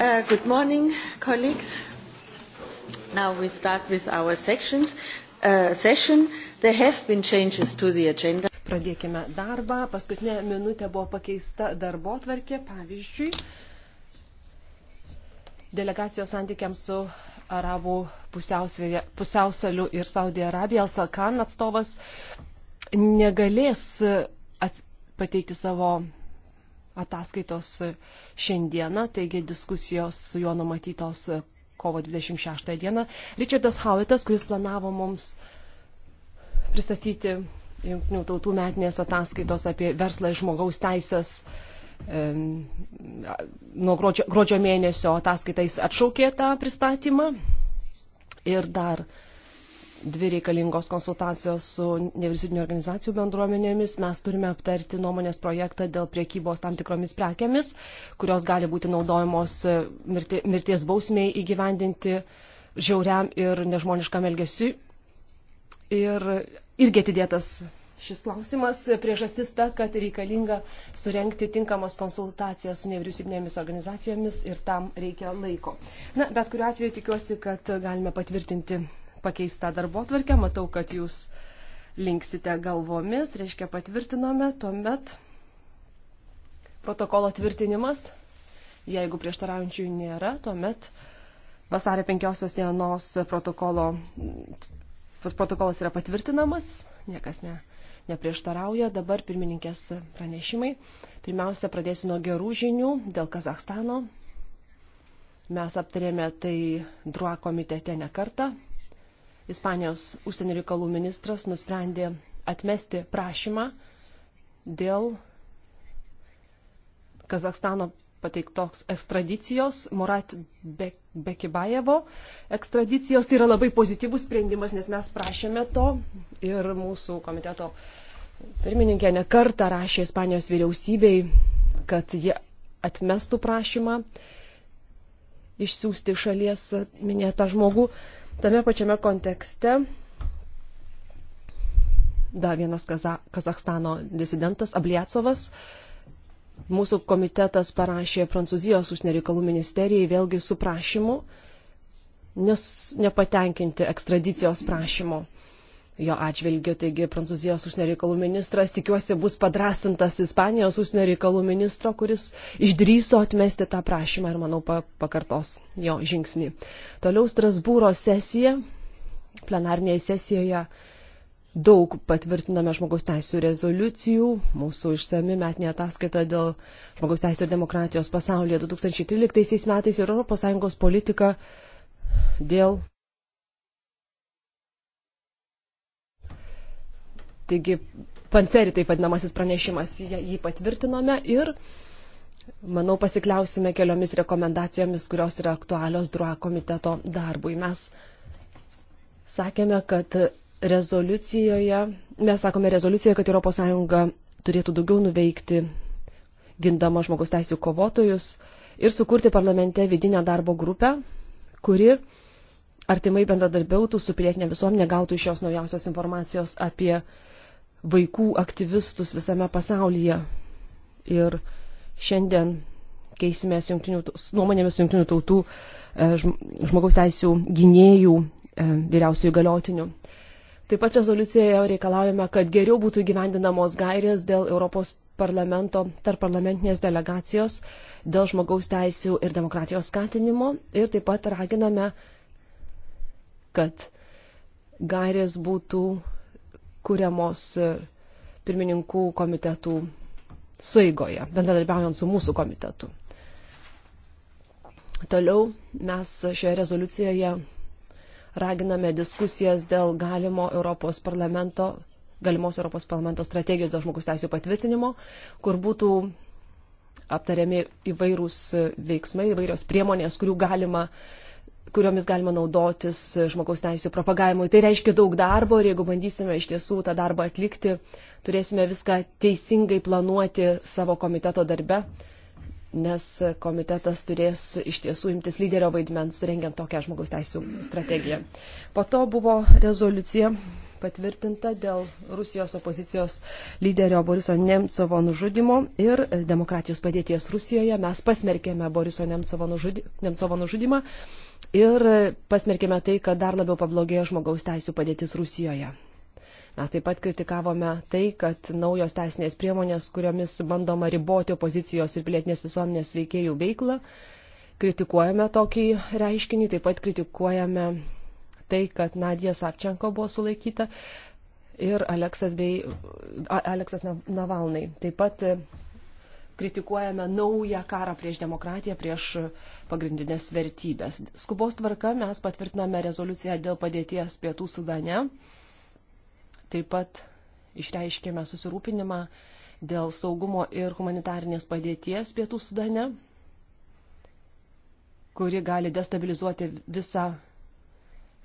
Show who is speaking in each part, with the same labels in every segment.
Speaker 1: Uh, good morning, colleagues. Now we start with our sections, uh, session. There have been changes to the agenda. Pradėkime darbą.
Speaker 2: Paskutinė minutė buvo pakeista darbo tvarkė, pavyzdžiui, delegacijos santykiams su arabų pusiausaliu ir Saudija Arabija, Al-Salkan atstovas negalės pateikti savo ataskaitos šiandieną, taigi diskusijos su juo numatytos kovo 26 dieną. Richardas Howitas, kuris planavo mums pristatyti Junktinių tautų metinės ataskaitos apie verslą ir žmogaus teisės nuo gruodžio, gruodžio mėnesio ataskaitais atšaukė tą pristatymą. Ir dar uh, dvi reikalingos konsultacijos su nevyriausybinio organizacijų bendruomenėmis. Mes turime aptarti nuomonės projektą dėl priekybos tam tikromis prekiamis, kurios gali būti naudojamos e, mirti, mirties bausmiai įgyvendinti žiauriam ir nežmoniškam elgesiu. Ir irgi atidėtas šis klausimas. Priežastis ta, kad reikalinga surenkti tinkamas konsultacijas su nevyriausybinėmis organizacijomis ir tam reikia laiko. Na, bet kuriuo atveju tikiuosi, kad galime patvirtinti pakeista darbo tvarkė, matau, kad jūs linksite galvomis, reiškia patvirtinome, tuomet protokolo tvirtinimas, jeigu prieštaraujančių nėra, tuomet vasario 5 dienos protokolo, protokolas yra patvirtinamas, niekas ne, neprieštarauja, dabar pirmininkės pranešimai. Pirmiausia, pradėsiu nuo gerų žinių dėl Kazakstano. Mes aptarėme tai DRUA komitete ne kartą. Ispanijos užsienio reikalų ministras nusprendė atmesti prašymą dėl Kazakstano pateiktos ekstradicijos, Murat Be Bekibajevo ekstradicijos. Tai yra labai pozityvus sprendimas, nes mes prašėme to ir mūsų komiteto pirmininkė nekartą rašė Ispanijos vyriausybei, kad jie atmestų prašymą išsiųsti šalies minėtą žmogų. Tame pačiame kontekste dar vienas Kazakstano disidentas Abliacovas. Mūsų komitetas parašė Prancūzijos užsienio reikalų ministerijai vėlgi su prašymu, nes nepatenkinti ekstradicijos prašymu jo atžvilgiu. Taigi Prancūzijos užsienio reikalų ministras, tikiuosi, bus padrasintas Ispanijos užsienio reikalų ministro, kuris išdryso atmesti tą prašymą ir, manau, pakartos jo žingsnį. Toliau Strasbūro sesija, plenarnėje sesijoje. Daug patvirtiname žmogaus teisų rezoliucijų, mūsų išsami metinė ataskaita dėl žmogaus teisų ir demokratijos pasaulyje 2013 metais ir ES politika dėl Taigi, panceri taip vadinamasis pranešimas, jį patvirtinome ir, manau, pasikliausime keliomis rekomendacijomis, kurios yra aktualios DRUA komiteto darbui. Mes sakėme, kad rezoliucijoje, mes sakome rezoliucijoje, kad ES turėtų daugiau nuveikti gindama žmogus teisų kovotojus ir sukurti parlamente vidinę darbo grupę, kuri artimai bendradarbiautų su pilietinė visuomenė, gautų iš jos naujausios informacijos apie vaikų aktyvistus visame pasaulyje. Ir šiandien keisimės nuomonėmis jungtinių tautų e, žmogaus teisų gynėjų e, vyriausiųjų galiotinių. Taip pat rezoliucijoje reikalaujame, kad geriau būtų gyvendinamos gairės dėl Europos parlamento tarp parlamentinės delegacijos, dėl žmogaus teisų ir demokratijos skatinimo ir taip pat raginame, kad gairės būtų kuriamos e, pirmininkų komitetų suigoje, bendradarbiaujant su mūsų komitetu. Toliau mes šioje rezoliucijoje raginame diskusijas dėl galimo Europos parlamento, galimos Europos parlamento strategijos dėl žmogus teisų patvirtinimo, kur būtų aptariami įvairūs veiksmai, įvairios priemonės, kurių galima uh, kuriomis galima naudotis žmogaus teisų propagavimui. Tai reiškia daug darbo ir jeigu bandysime iš tiesų tą darbą atlikti, turėsime viską teisingai planuoti savo komiteto darbe, nes komitetas turės iš tiesų imtis lyderio vaidmens rengiant tokią žmogaus teisų strategiją. Po to buvo rezoliucija patvirtinta dėl Rusijos opozicijos lyderio Boriso Nemcovo nužudimo ir demokratijos padėties Rusijoje. Mes pasmerkėme Boriso Nemcovo nužudimą ir pasmerkėme tai, kad dar labiau pablogėjo žmogaus teisų padėtis Rusijoje. Mes taip pat kritikavome tai, kad naujos teisinės priemonės, kuriomis bandoma riboti opozicijos ir pilietinės visuomenės veikėjų veiklą, kritikuojame tokį reiškinį, taip pat kritikuojame tai, kad Nadija Savčenko buvo sulaikyta ir Aleksas, bei, Aleksas Navalnai. Taip pat kritikuojame naują karą prieš demokratiją, prieš pagrindinės vertybės. Skubos tvarka mes patvirtiname rezoliuciją dėl padėties pietų Sudane. Taip pat išreiškėme susirūpinimą dėl saugumo ir humanitarnės padėties pietų Sudane, kuri gali destabilizuoti visą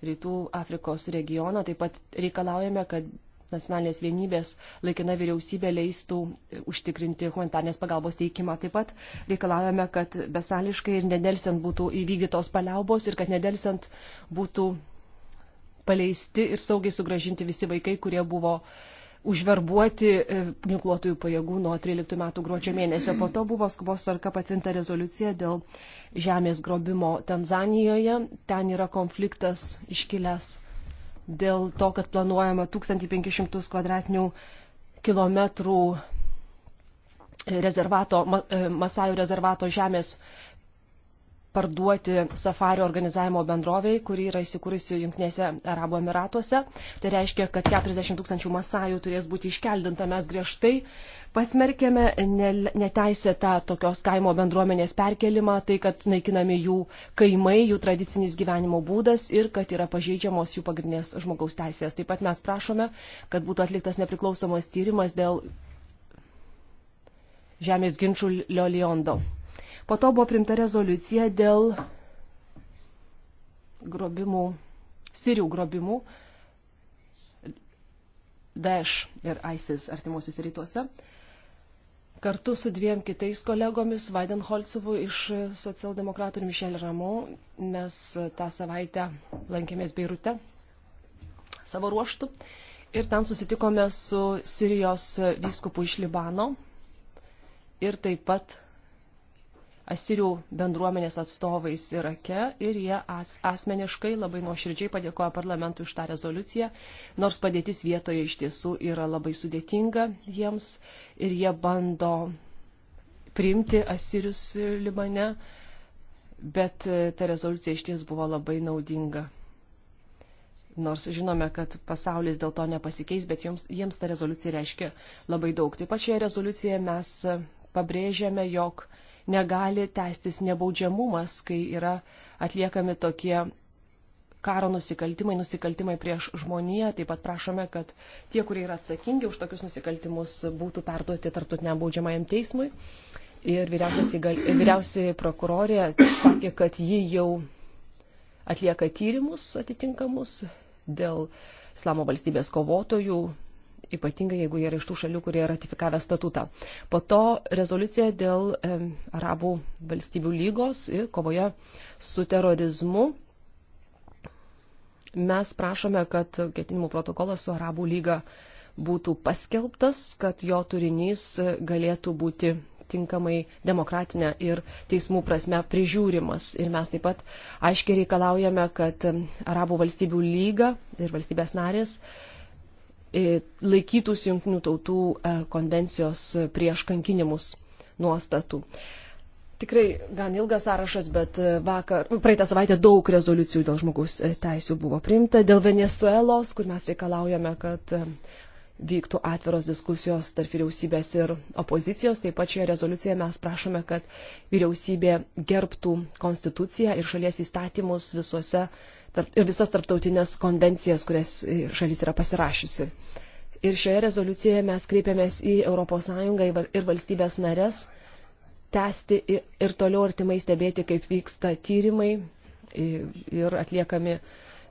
Speaker 2: rytų Afrikos regioną. Taip pat reikalaujame, kad nacionalinės vienybės laikina vyriausybė leistų e, užtikrinti humanitarnės pagalbos teikimą. Taip pat reikalavome, kad besališkai ir nedelsiant būtų įvykdytos paliaubos ir kad nedelsiant būtų paleisti ir saugiai sugražinti visi vaikai, kurie buvo užverbuoti e, ginkluotųjų pajėgų nuo 13 metų gruodžio mėnesio. Po to buvo skubos tvarka patvinta rezoliucija dėl žemės grobimo Tanzanijoje. Ten yra konfliktas iškilęs dėl to, kad planuojama 1500 kvadratinių kilometrų rezervato, e, Masajų rezervato žemės parduoti safario organizavimo bendroviai, kuri yra įsikūrusi Junktinėse Arabų Emiratuose. Tai reiškia, kad 40 tūkstančių masajų turės būti iškeldinta. Mes griežtai pasmerkėme neteisėtą tokios kaimo bendruomenės perkelimą, tai kad naikinami jų kaimai, jų tradicinis gyvenimo būdas ir kad yra pažeidžiamos jų pagrindinės žmogaus teisės. Taip pat mes prašome, kad būtų atliktas nepriklausomas tyrimas dėl žemės ginčių Lioliondo. Lio Po to buvo primta rezoliucija dėl grobimų, sirių grobimų Daesh ir ISIS artimuosius rytuose. Kartu su dviem kitais kolegomis, Vaidenholcevu iš socialdemokratų ir Mišel Ramu, mes tą savaitę lankėmės Beirute savo ruoštų ir ten susitikome su Sirijos vyskupu iš Libano ir taip pat asirių bendruomenės atstovais Irake ir jie as, asmeniškai labai nuoširdžiai padėkojo parlamentui už tą rezoliuciją, nors padėtis vietoje iš tiesų yra labai sudėtinga jiems ir jie bando priimti asirius Libane, bet e, ta rezoliucija iš ties buvo labai naudinga. Nors žinome, kad pasaulis dėl to nepasikeis, bet jiems, jiems ta rezoliucija reiškia labai daug. Taip pat šioje rezoliucijoje mes e, pabrėžėme, jog uh, negali tęstis nebaudžiamumas, kai yra atliekami tokie karo nusikaltimai, nusikaltimai prieš žmoniją. Taip pat prašome, kad tie, kurie yra atsakingi už tokius nusikaltimus, būtų perduoti tartutiniam baudžiamajam teismui. Ir vyriausiai prokurorė sakė, kad ji jau atlieka tyrimus atitinkamus dėl islamo valstybės kovotojų, ypatingai jeigu jie yra iš tų šalių, kurie yra ratifikavę statutą. Po to rezoliucija dėl e, Arabų valstybių lygos ir kovoje su terorizmu. Mes prašome, kad ketinimų protokolas su Arabų lyga būtų paskelbtas, kad jo turinys galėtų būti tinkamai demokratinę ir teismų prasme prižiūrimas. Ir mes taip pat aiškiai reikalaujame, kad Arabų valstybių lyga ir valstybės narės uh, laikytųsi jungtinių tautų e, konvencijos e, prieš kankinimus nuostatų. Tikrai gan ilgas sąrašas, bet e, vakar, praeitą savaitę daug rezoliucijų dėl žmogaus teisų buvo priimta. Dėl Venezuelos, kur mes reikalaujame, kad vyktų atviros diskusijos tarp vyriausybės ir opozicijos. Taip pat šioje rezoliucijoje mes prašome, kad vyriausybė gerbtų konstituciją ir šalies įstatymus visose tarp, ir visas tarptautinės konvencijas, kurias šalis yra pasirašiusi. Ir šioje rezoliucijoje mes kreipiamės į ES ir valstybės narės tęsti ir toliau artimai stebėti, kaip vyksta tyrimai ir atliekami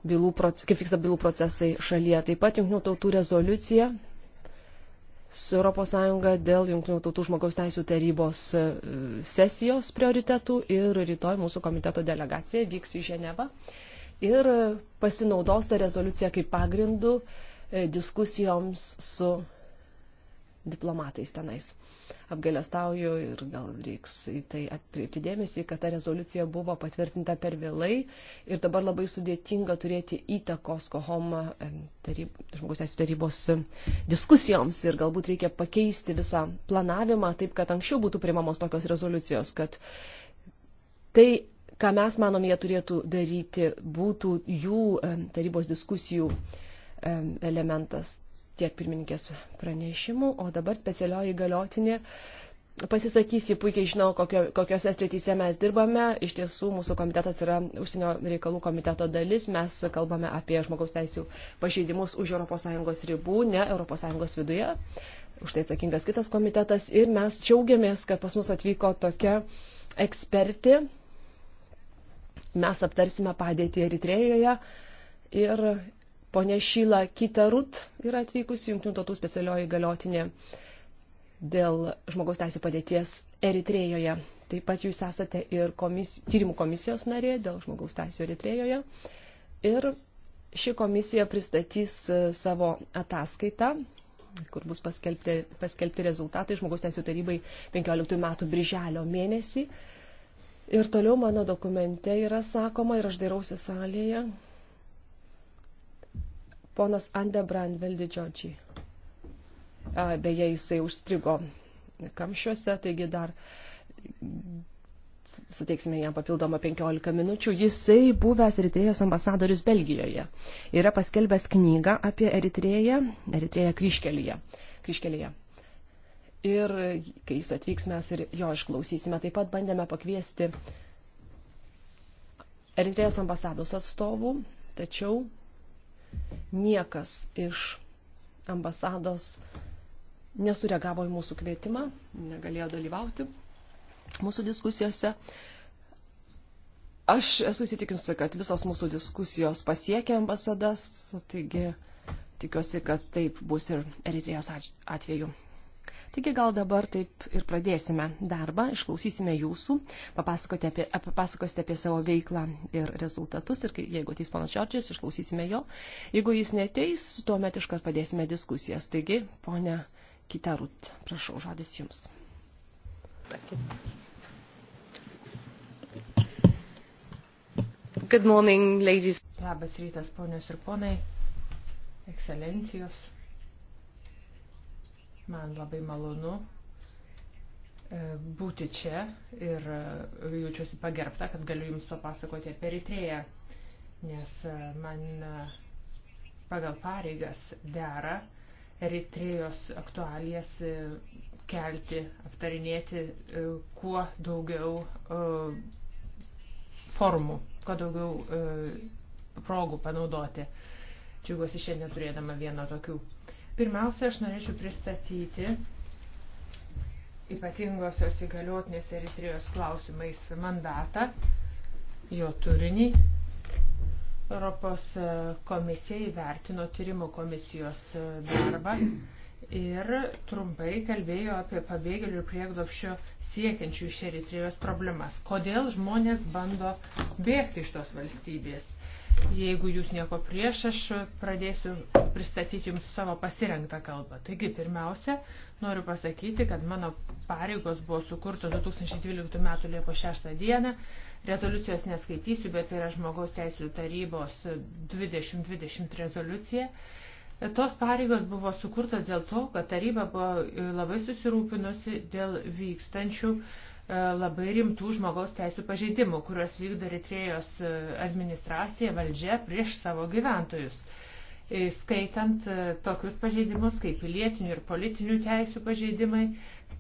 Speaker 2: bylų, kaip vyksta bylų procesai šalyje. Taip pat Junktinių tautų rezoliucija su ES dėl Junktinių tautų žmogaus teisų tarybos e, sesijos prioritetų ir rytoj mūsų komiteto delegacija vyks į Ženevą ir pasinaudos tą rezoliuciją kaip pagrindu e, diskusijoms su diplomatais tenais. Apgailestauju ir gal reiks į tai atkreipti dėmesį, kad ta rezoliucija buvo patvirtinta per vėlai ir dabar labai sudėtinga turėti įtakos kohom e, taryb, žmogus teisų tarybos e, diskusijoms ir galbūt reikia pakeisti visą planavimą taip, kad anksčiau būtų primamos tokios rezoliucijos, kad tai ką mes manome jie turėtų daryti, būtų jų tarybos diskusijų elementas tiek pirmininkės pranešimų, o dabar specialioji galiotinė pasisakysi, puikiai žinau, kokio, kokiose srityse mes dirbame. Iš tiesų, mūsų komitetas yra užsienio reikalų komiteto dalis. Mes kalbame apie žmogaus teisų pažeidimus už ES ribų, ne ES viduje. Už tai atsakingas kitas komitetas. Ir mes džiaugiamės, kad pas mus atvyko tokia ekspertė mes aptarsime padėtį Eritrejoje ir ponė Šyla Kitarut yra atvykusi Junktinių tautų specialioji galiotinė dėl žmogaus teisų padėties Eritrejoje. Taip pat jūs esate ir komis, tyrimų komisijos narė dėl žmogaus teisų Eritrejoje. Ir ši komisija pristatys e, savo ataskaitą, kur bus paskelbti, paskelbti rezultatai žmogaus teisų tarybai 15 metų birželio mėnesį. Ir toliau mano dokumente yra sakoma, ir aš dairausi salėje, ponas Ande Brandveldi Džodžiai. Beje, jisai užstrigo kamščiuose, taigi dar suteiksime jam papildomą 15 minučių. Jisai buvęs Eritrėjos ambasadorius Belgijoje. Yra paskelbęs knygą apie Eritrėją, Eritrėją kryškelyje. kryškelyje ir kai jis atvyks, mes ir jo išklausysime. Taip pat bandėme pakviesti Eritrėjos ambasados atstovų, tačiau niekas iš ambasados nesureagavo į mūsų kvietimą, negalėjo dalyvauti mūsų diskusijose. Aš esu įsitikinusi, kad visos mūsų diskusijos pasiekė ambasadas, taigi tikiuosi, kad taip bus ir Eritrėjos atveju. Taigi gal dabar taip ir pradėsime darbą, išklausysime jūsų, papasakosite apie, papasakosite apie savo veiklą ir rezultatus ir jeigu ateis ponas Čorčis, išklausysime jo. Jeigu jis neteis, tuomet iškart padėsime diskusijas. Taigi, ponia Kitarut, prašau, žodis jums.
Speaker 1: Good morning, ladies. Labas rytas, ponios ir ponai, ekscelencijos. Man labai malonu e, būti čia ir e, jaučiuosi pagerbta, kad galiu Jums papasakoti apie Eritrėją, nes e, man pagal pareigas dera Eritrėjos aktualijas kelti, aptarinėti kuo daugiau formų, kuo daugiau progų panaudoti. Džiugosi šiandien turėdama vieną tokių Pirmiausia, aš norėčiau pristatyti ypatingosios įgaliotinės Eritrijos klausimais mandatą, jo turinį. Europos e, komisija įvertino tyrimo komisijos e, darbą ir trumpai kalbėjo apie pabėgėlių ir prieglopščio siekiančių iš Eritrijos problemas. Kodėl žmonės bando bėgti iš tos valstybės? Jeigu jūs nieko prieš, aš pradėsiu pristatyti jums savo pasirenktą kalbą. Taigi, pirmiausia, noriu pasakyti, kad mano pareigos buvo sukurtos 2012 m. Liepo 6 d. Rezoliucijos neskaitysiu, bet tai yra žmogaus teisų tarybos 2020 rezoliucija. Tos pareigos buvo sukurtos dėl to, kad taryba buvo labai susirūpinusi dėl vykstančių uh, E, labai rimtų žmogaus teisų pažeidimų, kuriuos vykdo Eritrėjos e, administracija valdžia prieš savo gyventojus. E, skaitant tokius pažeidimus kaip pilietinių ir politinių teisų pažeidimai,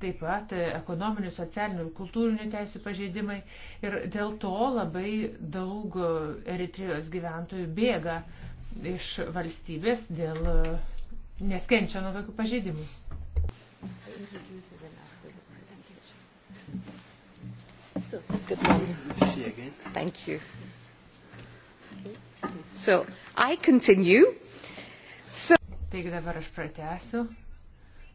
Speaker 1: taip pat ekonominių, socialinių ir kultūrinių teisų pažeidimai. Ir dėl to labai daug Eritrijos gyventojų bėga iš valstybės dėl neskenčia nuo tokių pažeidimų. Good morning. Good to see you again. Thank you. So, I continue. So... Taigi dabar aš pratęsiu.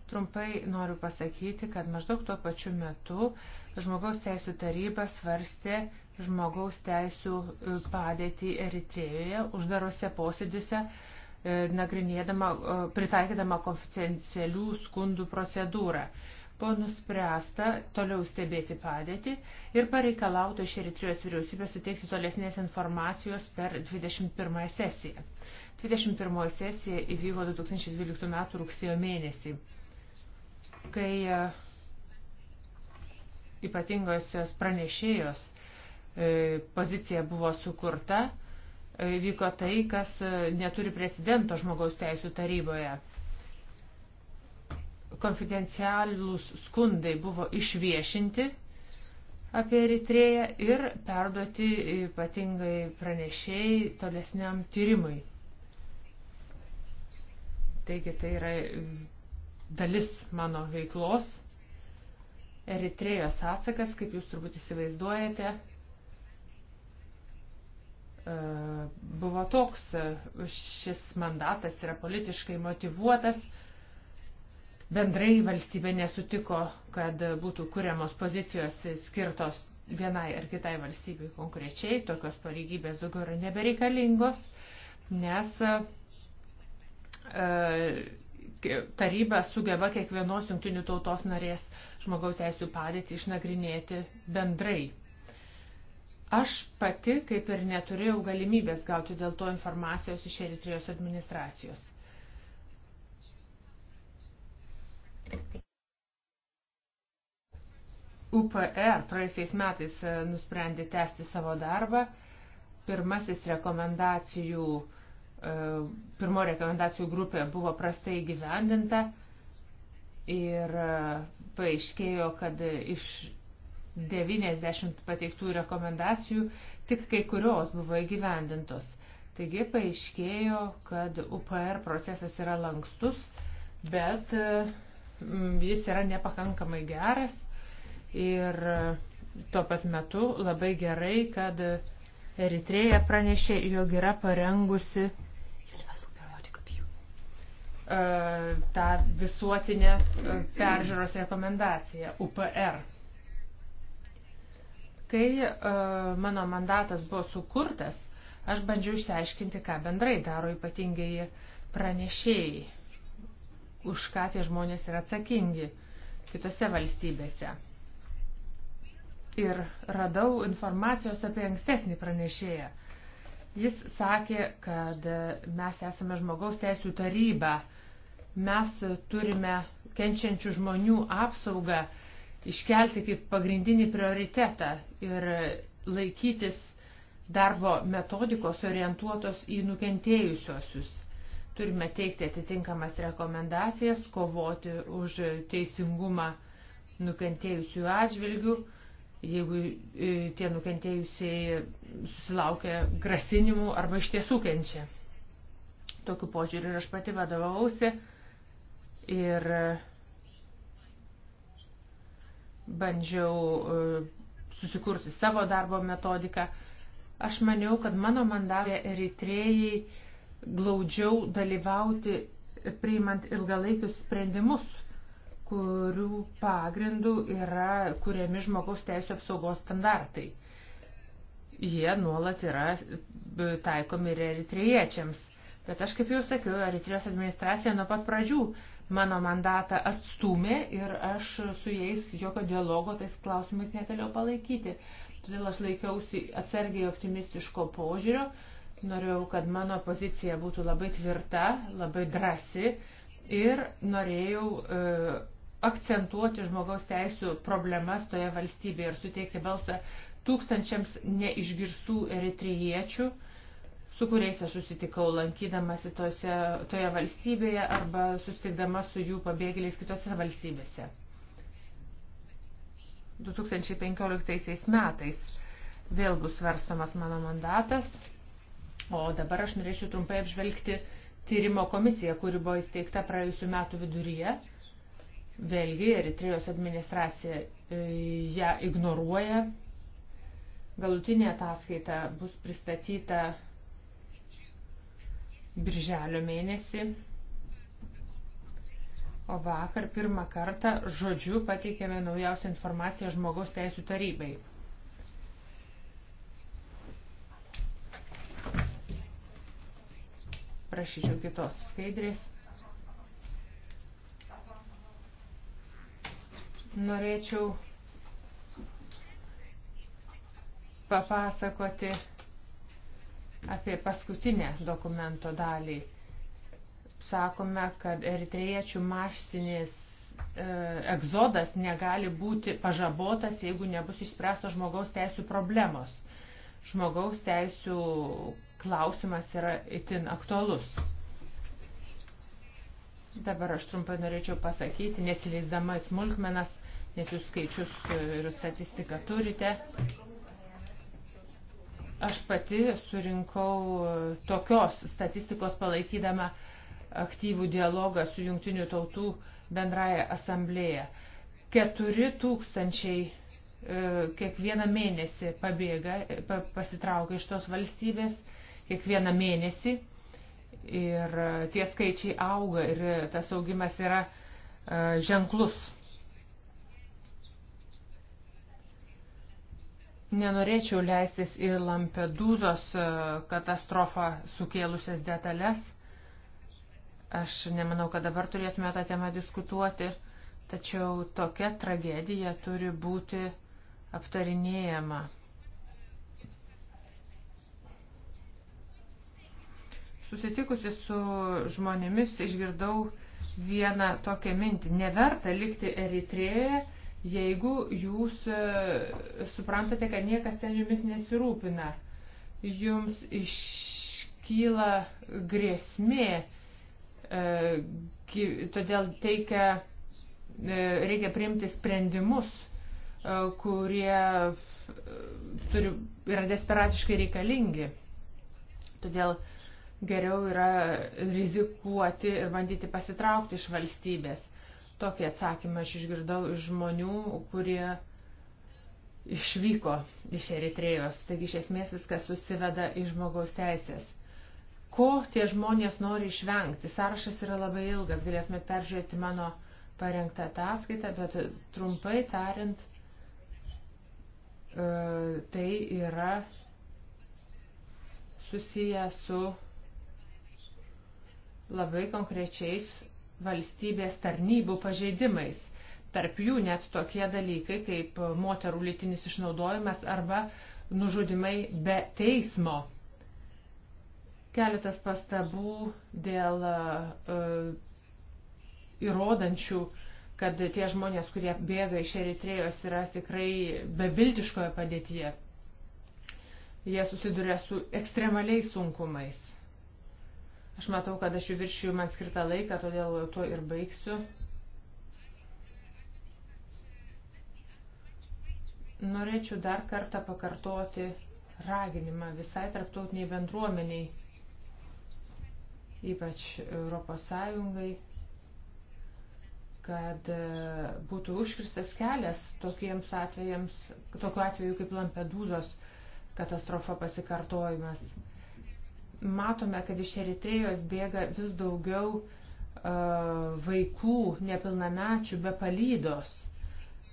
Speaker 1: Trumpai noriu pasakyti, kad maždaug tuo pačiu metu žmogaus teisų taryba svarstė žmogaus teisų e, padėtį Eritrėjoje uždarose posėdžiuose, e, nagrinėdama, e, pritaikydama konfidencialių skundų procedūrą buvo nuspręsta toliau stebėti padėtį ir pareikalauto iš Eritrijos vyriausybės suteikti tolesnės informacijos per 21 sesiją. 21 sesija įvyko 2012 m. rugsėjo mėnesį, kai e, ypatingosios pranešėjos e, pozicija buvo sukurta, e, vyko tai, kas neturi precedento žmogaus teisų taryboje konfidencialūs skundai buvo išviešinti apie Eritrėją ir perduoti ypatingai pranešėjai tolesniam tyrimui. Taigi tai yra dalis mano veiklos. Eritrėjos atsakas, kaip jūs turbūt įsivaizduojate, e, buvo toks, šis mandatas yra politiškai motivuotas, Bendrai valstybė nesutiko, kad būtų kuriamos pozicijos skirtos vienai ar kitai valstybei konkrečiai. Tokios pareigybės daugiau yra nebereikalingos, nes e, taryba sugeba kiekvienos jungtinių tautos narės žmogaus teisų padėtį išnagrinėti bendrai. Aš pati kaip ir neturėjau galimybės gauti dėl to informacijos iš Eritrijos administracijos. UPR praėjusiais metais e, nusprendė tęsti savo darbą. Pirmasis rekomendacijų, e, pirmo rekomendacijų grupė buvo prastai gyvendinta ir e, paaiškėjo, kad iš 90 pateiktų rekomendacijų tik kai kurios buvo įgyvendintos. Taigi paaiškėjo, kad UPR procesas yra lankstus, bet mm, jis yra nepakankamai geras ir tuo pat metu labai gerai, kad Eritreja pranešė, jog yra parengusi e, tą visuotinę e, peržiūros rekomendaciją UPR. Kai e, mano mandatas buvo sukurtas, aš bandžiau išsiaiškinti, ką bendrai daro ypatingai pranešėjai, už ką tie žmonės yra atsakingi kitose valstybėse ir radau informacijos apie ankstesnį pranešėją. Jis sakė, kad mes esame žmogaus teisų taryba, mes turime kenčiančių žmonių apsaugą iškelti kaip pagrindinį prioritetą ir laikytis darbo metodikos orientuotos į nukentėjusiosius. Turime teikti atitinkamas rekomendacijas, kovoti už teisingumą nukentėjusių atžvilgių jeigu e, tie nukentėjusiai susilaukia grasinimų arba iš tiesų kenčia. Tokiu požiūriu ir aš pati vadovausi ir e, bandžiau e, susikursi savo darbo metodiką. Aš maniau, kad mano mandatė Eritrėjai glaudžiau dalyvauti priimant ilgalaikius sprendimus kurių pagrindų yra kuriami žmogaus teisų apsaugos standartai. Jie nuolat yra e, taikomi ir eritriečiams. Bet aš, kaip jau sakiau, Eritrijos administracija nuo pat pradžių mano mandatą atstumė ir aš su jais jokio dialogo tais klausimais negalėjau palaikyti. Todėl aš laikiausi atsargiai optimistiško požiūrio. Norėjau, kad mano pozicija būtų labai tvirta, labai drasi ir norėjau e, akcentuoti žmogaus teisų problemas toje valstybėje ir suteikti balsą tūkstančiams neišgirstų eritriečių, su kuriais aš susitikau lankydamasi tose, toje valstybėje arba susitikdama su jų pabėgėliais kitose valstybėse. 2015 metais vėl bus svarstomas mano mandatas, o dabar aš norėčiau trumpai apžvelgti tyrimo komisiją, kuri buvo įsteigta praėjusiu metu viduryje Vėlgi, Eritrejos administracija e, ją ignoruoja. Galutinė ataskaita bus pristatyta birželio mėnesį. O vakar pirmą kartą žodžiu pateikėme naujausią informaciją žmogaus teisų tarybai. Prašyčiau kitos skaidrės. norėčiau papasakoti apie paskutinę dokumento dalį. Sakome, kad eritriečių maštinės e, egzodas negali būti pažabotas, jeigu nebus išspręsto žmogaus teisų problemos. Žmogaus teisų klausimas yra itin aktualus. Dabar aš trumpai norėčiau pasakyti, nesileisdama į smulkmenas, nes jūs skaičius ir statistiką turite. Aš pati surinkau tokios statistikos palaikydama aktyvų dialogą su Jungtinių tautų bendraja asamblėja. 4 tūkstančiai e, kiekvieną mėnesį pabėga, e, pasitraukia iš tos valstybės, kiekvieną mėnesį Ir e, tie skaičiai auga ir e, tas augimas yra e, ženklus. Nenorėčiau leistis į Lampedūzos katastrofą sukėlusias detalės. Aš nemanau, kad dabar turėtume tą temą diskutuoti, tačiau tokia tragedija turi būti aptarinėjama. Susitikusi su žmonėmis išgirdau vieną tokią mintį. Neverta likti Eritrėje, jeigu jūs e, suprantate, kad niekas ten jumis nesirūpina. Jums iškyla grėsmė, e, todėl teikia, e, reikia priimti sprendimus, kurie turi, yra desperatiškai reikalingi. Todėl geriau yra rizikuoti ir bandyti pasitraukti iš valstybės. Tokį atsakymą aš išgirdau iš žmonių, kurie išvyko iš Eritrejos. Taigi iš esmės viskas susiveda į žmogaus teisės. Ko tie žmonės nori išvengti? Sąrašas yra labai ilgas, galėtumėt peržiūrėti mano parengtą ataskaitą, bet trumpai tariant, e, tai yra susiję su labai konkrečiais valstybės tarnybų pažeidimais. Tarp jų net tokie dalykai kaip moterų lytinis išnaudojimas arba nužudimai be teismo. Keletas pastabų dėl uh, įrodančių, kad tie žmonės, kurie bėga iš Eritrėjos, yra tikrai beviltiškoje padėtyje. Jie susiduria su ekstremaliais sunkumais. Aš matau, kad aš jau viršiju man skirtą laiką, todėl tuo ir baigsiu. Norėčiau dar kartą pakartoti raginimą visai tarptautiniai bendruomeniai, ypač Europos Sąjungai, kad e, būtų užkristas kelias tokiems atvejams, tokiu atveju kaip Lampedūzos katastrofa pasikartojimas matome, kad iš Eritrejos bėga vis daugiau uh, vaikų, nepilnamečių, be palydos.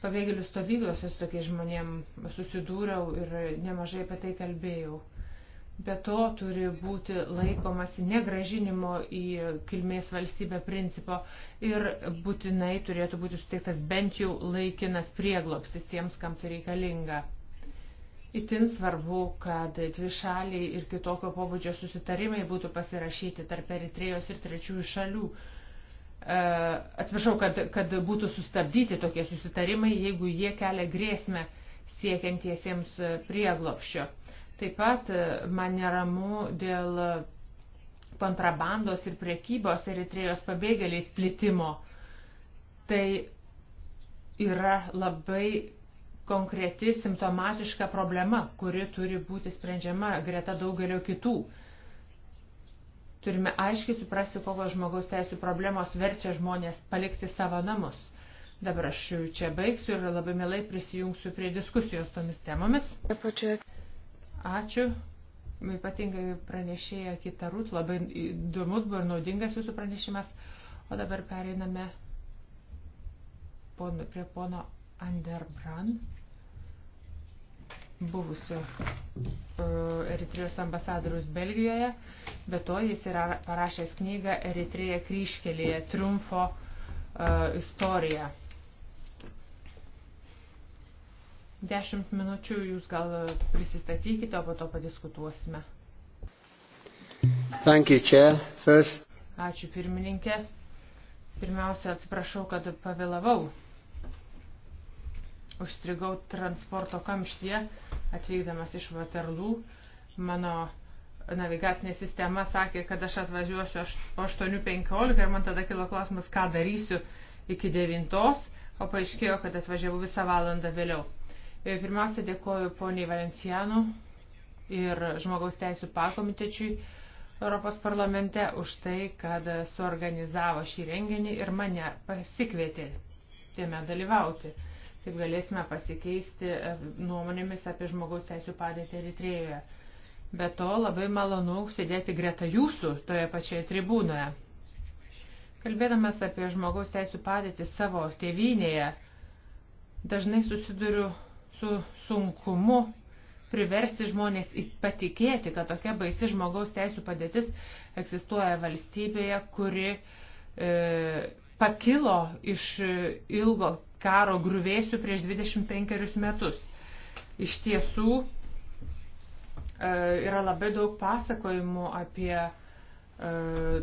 Speaker 1: Pabėgėlių stovyklose su tokiais žmonėm susidūriau ir nemažai apie tai kalbėjau. Be to turi būti laikomasi negražinimo į kilmės valstybę principo ir būtinai turėtų būti suteiktas bent jau laikinas prieglopstis tiems, kam tai reikalinga. Itin svarbu, kad dvi šaliai ir kitokio pobūdžio susitarimai būtų pasirašyti tarp Eritrejos ir trečiųjų šalių. E, atsiprašau, kad, kad būtų sustabdyti tokie susitarimai, jeigu jie kelia grėsmę siekiantiesiems e, prieglopščio. Taip pat e, man neramu dėl kontrabandos ir priekybos Eritrejos pabėgėliais plitimo. Tai yra labai konkreti simptomatiška problema, kuri turi būti sprendžiama greta daugelio kitų. Turime aiškiai suprasti, kokios žmogaus teisų problemos verčia žmonės palikti savo namus. Dabar aš čia baigsiu ir labai mielai prisijungsiu prie diskusijos tomis temomis. Ačiū. Ypatingai pranešėja kita rūt, labai įdomus buvo ir naudingas jūsų pranešimas. O dabar pereiname prie pono Anderbrand buvusiu e, Eritrijos ambasadorius Belgijoje, bet to jis yra parašęs knygą Eritrija kryškelėje triumfo e, istorija. Dešimt minučių jūs gal prisistatykite, o po to padiskutuosime. Thank you,
Speaker 3: Chair. First...
Speaker 1: Ačiū pirmininkė. Pirmiausia, atsiprašau, kad pavėlavau užstrigau transporto kamštyje, atvykdamas iš Waterloo. Mano navigacinė sistema sakė, kad aš atvažiuosiu 8.15 ir man tada kilo klausimas, ką darysiu iki 9, o paaiškėjo, kad atvažiavau visą valandą vėliau. Ir e, pirmiausia, dėkoju poniai Valencijanų ir žmogaus teisų pakomitečiui Europos parlamente už tai, kad suorganizavo šį renginį ir mane pasikvietė tėme dalyvauti kaip galėsime pasikeisti e, nuomonėmis apie žmogaus teisų padėtį Eritrėjoje. Be to labai malonu sėdėti greta jūsų toje pačioje tribūnoje. Kalbėdamas apie žmogaus teisų padėtį savo tėvynėje, dažnai susiduriu su sunkumu priversti žmonės patikėti, kad tokia baisi žmogaus teisų padėtis egzistuoja valstybėje, kuri e, pakilo iš e, ilgo karo gruvėsių prieš 25 metus. Iš tiesų e, yra labai daug pasakojimų apie e,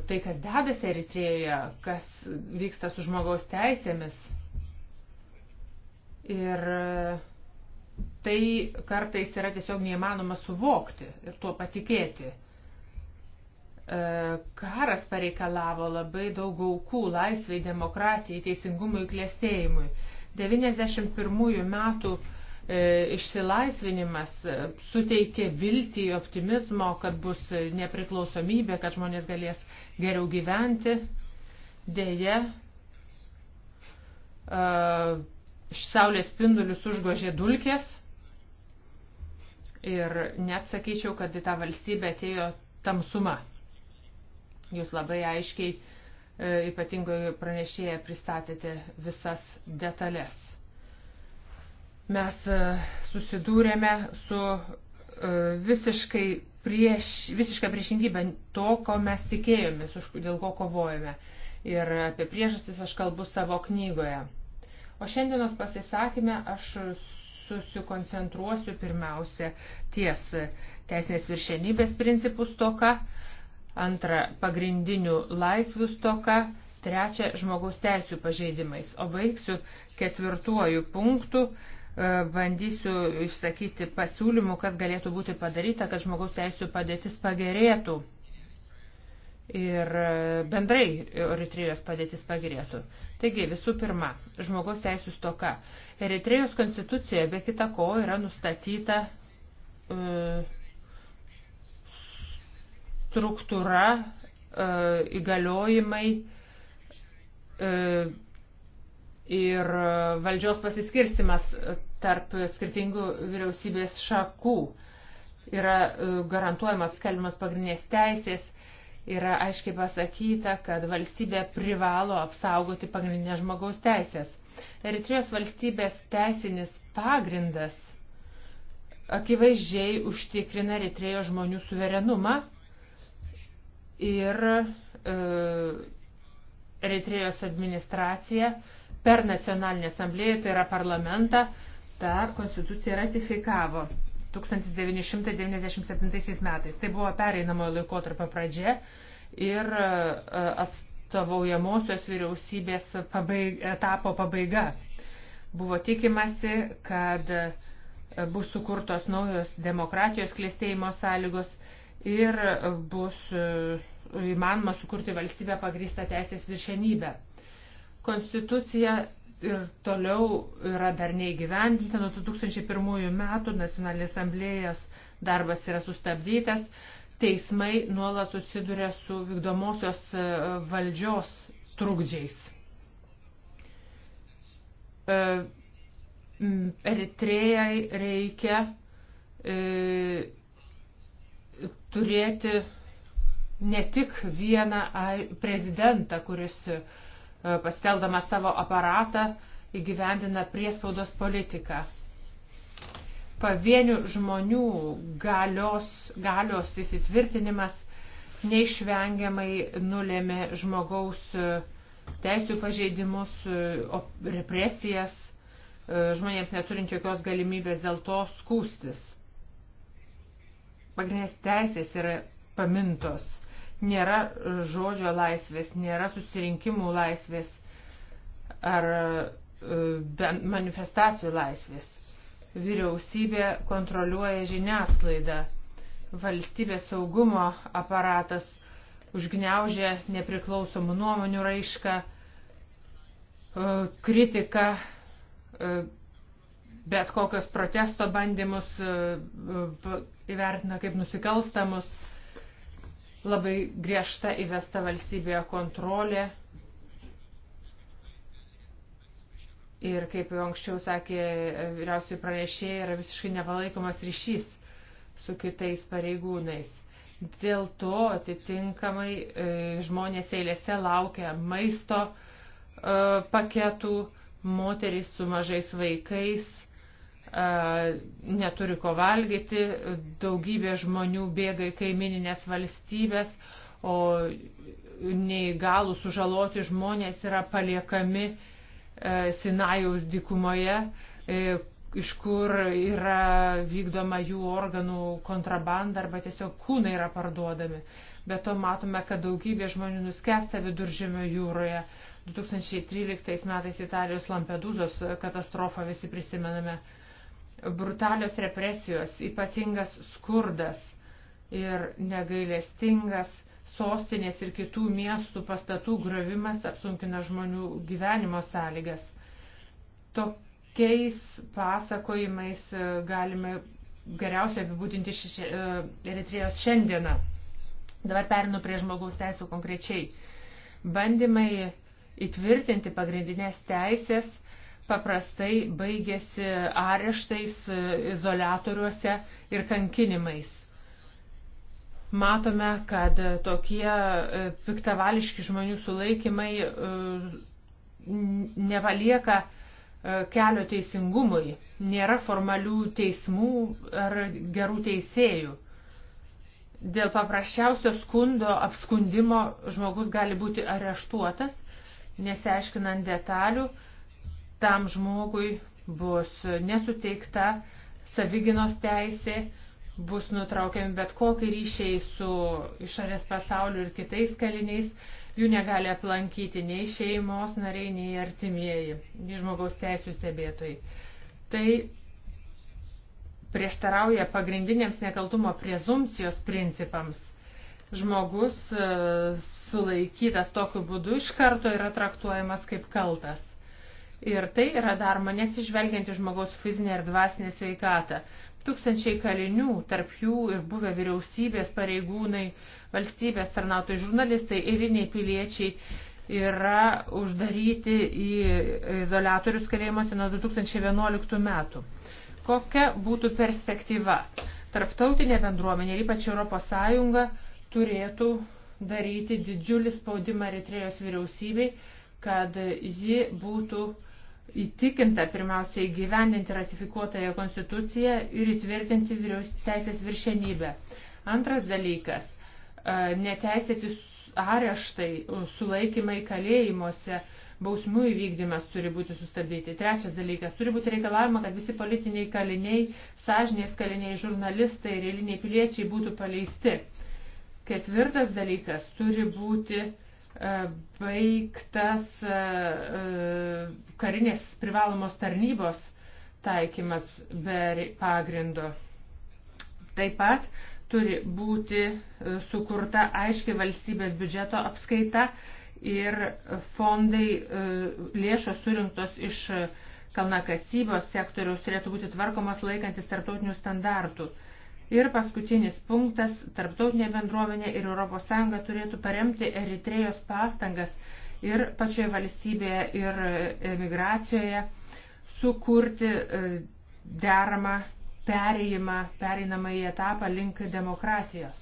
Speaker 1: tai, kas dedasi Eritrėje, kas vyksta su žmogaus teisėmis. Ir e, tai kartais yra tiesiog neįmanoma suvokti ir tuo patikėti. E, karas pareikalavo labai daug aukų laisvai, demokratijai, teisingumui, klėstėjimui. 91 metų e, išsilaisvinimas e, suteikė viltį, optimizmo, kad bus nepriklausomybė, kad žmonės galės geriau gyventi. Deja, saulės spindulius užgožė dulkės ir net sakyčiau, kad į tą valstybę atėjo tamsuma. Jūs labai aiškiai e, ypatingoje pranešėje pristatėte visas detalės. Mes e, susidūrėme su e, visiškai prieš, visišką priešingybę to, ko mes tikėjomės, dėl ko kovojame. Ir apie priežastis aš kalbu savo knygoje. O šiandienos pasisakymę aš susikoncentruosiu pirmiausia ties teisinės viršenybės principų stoka, antra pagrindinių laisvių stoka, trečia žmogaus teisų pažeidimais. O baigsiu ketvirtuoju punktu, e, bandysiu išsakyti pasiūlymų, kas galėtų būti padaryta, kad žmogaus teisų padėtis pagerėtų. Ir e, bendrai Eritrejos padėtis pagerėtų. Taigi, visų pirma, žmogaus teisų stoka. Eritrejos konstitucijoje be kita ko yra nustatyta uh, struktūra, e, įgaliojimai e, ir valdžios pasiskirstimas tarp skirtingų vyriausybės šakų. Yra e, garantuojamas skelbimas pagrindinės teisės, yra aiškiai pasakyta, kad valstybė privalo apsaugoti pagrindinės žmogaus teisės. Eritrijos valstybės teisinis pagrindas akivaizdžiai užtikrina Eritrijos žmonių suverenumą ir e, Eritrėjos administracija per nacionalinę asamblėją, tai yra parlamentą, tą konstituciją ratifikavo 1997 metais. Tai buvo pereinamojo laikotarpio pradžia ir e, atstovaujamosios vyriausybės pabaig, etapo pabaiga. Buvo tikimasi, kad e, bus sukurtos naujos demokratijos klėstėjimo sąlygos ir bus e, įmanoma sukurti valstybę pagrįstą teisės viršenybę. Konstitucija ir toliau yra dar neįgyvendinta. Nuo 2001 metų nacionalinės asamblėjos darbas yra sustabdytas. Teismai nuolat susiduria su vykdomosios e, valdžios trukdžiais. E, Eritrėjai reikia turėti ne tik vieną prezidentą, kuris e, pasitelkdama savo aparatą įgyvendina priespaudos politiką. Pavienių žmonių galios, galios įsitvirtinimas neišvengiamai nulėmė žmogaus e, teisų pažeidimus, e, represijas, žmonėms neturint jokios galimybės dėl to skūstis pagrindinės teisės yra pamintos. Nėra žodžio laisvės, nėra susirinkimų laisvės ar e, manifestacijų laisvės. Vyriausybė kontroliuoja žiniasklaidą. Valstybės saugumo aparatas užgneužia nepriklausomų nuomonių raišką, e, kritiką, e, bet kokios protesto bandymus, įvertina kaip nusikalstamus, labai griežta įvesta valstybėje kontrolė. Ir kaip jau anksčiau sakė vyriausiai pranešėjai, yra visiškai nepalaikomas ryšys su kitais pareigūnais. Dėl to atitinkamai e, žmonės eilėse laukia maisto e, paketų, moterys su mažais vaikais neturi ko valgyti, daugybė žmonių bėga į kaimininės valstybės, o neįgalų sužaloti žmonės yra paliekami Sinajaus dikumoje, e, iš kur yra vykdoma jų organų kontrabanda arba tiesiog kūnai yra parduodami. Be to matome, kad daugybė žmonių nuskesta viduržėmio jūroje. 2013 metais Italijos Lampedūzos katastrofą visi prisimename brutalios represijos, ypatingas skurdas ir negailestingas sostinės ir kitų miestų pastatų gravimas apsunkina žmonių gyvenimo sąlygas. Tokiais pasakojimais e, galime geriausiai apibūdinti ši, e, Eritrėjos šiandieną. Dabar perinu prie žmogaus teisų konkrečiai. Bandymai įtvirtinti pagrindinės teisės paprastai baigėsi areštais, izolatoriuose ir kankinimais. Matome, kad tokie e, piktavališki žmonių sulaikymai e, nepalieka e, kelio teisingumui, nėra formalių teismų ar gerų teisėjų. Dėl paprasčiausio skundo apskundimo žmogus gali būti areštuotas, nesiaiškinant detalių, tam žmogui bus nesuteikta saviginos teisė, bus nutraukiami bet kokie ryšiai su išorės pasauliu ir kitais kaliniais, jų negali aplankyti nei šeimos nariai, nei artimieji, nei žmogaus teisų stebėtojai. Tai prieštarauja pagrindiniams nekaltumo prezumcijos principams. Žmogus e, sulaikytas tokiu būdu iš karto yra traktuojamas kaip kaltas. Ir tai yra daroma neatsižvelgiant į žmogaus fizinę ir dvasinę sveikatą. Tūkstančiai kalinių, tarp jų ir buvę vyriausybės pareigūnai, valstybės tarnautojai, žurnalistai, eiliniai piliečiai yra uždaryti į izolatorius kalėjimuose nuo 2011 metų. Kokia būtų perspektyva? Tarptautinė bendruomenė ir ypač ES turėtų daryti didžiulį spaudimą Eritrejos vyriausybei, kad ji būtų uh, įtikinta pirmiausia įgyvendinti ratifikuotąją konstituciją ir įtvirtinti teisės viršenybę. Antras dalykas e, - neteisėti areštai, sulaikymai kalėjimuose, bausmių įvykdymas turi būti sustabdyti. Trečias dalykas - turi būti reikalavima, kad visi politiniai kaliniai, sąžinės kaliniai, žurnalistai ir eiliniai piliečiai būtų paleisti. Ketvirtas dalykas - turi būti E, baigtas e, e, karinės privalomos tarnybos taikymas be pagrindo. Taip pat turi būti sukurta aiški valstybės biudžeto apskaita ir fondai lėšos surinktos iš kalnakasybos sektoriaus turėtų būti tvarkomos laikantis tarptautinių standartų. Ir paskutinis punktas - tarptautinė bendruomenė ir ES turėtų paremti Eritrejos pastangas ir pačioje valstybėje ir emigracijoje sukurti e, deramą perėjimą, pereinamą į etapą link demokratijos.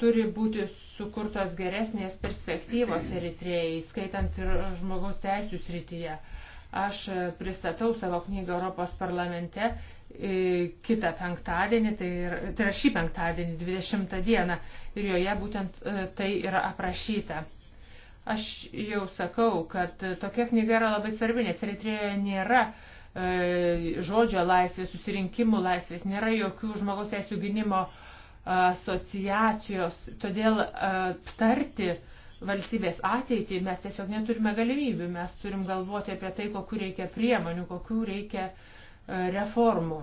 Speaker 1: Turi būti sukurtos geresnės perspektyvos Eritrėjai, skaitant ir žmogaus teisų srityje. Aš pristatau savo knygą Europos parlamente e, kitą penktadienį, tai yra, tai yra šį penktadienį, 20 dieną, ir joje būtent e, tai yra aprašyta. Aš jau sakau, kad tokia knyga yra labai svarbi, nes Eritrijoje nėra e, žodžio laisvės, susirinkimų laisvės, nėra jokių žmogaus teisų gynimo e, asociacijos, todėl aptarti e, valstybės ateitį, mes tiesiog neturime galimybių, mes turim galvoti apie tai, kokiu reikia priemonių, kokiu reikia e, reformų.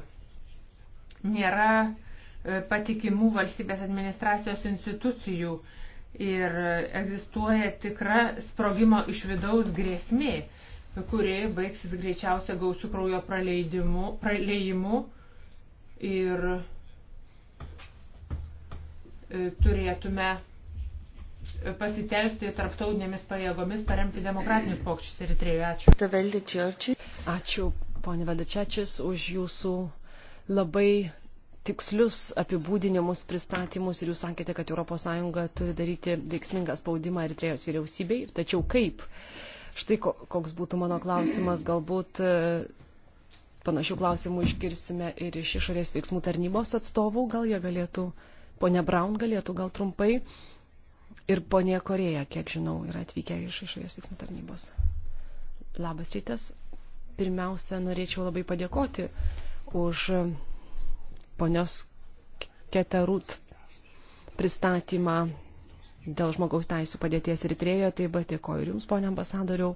Speaker 1: Nėra e, patikimų valstybės administracijos institucijų ir e, egzistuoja tikra sprogimo iš vidaus grėsmė, kuri baigsis greičiausia gausių kraujo praleidimu ir turėtume pasitelkti tarptautinėmis pajėgomis paremti demokratinius pokyčius Eritrėjoje.
Speaker 2: Ačiū. Ačiū, ponė Veličiačis, už jūsų labai tikslius apibūdinimus, pristatymus ir jūs sakėte, kad ES turi daryti veiksmingą spaudimą Eritrėjos vyriausybei. Tačiau kaip? Štai koks būtų mano klausimas, galbūt e, panašių klausimų iškirsime ir iš išorės veiksmų tarnybos atstovų, gal jie galėtų, ponia Braun galėtų gal trumpai ir ponė Korėja, kiek žinau, yra atvykę iš išorės veiksmų tarnybos. Labas rytas. Pirmiausia, norėčiau labai padėkoti už ponios Keterut pristatymą dėl žmogaus teisų padėties Eritrėjoje. Taip pat dėkoju ir Jums, ponė ambasadoriau.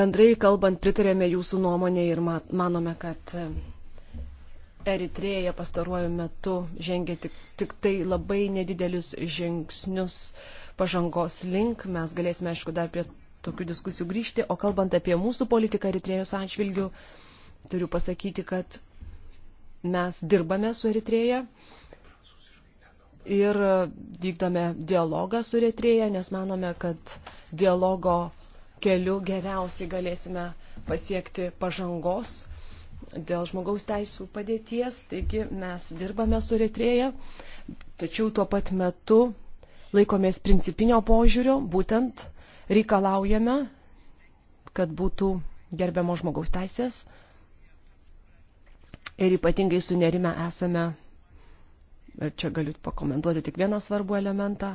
Speaker 2: Bendrai kalbant, pritarėme Jūsų nuomonė ir manome, kad Eritrėja pastaruoju metu žengia tik, tik tai labai nedidelius žingsnius pažangos link. Mes galėsime, aišku, dar prie tokių diskusijų grįžti. O kalbant apie mūsų politiką Eritrėjos atžvilgių, turiu pasakyti, kad mes dirbame su Eritrėja ir vykdome dialogą su Eritrėja, nes manome, kad dialogo keliu geriausiai galėsime pasiekti pažangos dėl žmogaus teisų padėties, taigi mes dirbame su Eritrėja, tačiau tuo pat metu laikomės principinio požiūrio, būtent reikalaujame, kad būtų gerbiamo žmogaus teisės ir ypatingai sunerime esame, ir čia galiu pakomentuoti tik vieną svarbų elementą,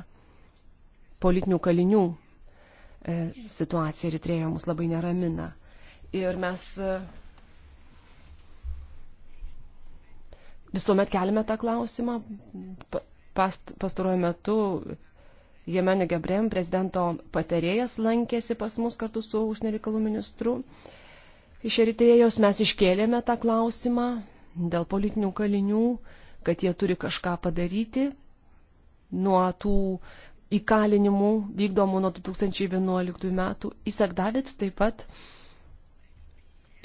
Speaker 2: politinių kalinių e, situacija Eritrėja mus labai neramina. Ir mes e, visuomet keliame tą klausimą. Past, pastaruoju metu Jemenė Gabrėm, prezidento patarėjas, lankėsi pas mus kartu su užsienio reikalų ministru. Iš Eritrėjos mes iškėlėme tą klausimą dėl politinių kalinių, kad jie turi kažką padaryti nuo tų įkalinimų vykdomų nuo 2011 metų. Įsakdavit taip pat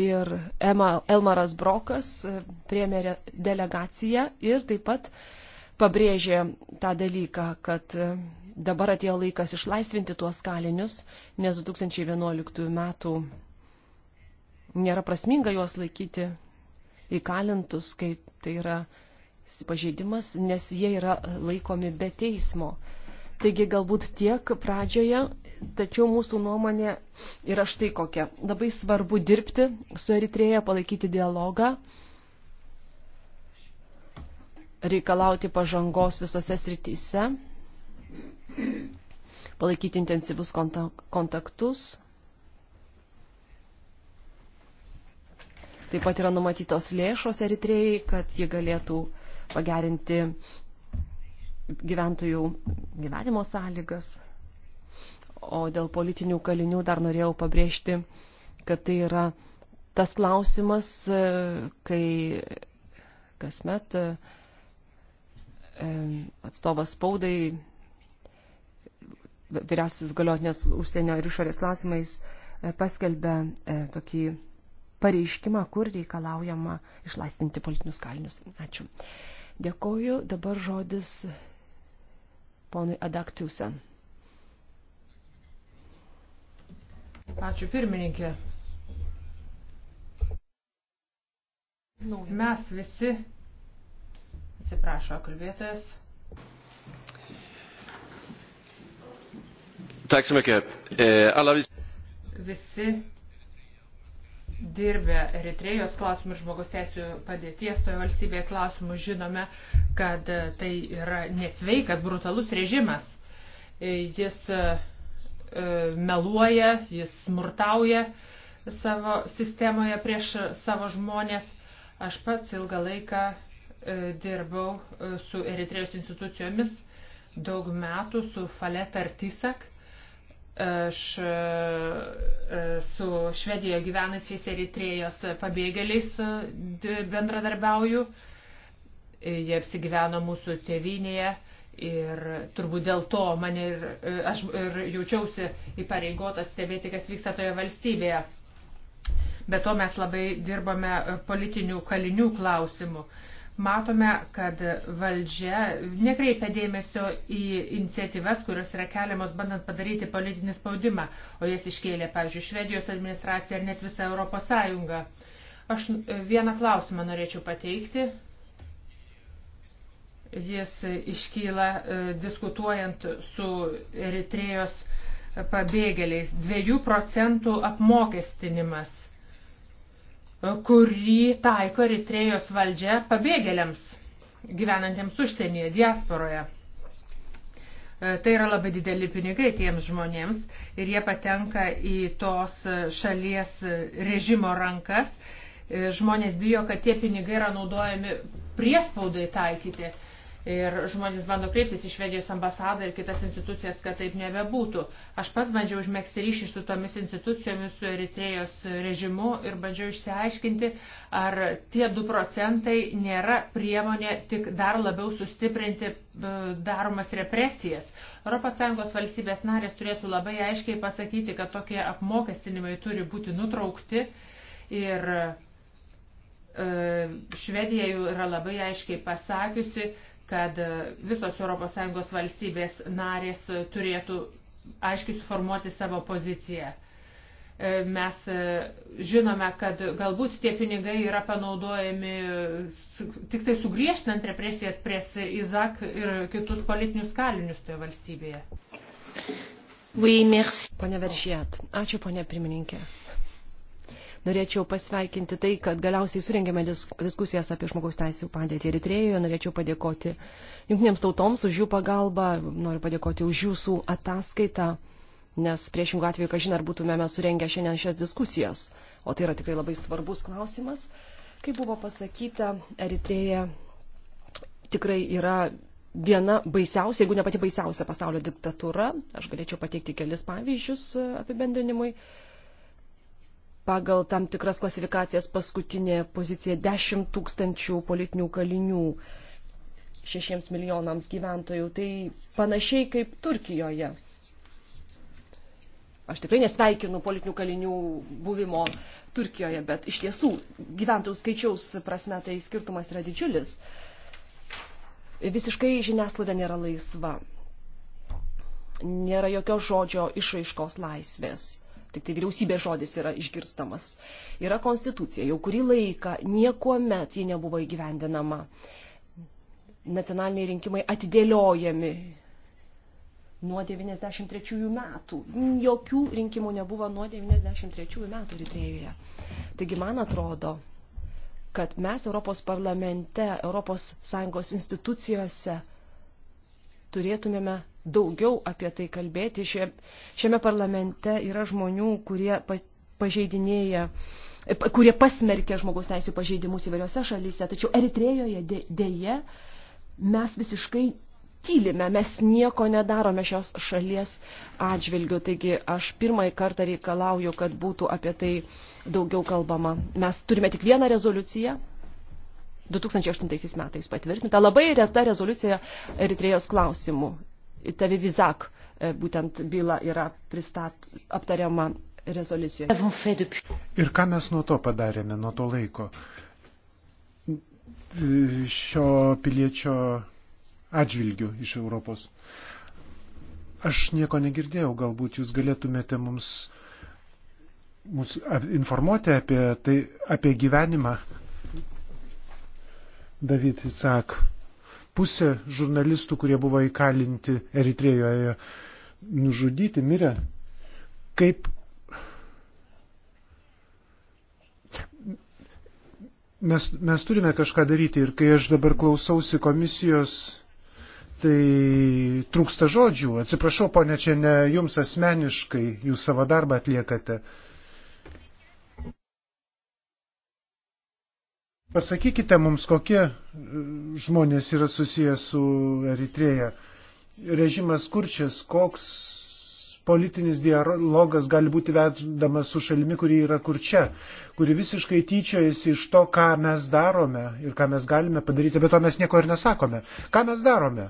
Speaker 2: ir Ema, Elmaras Brokas e, priemė delegaciją ir taip pat pabrėžė tą dalyką, kad e, dabar atėjo laikas išlaisvinti tuos kalinius, nes 2011 metų nėra prasminga juos laikyti įkalintus, kai tai yra pažeidimas, nes jie yra laikomi be teismo. Taigi galbūt tiek pradžioje, tačiau mūsų nuomonė yra štai kokia. Labai svarbu dirbti su Eritrėja, palaikyti dialogą, reikalauti pažangos visose srityse, palaikyti intensyvus kontaktus. Taip pat yra numatytos lėšos Eritrėjai, kad ji galėtų pagerinti gyventojų gyvenimo sąlygas. O dėl politinių kalinių dar norėjau pabrėžti, kad tai yra tas klausimas, e, kai kasmet e, atstovas spaudai, vyriausias galiotinės užsienio ir išorės klausimais e, paskelbė tokį pareiškimą, kur reikalaujama išlaisvinti politinius kalinius. Ačiū. Dėkoju. Dabar žodis ponui Adaktiusen.
Speaker 1: Ačiū pirmininkė. Mes visi, atsiprašo kalbėtojas.
Speaker 2: Tack så mycket. Eh, alla vis...
Speaker 1: Visi dirbę Eritrejos klausimų ir žmogus teisų padėties toje valstybėje klausimų žinome, kad e, tai yra nesveikas, brutalus režimas. E, jis e, meluoja, jis smurtauja savo sistemoje prieš savo žmonės. Aš pats ilgą laiką dirbau su Eritrejos institucijomis daug metų su Falet Artisak Aš e, su Švedijoje gyvenusiais Eritrėjos pabėgėliais e, bendradarbiauju. E, jie apsigyveno mūsų tėvinėje ir turbūt dėl to man ir aš ir jaučiausi įpareigotas stebėti, kas vyksta toje valstybėje. Be to mes labai dirbame politinių kalinių klausimų matome, kad valdžia nekreipia dėmesio į iniciatyvas, kurios yra keliamos bandant padaryti politinį spaudimą, o jas iškėlė, pavyzdžiui, Švedijos administracija ar net visa Europos Sąjunga. Aš vieną klausimą norėčiau pateikti. Jis iškyla e, diskutuojant su Eritrėjos pabėgėliais. 2 procentų apmokestinimas kurį taiko Eritrejos valdžia pabėgėliams gyvenantiems užsienyje, diasporoje. E, tai yra labai dideli pinigai tiems žmonėms ir jie patenka į tos šalies režimo rankas. E, žmonės bijo, kad tie pinigai yra naudojami priespaudai taikyti. Ir žmonės bando kreiptis į Švedijos ambasadą ir kitas institucijas, kad taip nebebūtų. Aš pats bandžiau užmėgsti ryšį su tomis institucijomis, su Eritrėjos režimu ir bandžiau išsiaiškinti, ar tie 2 procentai nėra priemonė tik dar labiau sustiprinti e, daromas represijas. ES valstybės narės turėtų labai aiškiai pasakyti, kad tokie apmokestinimai turi būti nutraukti ir e, Švedija jau yra labai aiškiai pasakiusi, kad e, visos ES valstybės narės e, turėtų aiškiai suformuoti savo poziciją. E, mes žinome, kad galbūt tie pinigai yra panaudojami tik tai sugriežtinant represijas prieš Izak ir kitus politinius kalinius toje valstybėje.
Speaker 2: Oui, merci. Pone Veržėt, ačiū pone pirmininkė. Norėčiau pasveikinti tai, kad galiausiai surengėme diskusijas apie žmogaus teisų padėtį Eritrėjoje. Norėčiau padėkoti jungtinėms tautoms už jų pagalbą, noriu padėkoti už jūsų ataskaitą, nes priešingų atveju, kažin ar būtumėme surengę šiandien šias diskusijas. O tai yra tikrai labai svarbus klausimas. Kaip buvo pasakyta, Eritrėja tikrai yra viena baisiausia, jeigu ne pati baisiausia pasaulio diktatūra. Aš galėčiau pateikti kelis pavyzdžius apibendrinimui pagal tam tikras klasifikacijas paskutinė pozicija 10 tūkstančių politinių kalinių 6 milijonams gyventojų. Tai panašiai kaip Turkijoje. Aš tikrai nesveikinu politinių kalinių buvimo Turkijoje, bet iš tiesų gyventojų skaičiaus prasme tai skirtumas yra didžiulis. Visiškai žiniasklaida nėra laisva. Nėra jokio žodžio išraiškos laisvės tik tai vyriausybės žodis yra išgirstamas. Yra konstitucija, jau kurį laiką nieko met ji nebuvo įgyvendinama. Nacionaliniai rinkimai atidėliojami nuo 93 metų. Jokių rinkimų nebuvo nuo 93 metų Eritrėjoje. Taigi man atrodo, kad mes Europos parlamente, Europos Sąjungos institucijose turėtumėme daugiau apie tai kalbėti. Šie, šiame parlamente yra žmonių, kurie pažeidinėja kurie pasmerkė žmogaus teisų pažeidimus įvairiose šalyse, tačiau Eritrejoje dėje mes visiškai tylime, mes nieko nedarome šios šalies atžvilgių. Taigi aš pirmąjį kartą reikalauju, kad būtų apie tai daugiau kalbama. Mes turime tik vieną rezoliuciją. 2008 metais patvirtinta labai reta rezoliucija Eritrejos klausimų. Tavi Vizak e, būtent byla yra pristat, aptariama rezoliucijoje.
Speaker 3: Ir ką mes nuo to padarėme, nuo to laiko? Šio piliečio atžvilgių iš Europos. Aš nieko negirdėjau, galbūt jūs galėtumėte mums, mums informuoti apie, tai, apie gyvenimą. David Isak pusė žurnalistų, kurie buvo įkalinti Eritrėjoje, nužudyti, mirė. Kaip mes, mes turime kažką daryti ir kai aš dabar klausausi komisijos, tai trūksta žodžių. Atsiprašau, ponė, čia ne jums asmeniškai, jūs savo darbą atliekate. Uh, Pasakykite mums, kokie e, žmonės yra susijęs su Eritreja. Režimas kurčias, koks politinis dialogas gali būti vedamas su šalimi, kuri yra kurčia, kuri visiškai tyčiojasi iš to, ką mes darome ir ką mes galime padaryti, bet to mes nieko ir nesakome. Ką mes darome?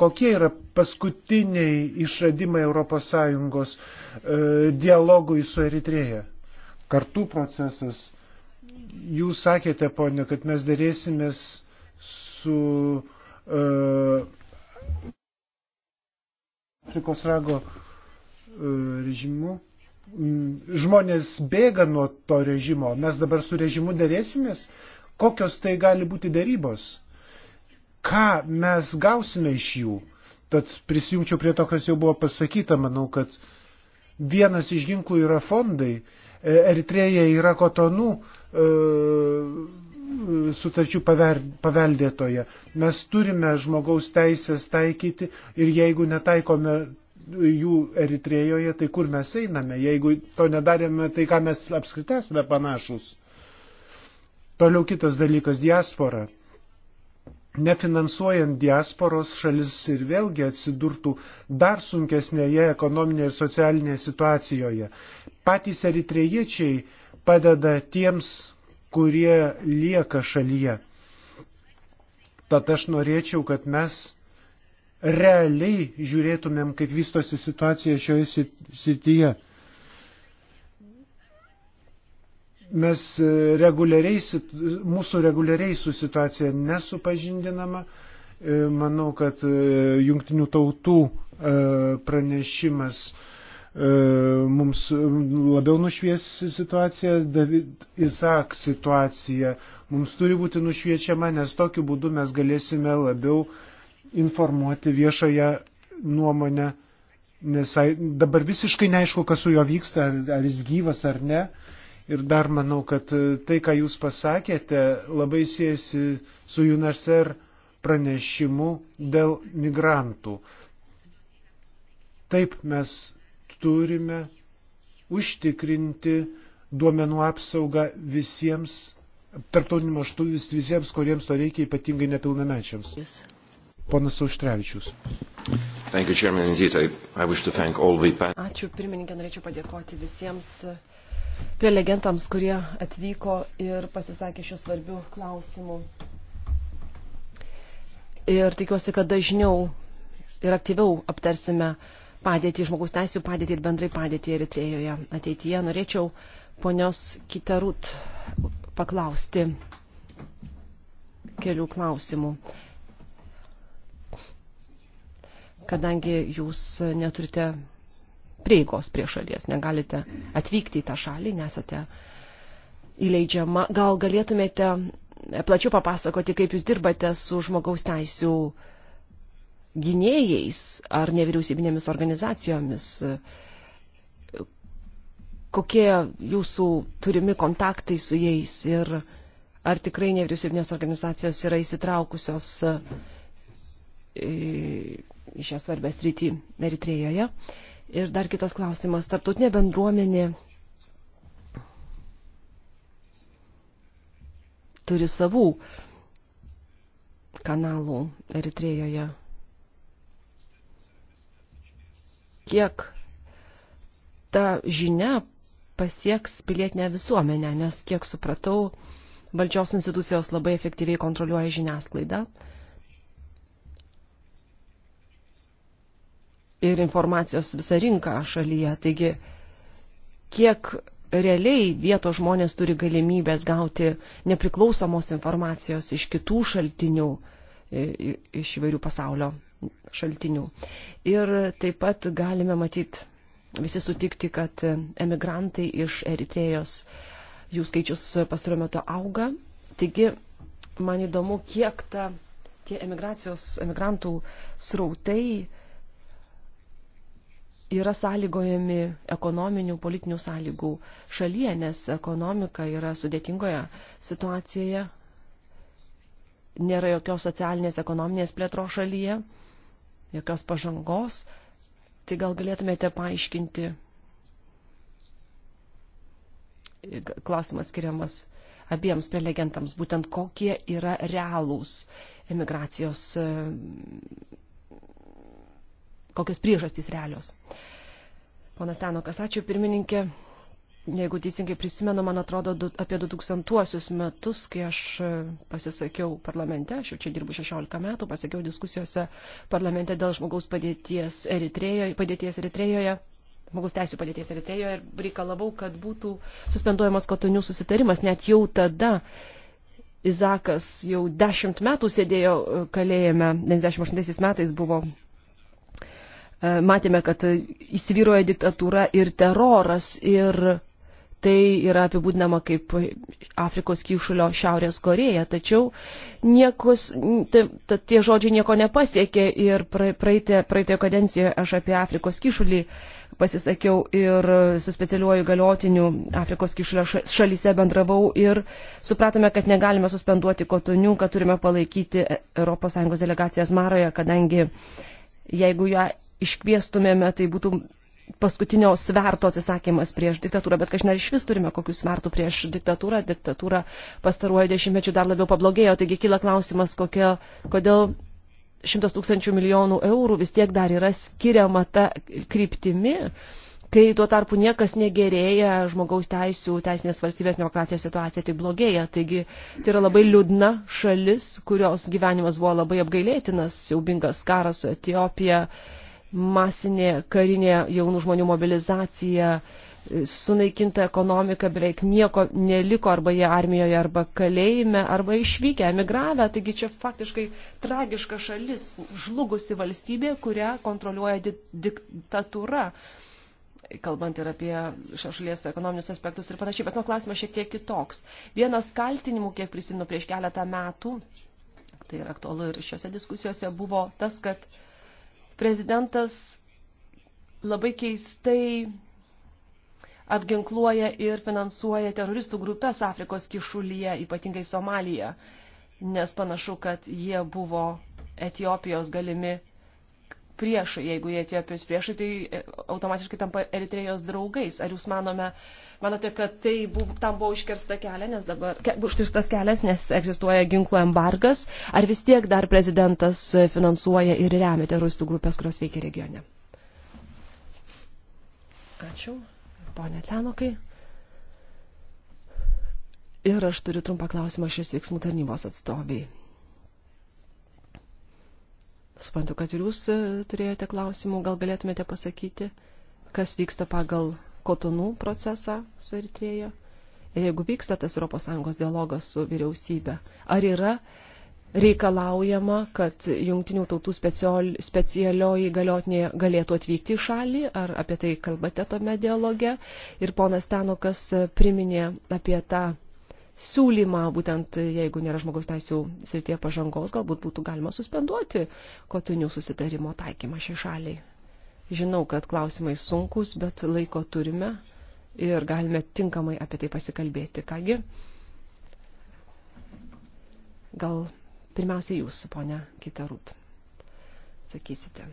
Speaker 3: Kokie yra paskutiniai išradimai ES e, dialogui su Eritreja? Kartų procesas Jūs sakėte, ponė, kad mes dėrėsimės su uh, Afrikos rago uh, režimu. Mm, žmonės bėga nuo to režimo. Mes dabar su režimu dėrėsimės. Kokios tai gali būti dėrybos? Ką mes gausime iš jų? Tad prisijungčiau prie to, kas jau buvo pasakyta. Manau, kad uh, Vienas iš ginklų yra fondai. E, Eritreja yra kotonų e, sutarčių paveldėtoje. Mes turime žmogaus teisės taikyti ir jeigu netaikome jų Eritrėjoje, tai kur mes einame? Jeigu to nedarėme, tai ką mes apskritai esame panašus? Toliau kitas dalykas - diaspora nefinansuojant diasporos šalis ir vėlgi atsidurtų dar sunkesnėje ekonominėje ir socialinėje situacijoje. Patys eritrejiečiai padeda tiems, kurie lieka šalyje. Tad aš norėčiau, kad mes realiai žiūrėtumėm, kaip vystosi situacija šioje srityje. Sit mes e, reguliariai, mūsų reguliariai su situacija nesupažindinama. E, manau, kad e, jungtinių tautų pranešimas mums labiau nušvies situaciją, David Isak situacija mums turi būti nušviečiama, nes tokiu būdu mes galėsime labiau informuoti viešąją nuomonę, nes dabar visiškai neaišku, kas su juo vyksta, ar, ar jis gyvas ar ne. E, Ir dar manau, kad e, tai, ką jūs pasakėte, labai siejasi su UNHCR pranešimu dėl migrantų. Taip mes turime užtikrinti duomenų apsaugą visiems, tarptautiniu maštu visiems, kuriems to reikia, ypatingai nepilnamečiams. Ponas Auštrevičius.
Speaker 1: Ačiū
Speaker 2: pirmininkė, norėčiau padėkoti visiems
Speaker 3: prelegentams, kurie
Speaker 2: atvyko ir pasisakė šiuo svarbiu klausimu. Ir tikiuosi, kad dažniau ir aktyviau aptarsime padėtį, žmogus teisų padėtį ir bendrai padėtį Eritrėjoje ateityje. Norėčiau ponios Kitarut paklausti kelių klausimų. Kadangi jūs neturite prieigos prie šalies, negalite atvykti į tą šalį, nesate įleidžiama. Gal galėtumėte e, plačiau papasakoti, kaip jūs dirbate su žmogaus teisų gynėjais ar nevyriausybinėmis organizacijomis? Kokie jūsų turimi kontaktai su jais ir ar tikrai nevyriausybinės organizacijos yra įsitraukusios e, į šią svarbę sritį Eritrėjoje? Ir dar kitas klausimas. Tarptautinė bendruomenė turi savų kanalų Eritrėjoje. Kiek ta žinia pasieks pilietinę visuomenę, nes kiek supratau, valdžios institucijos labai efektyviai kontroliuoja žiniasklaidą. ir informacijos visą rinką šalyje. Taigi, kiek realiai vietos žmonės turi galimybės gauti nepriklausomos informacijos iš kitų šaltinių, iš įvairių pasaulio šaltinių. Ir taip pat galime matyti, visi sutikti, kad emigrantai iš Eritrėjos jų skaičius pastaruoju metu auga. Taigi, man įdomu, kiek ta, tie emigracijos, emigrantų srautai uh, yra sąlygojami ekonominių, politinių sąlygų šalyje, nes ekonomika yra sudėtingoje situacijoje, nėra jokios socialinės ekonominės plėtros šalyje, jokios pažangos. Tai gal galėtumėte paaiškinti, klausimas skiriamas abiems prelegentams, būtent kokie yra realūs emigracijos kokios priežastys realios. Ponas Tenokas, ačiū pirmininkė. Jeigu teisingai prisimenu, man atrodo, du, apie 2000 metus, kai aš e, pasisakiau parlamente, aš jau čia dirbu 16 metų, pasakiau diskusijose parlamente dėl žmogaus padėties Eritrejoje, padėties Eritrejoje žmogus teisų padėties Eritrejoje ir reikalavau, kad būtų suspenduojamas kotonių susitarimas. Net jau tada Izakas jau dešimt metų sėdėjo e, kalėjime, 98 metais buvo E, matėme, kad įsivyroja diktatūra ir teroras ir tai yra apibūdinama kaip Afrikos kyšulio Šiaurės Koreja, tačiau niekus, t, t, tie žodžiai nieko nepasiekė ir praeitė, praeitėje kadencijoje aš apie Afrikos kyšulį pasisakiau ir su specialiuoju galiotiniu Afrikos kyšulio šalyse bendravau ir supratome, kad negalime suspenduoti kotonių, kad turime palaikyti ES delegacijas Maroje, kadangi jeigu ją iškviestumėme, tai būtų paskutinio sverto atsisakymas prieš diktatūrą, bet kažin ar iš vis turime kokius svertų prieš diktatūrą, diktatūra pastaruoju dešimtmečiu dar labiau pablogėjo, taigi kyla klausimas, kokia, kodėl šimtas tūkstančių milijonų eurų vis tiek dar yra skiriama ta kryptimi, kai tuo tarpu niekas negerėja, žmogaus teisų, teisinės valstybės demokratijos situacija tik blogėja. Taigi tai yra labai liūdna šalis, kurios gyvenimas buvo labai apgailėtinas, siaubingas karas su Etijopija, masinė karinė jaunų žmonių mobilizacija, e, sunaikinta ekonomika, beveik nieko neliko arba jie armijoje, arba kalėjime, arba išvykę, emigravę. Taigi čia faktiškai tragiška šalis, žlugusi valstybė, kurią kontroliuoja di diktatūra kalbant ir apie šalies ekonominius aspektus ir panašiai, bet nuo klausimas šiek tiek kitoks. Vienas kaltinimų, kiek prisimenu prieš keletą metų, tai yra aktualu ir šiuose diskusijose, buvo tas, kad uh, prezidentas labai keistai apginkluoja ir finansuoja teroristų grupės Afrikos kišulyje, ypatingai Somalija, nes panašu, kad jie buvo Etijopijos galimi priešai, jeigu jie Etiopijos priešai, tai e, automatiškai tampa Eritrejos draugais. Ar jūs manome, manote, kad tai buv, tam buvo užkirsta kelias, nes dabar ke, užtirstas kelias, nes egzistuoja ginklų embargas, ar vis tiek dar prezidentas e, finansuoja ir remia teroristų grupės, kurios veikia regione? Ačiū, ponė Tlenokai. Ir aš turiu trumpą klausimą šios veiksmų tarnybos atstoviai. Suprantu, kad ir jūs e, turėjote klausimų, gal galėtumėte pasakyti, kas vyksta pagal kotonų procesą su Eritrėja. Ir jeigu vyksta tas ES dialogas su vyriausybė, ar yra reikalaujama, kad jungtinių tautų specialioji galiotinė galėtų atvykti į šalį, ar apie tai kalbate tame dialoge. Ir ponas Tenokas e, priminė apie tą siūlymą, būtent jeigu nėra žmogaus teisų srityje pažangos, galbūt būtų galima suspenduoti kotinių susitarimo taikymą šiai šaliai. Žinau, kad klausimai sunkus, bet laiko turime ir galime tinkamai apie tai pasikalbėti. Kągi, gal pirmiausia jūs, ponia Kitarut, sakysite.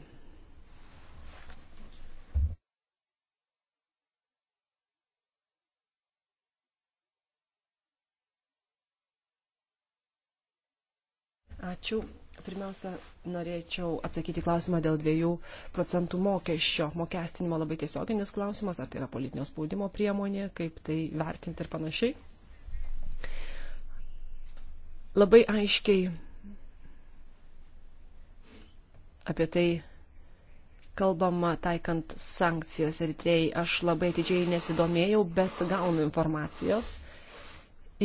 Speaker 2: Ačiū. Pirmiausia, norėčiau atsakyti klausimą dėl dviejų procentų mokesčio. Mokestinimo labai tiesioginis klausimas, ar tai yra politinio spaudimo priemonė, kaip tai vertinti ir panašiai. Labai aiškiai apie tai kalbama taikant sankcijas Eritrėjai. Aš labai atidžiai nesidomėjau, bet gaunu informacijos.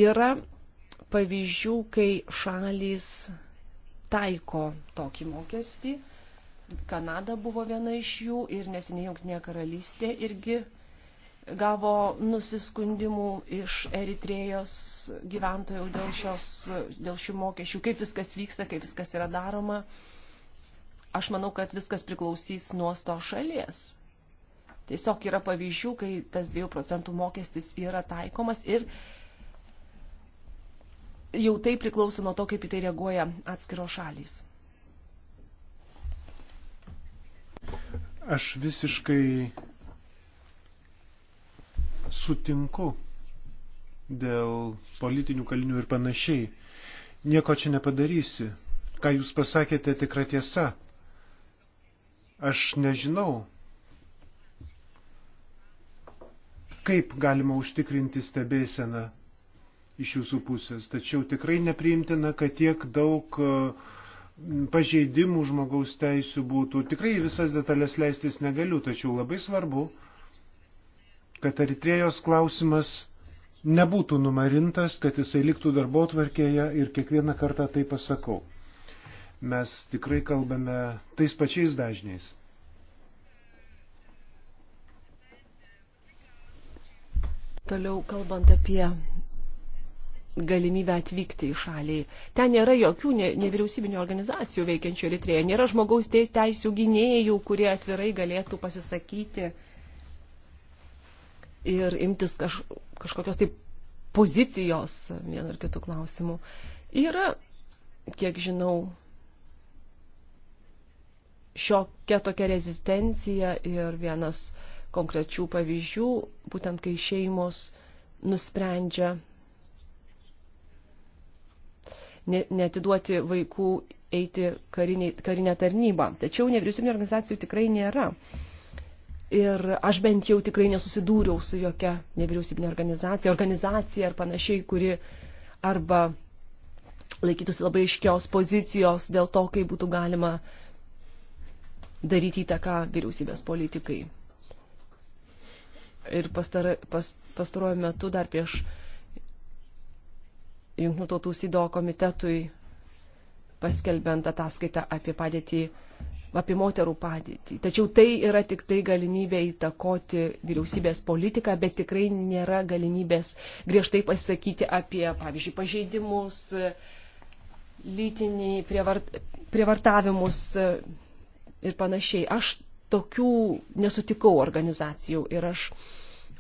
Speaker 2: Yra pavyzdžių, kai šalys taiko tokį mokestį. Kanada buvo viena iš jų ir neseniai Junktinė karalystė irgi gavo nusiskundimų iš Eritrėjos gyventojų dėl, šios, dėl šių mokesčių, kaip viskas vyksta, kaip viskas yra daroma. Aš manau, kad viskas priklausys nuo to šalies. Tiesiog yra pavyzdžių, kai tas 2 procentų mokestis yra taikomas ir jau tai priklauso nuo to, kaip į tai reaguoja atskiros šalys.
Speaker 3: Aš visiškai sutinku dėl politinių kalinių ir panašiai. Nieko čia nepadarysi. Ką jūs pasakėte, tikra tiesa. Aš nežinau, kaip galima užtikrinti stebėseną iš jūsų pusės. Tačiau tikrai nepriimtina, kad tiek daug e, pažeidimų žmogaus teisų būtų. Tikrai visas detalės leistis negaliu, tačiau labai svarbu, kad Eritrėjos klausimas nebūtų numarintas, kad jisai liktų darbo tvarkėje ir kiekvieną kartą tai pasakau. Mes tikrai kalbame tais pačiais dažniais.
Speaker 2: Toliau kalbant apie galimybę atvykti į šalį. Ten nėra jokių nevyriausybinio organizacijų veikiančių Eritrėje, nėra žmogaus teisų gynėjų, kurie atvirai galėtų pasisakyti ir imtis kaž, kažkokios taip pozicijos vienu ar kitu klausimu. Yra, kiek žinau, šiokia tokia rezistencija ir vienas konkrečių pavyzdžių, būtent kai šeimos nusprendžia netiduoti vaikų eiti karinį, karinę tarnybą. Tačiau nevyriausybinio organizacijų tikrai nėra. Ir aš bent jau tikrai nesusidūriau su jokia nevyriausybinė organizacija, organizacija ar panašiai, kuri arba laikytųsi labai iškios pozicijos dėl to, kaip būtų galima daryti įtaką vyriausybės politikai. Ir pastar, pas, pastaruoju metu dar prieš Junktinių tautų SIDO komitetui paskelbent ataskaitą apie padėtį, apie moterų padėtį. Tačiau tai yra tik tai galimybė įtakoti vyriausybės politiką, bet tikrai nėra galimybės griežtai pasisakyti apie, pavyzdžiui, pažeidimus, lytinį prievart, prievartavimus ir panašiai. Aš tokių nesutikau organizacijų ir aš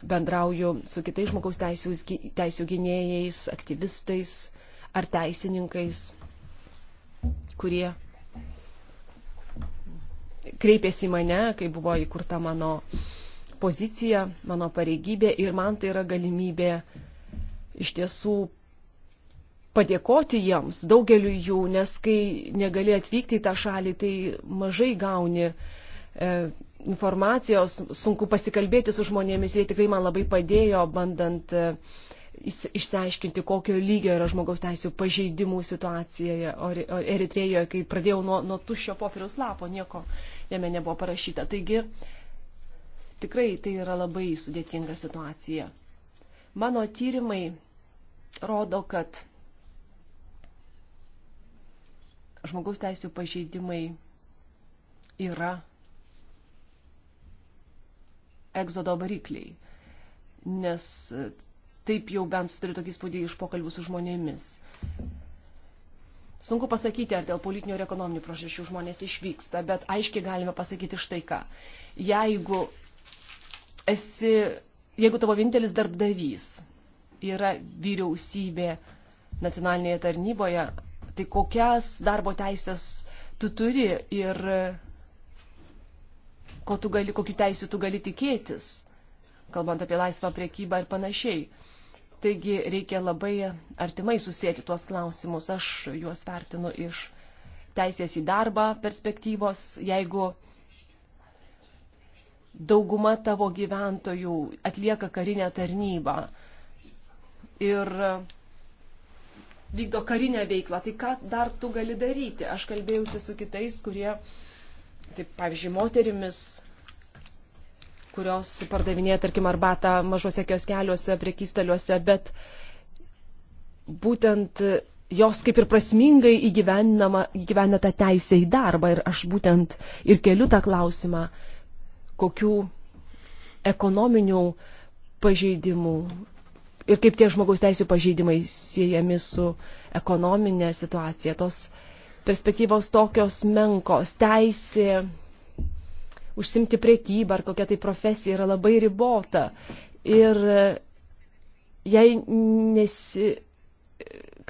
Speaker 2: bendrauju su kitais žmogaus teisų, teisų gynėjais, aktyvistais ar teisininkais, kurie kreipėsi į mane, kai buvo įkurta mano pozicija, mano pareigybė ir man tai yra galimybė iš tiesų padėkoti jiems, daugeliu jų, nes kai negali atvykti į tą šalį, tai mažai gauni uh, E, informacijos, sunku pasikalbėti su žmonėmis, jie tikrai man labai padėjo, bandant e, išsiaiškinti, kokio lygio yra žmogaus teisų pažeidimų situacija Eritrėjoje, kai pradėjau nuo, nuo tuščio popieriaus lapo, nieko jame nebuvo parašyta. Taigi, tikrai tai yra labai sudėtinga situacija. Mano tyrimai rodo, kad žmogaus teisų pažeidimai yra egzodo varikliai, nes e, taip jau bent susidariu tokį spūdį iš pokalbių su žmonėmis. Sunku pasakyti, ar dėl politinių ir ekonominių priežasčių žmonės išvyksta, bet aiškiai galime pasakyti štai ką. Jeigu, esi, jeigu tavo vienintelis darbdavys yra vyriausybė nacionalinėje tarnyboje, tai kokias darbo teisės tu turi ir ko tu gali, kokiu teisiu tu gali tikėtis, kalbant apie laisvą priekybą ir panašiai. Taigi reikia labai artimai susėti tuos klausimus. Aš juos vertinu iš teisės į darbą perspektyvos. Jeigu dauguma tavo gyventojų atlieka karinę tarnybą ir vykdo karinę veiklą, tai ką dar tu gali daryti? Aš kalbėjusi su kitais, kurie uh, taip, pavyzdžiui, moterimis, kurios pardavinėja, tarkim, arbatą mažose kioskeliuose, priekysteliuose, bet būtent jos kaip ir prasmingai įgyvena tą teisę į darbą ir aš būtent ir keliu tą klausimą, kokių ekonominių pažeidimų ir kaip tie žmogaus teisų pažeidimai siejami su ekonominė situacija. Tos perspektyvos tokios menkos. Teisė užsimti priekybą ar kokia tai profesija yra labai ribota. Ir e, jei nesi e,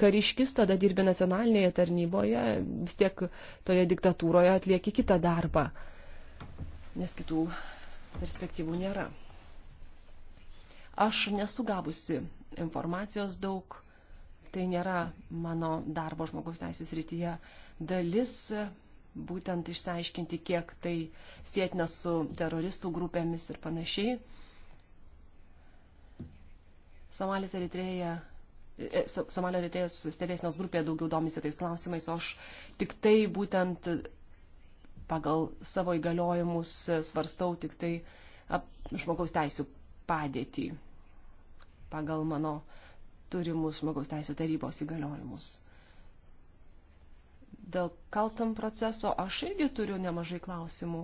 Speaker 2: kariškis, tada dirbi nacionalinėje tarnyboje, vis tiek toje diktatūroje atlieki kitą darbą, nes kitų perspektyvų nėra. Aš nesu gavusi informacijos daug, tai nėra mano darbo žmogaus teisės rytyje dalis, būtent išsiaiškinti, kiek tai sėtina su teroristų grupėmis ir panašiai. Somalis Eritrėja e, Somalio rytėjos stebėsnos grupė daugiau domisi tais klausimais, o aš tik tai būtent pagal savo įgaliojimus svarstau tik tai ap, žmogaus teisų padėtį, pagal mano turimus žmogaus teisų tarybos įgaliojimus dėl Kaltam proceso aš irgi turiu nemažai klausimų.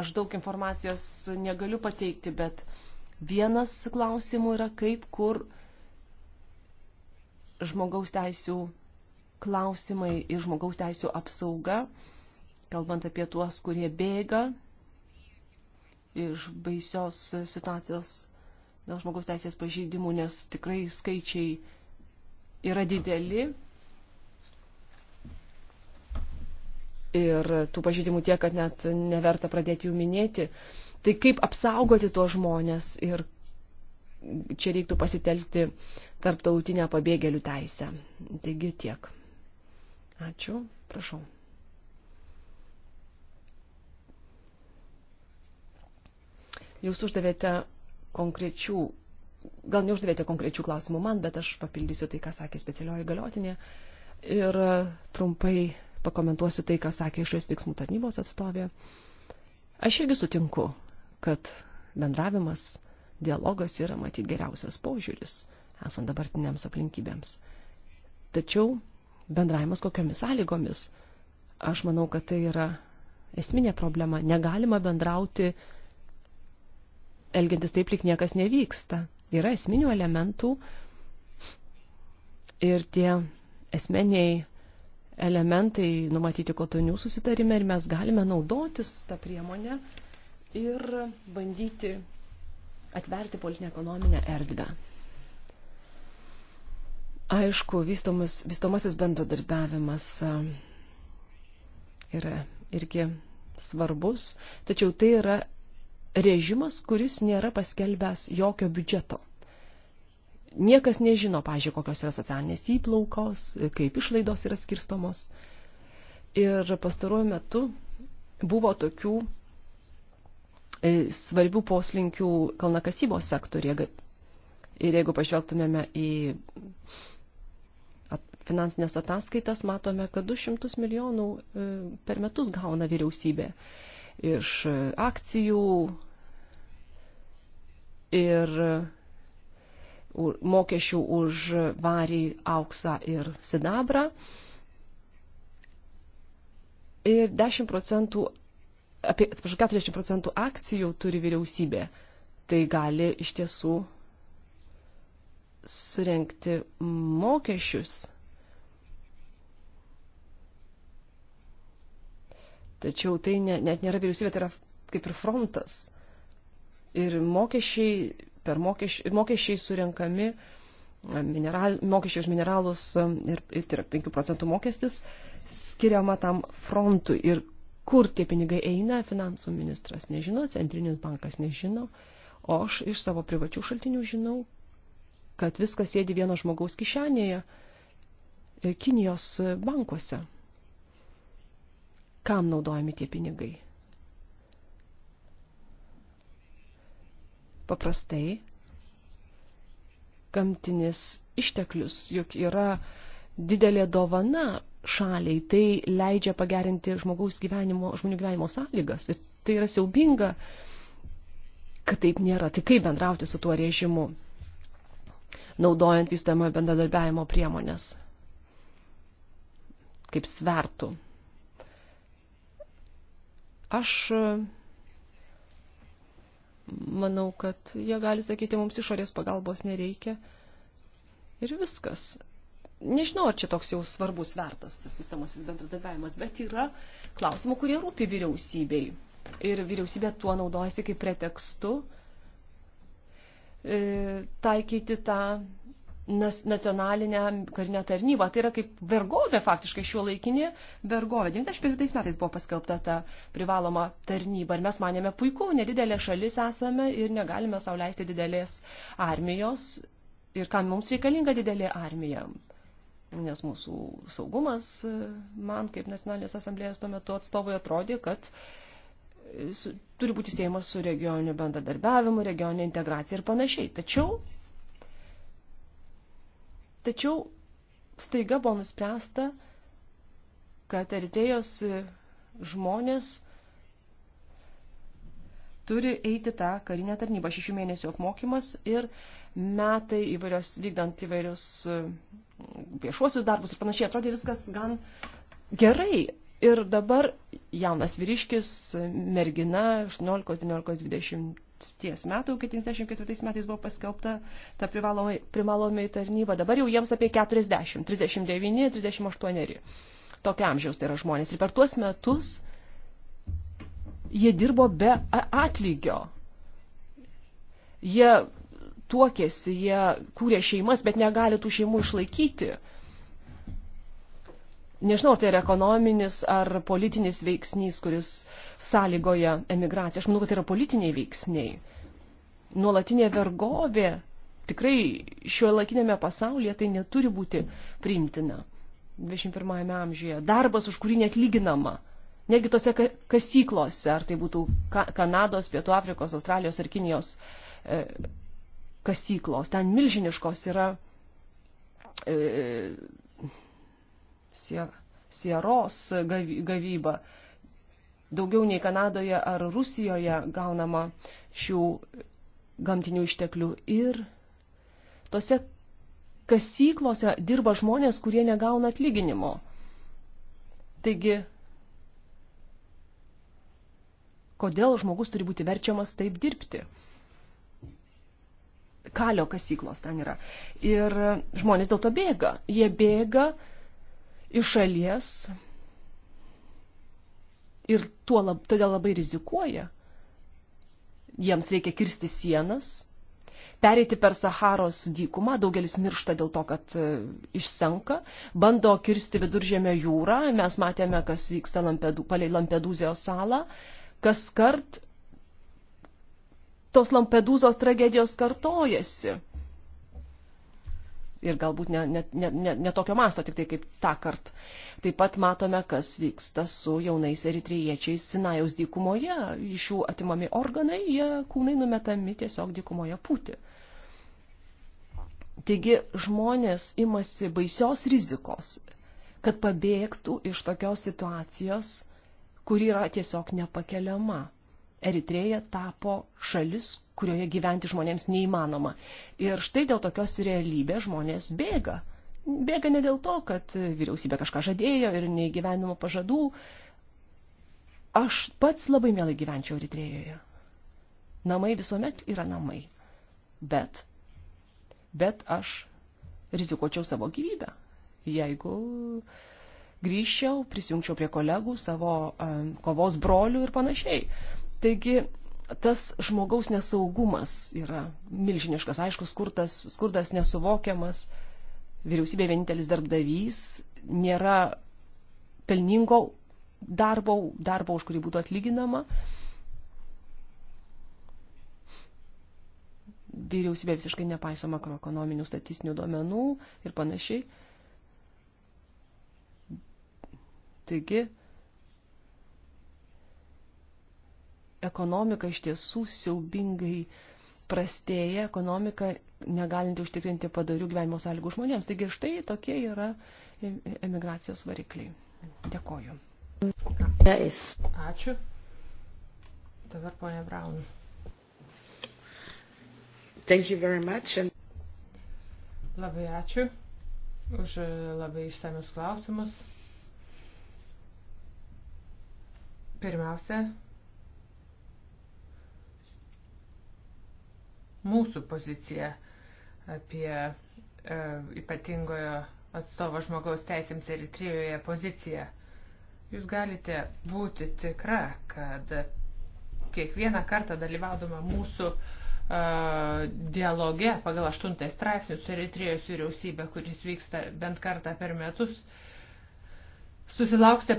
Speaker 2: Aš daug informacijos negaliu pateikti, bet vienas klausimų yra kaip, kur žmogaus teisų klausimai ir žmogaus teisų apsauga, kalbant apie tuos, kurie bėga iš baisios situacijos dėl žmogaus teisės pažeidimų, nes tikrai skaičiai yra dideli. ir tų pažydimų tiek, kad net neverta pradėti jų minėti. Tai kaip apsaugoti tuos žmonės ir čia reiktų pasitelkti tarptautinę pabėgėlių teisę. Taigi tiek. Ačiū, prašau. Jūs uždavėte konkrečių, gal neuždavėte konkrečių klausimų man, bet aš papildysiu tai, ką sakė specialioji galiotinė. Ir trumpai pakomentuosiu tai, ką sakė išorės veiksmų tarnybos atstovė. Aš irgi sutinku, kad bendravimas, dialogas yra matyti geriausias požiūris, esant dabartiniams aplinkybėms. Tačiau bendravimas kokiomis sąlygomis, aš manau, kad tai yra esminė problema. Negalima bendrauti, elgiantis taip, lik niekas nevyksta. Yra esminių elementų ir tie esmeniai elementai numatyti kotonių susitarime ir mes galime naudotis tą priemonę ir bandyti atverti politinę ekonominę erdvę. Aišku, vystomas, vystomasis bendradarbiavimas yra irgi svarbus, tačiau tai yra režimas, kuris nėra paskelbęs jokio biudžeto niekas nežino, pažiūrėjau, kokios yra socialinės įplaukos, kaip išlaidos yra skirstomos. Ir pastaruoju metu buvo tokių e, svarbių poslinkių kalnakasybos sektorėje. Ir jeigu pažvelgtumėme į finansinės ataskaitas, matome, kad 200 milijonų e, per metus gauna vyriausybė iš akcijų ir mokesčių už varį, auksą ir sidabrą. Ir 10 procentų, apie 40 procentų akcijų turi vyriausybė. Tai gali iš tiesų surenkti mokesčius. Tačiau tai ne, net nėra vyriausybė, tai yra kaip ir frontas. Ir mokesčiai per mokesčiai, mokesčiai surinkami, mineral, mokesčiai už mineralus um, ir, ir tai yra 5 procentų mokestis skiriama tam frontui. Ir kur tie pinigai eina, finansų ministras nežino, centrinis bankas nežino, o aš iš savo privačių šaltinių žinau, kad viskas sėdi vieno žmogaus kišenėje e, Kinijos e, bankuose. Kam naudojami tie pinigai? paprastai gamtinis išteklius, juk yra didelė dovana šaliai, tai leidžia pagerinti žmogaus gyvenimo, žmonių gyvenimo sąlygas. Ir tai yra siaubinga, kad taip nėra. Tai kaip bendrauti su tuo režimu, naudojant vystamojo bendradarbiavimo priemonės, kaip svertų. Aš manau, kad jie gali sakyti, mums išorės pagalbos nereikia. Ir viskas. Nežinau, ar čia toks jau svarbus vertas tas sistemasis bendradarbiavimas, bet yra klausimų, kurie rūpi vyriausybei. Ir vyriausybė tuo naudojasi kaip pretekstu e, taikyti tą nacionalinę karinę tarnybą. Tai yra kaip vergovė faktiškai šio laikinė vergovė. 95 metais buvo paskelbta ta privaloma tarnyba ir mes manėme puiku, nedidelė šalis esame ir negalime sauliaisti didelės armijos. Ir kam mums reikalinga didelė armija? Nes mūsų saugumas, man kaip nacionalinės asamblėjos tuo metu atstovui atrodė, kad su, turi būti siejamas su regioniniu bendradarbiavimu, regioninė integracija ir panašiai. Tačiau Tačiau staiga buvo nuspręsta, kad Eritėjos žmonės turi eiti tą karinę tarnybą. Šešių mėnesių apmokymas ir metai įvairios, vykdant įvairius mm, viešuosius darbus ir panašiai. Atrodė viskas gan gerai. Ir dabar jaunas vyriškis, mergina, 18, 19, 20 ties metų, kai 94 metais buvo paskelbta ta privalomi, privalomi tarnyba, dabar jau jiems apie 40, 39, 38. Tokia amžiaus tai yra žmonės. Ir per tuos metus jie dirbo be atlygio. Jie tuokėsi, jie kūrė šeimas, bet negali tų šeimų išlaikyti nežinau, ar tai yra ekonominis ar politinis veiksnys, kuris sąlygoja emigraciją. Aš manau, kad tai yra politiniai veiksniai. Nuolatinė vergovė tikrai šio laikinėme pasaulyje tai neturi būti priimtina. 21 amžiuje. Darbas, už kurį net lyginama. Negi tose kasyklose, ar tai būtų Kanados, Pietų Afrikos, Australijos ar Kinijos e, kasyklos. Ten milžiniškos yra e, sieros gavybą. Daugiau nei Kanadoje ar Rusijoje gaunama šių gamtinių išteklių. Ir tose kasyklose dirba žmonės, kurie negauna atlyginimo. Taigi, kodėl žmogus turi būti verčiamas taip dirbti? Kalio kasyklos ten yra. Ir žmonės dėl to bėga. Jie bėga, iš šalies ir tuo lab, todėl labai rizikuoja. Jiems reikia kirsti sienas, pereiti per Saharos dykumą, daugelis miršta dėl to, kad e, išsenka, bando kirsti viduržėmio jūrą, mes matėme, kas vyksta Lampedų, palei Lampedūzijos salą, kas kart tos Lampedūzos tragedijos kartojasi ir galbūt ne, ne, ne, ne, ne tokio masto, tik tai kaip tą kart. Taip pat matome, kas vyksta su jaunais eritriečiais Sinajaus dykumoje. Iš jų atimami organai, jie kūnai numetami tiesiog dykumoje pūti. Taigi žmonės imasi baisios rizikos, kad pabėgtų iš tokios situacijos, kuri yra tiesiog nepakeliama. Eritreja tapo šalis, kurioje gyventi žmonėms neįmanoma. Ir štai dėl tokios realybės žmonės bėga. Bėga ne dėl to, kad vyriausybė kažką žadėjo ir neįgyvenimo pažadų. Aš pats labai mielai gyvenčiau Eritrėjoje. Namai visuomet yra namai. Bet, bet aš rizikuočiau savo gyvybę, jeigu grįžčiau, prisijungčiau prie kolegų, savo um, kovos brolių ir panašiai. Taigi tas žmogaus nesaugumas yra milžiniškas, aišku, skurtas, skurdas nesuvokiamas, vyriausybė vienintelis darbdavys, nėra pelningo darbo, darbo, už kurį būtų atlyginama. Vyriausybė visiškai nepaiso makroekonominių statistinių duomenų ir panašiai. Taigi, ekonomika iš tiesų siaubingai prastėja, ekonomika negalinti užtikrinti padarių gyvenimo sąlygų žmonėms. Taigi štai tokie yra e, e, emigracijos varikliai.
Speaker 1: Dėkoju. Ačiū. Dabar ponė Braun. Thank you very much. And... Labai ačiū už labai išsamius klausimus. Pirmiausia, mūsų poziciją apie e, ypatingojo atstovo žmogaus teisėms Eritrijoje poziciją. Jūs galite būti tikra, kad kiekvieną kartą dalyvaudama mūsų e, dialoge pagal aštuntąjį straipsnį su Eritrijos vyriausybė, kuris vyksta bent kartą per metus, e, susilauksite,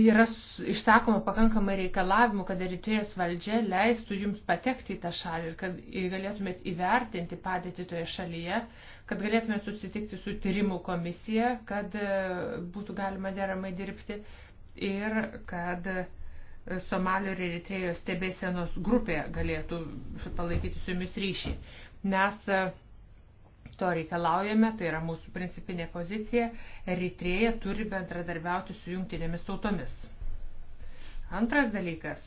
Speaker 1: yra išsakoma pakankamai reikalavimų, kad Eritrėjos valdžia leistų jums patekti į tą šalį ir kad galėtumėt įvertinti padėtį toje šalyje, kad galėtumėt susitikti su tyrimų komisija, kad e, būtų galima deramai dirbti ir kad e, Somalio ir Eritrėjos stebėsenos grupė galėtų palaikyti su jumis ryšį. Mes e, To reikalaujame, tai yra mūsų principinė pozicija. Eritrėja turi bendradarbiauti su jungtinėmis tautomis. Antras dalykas.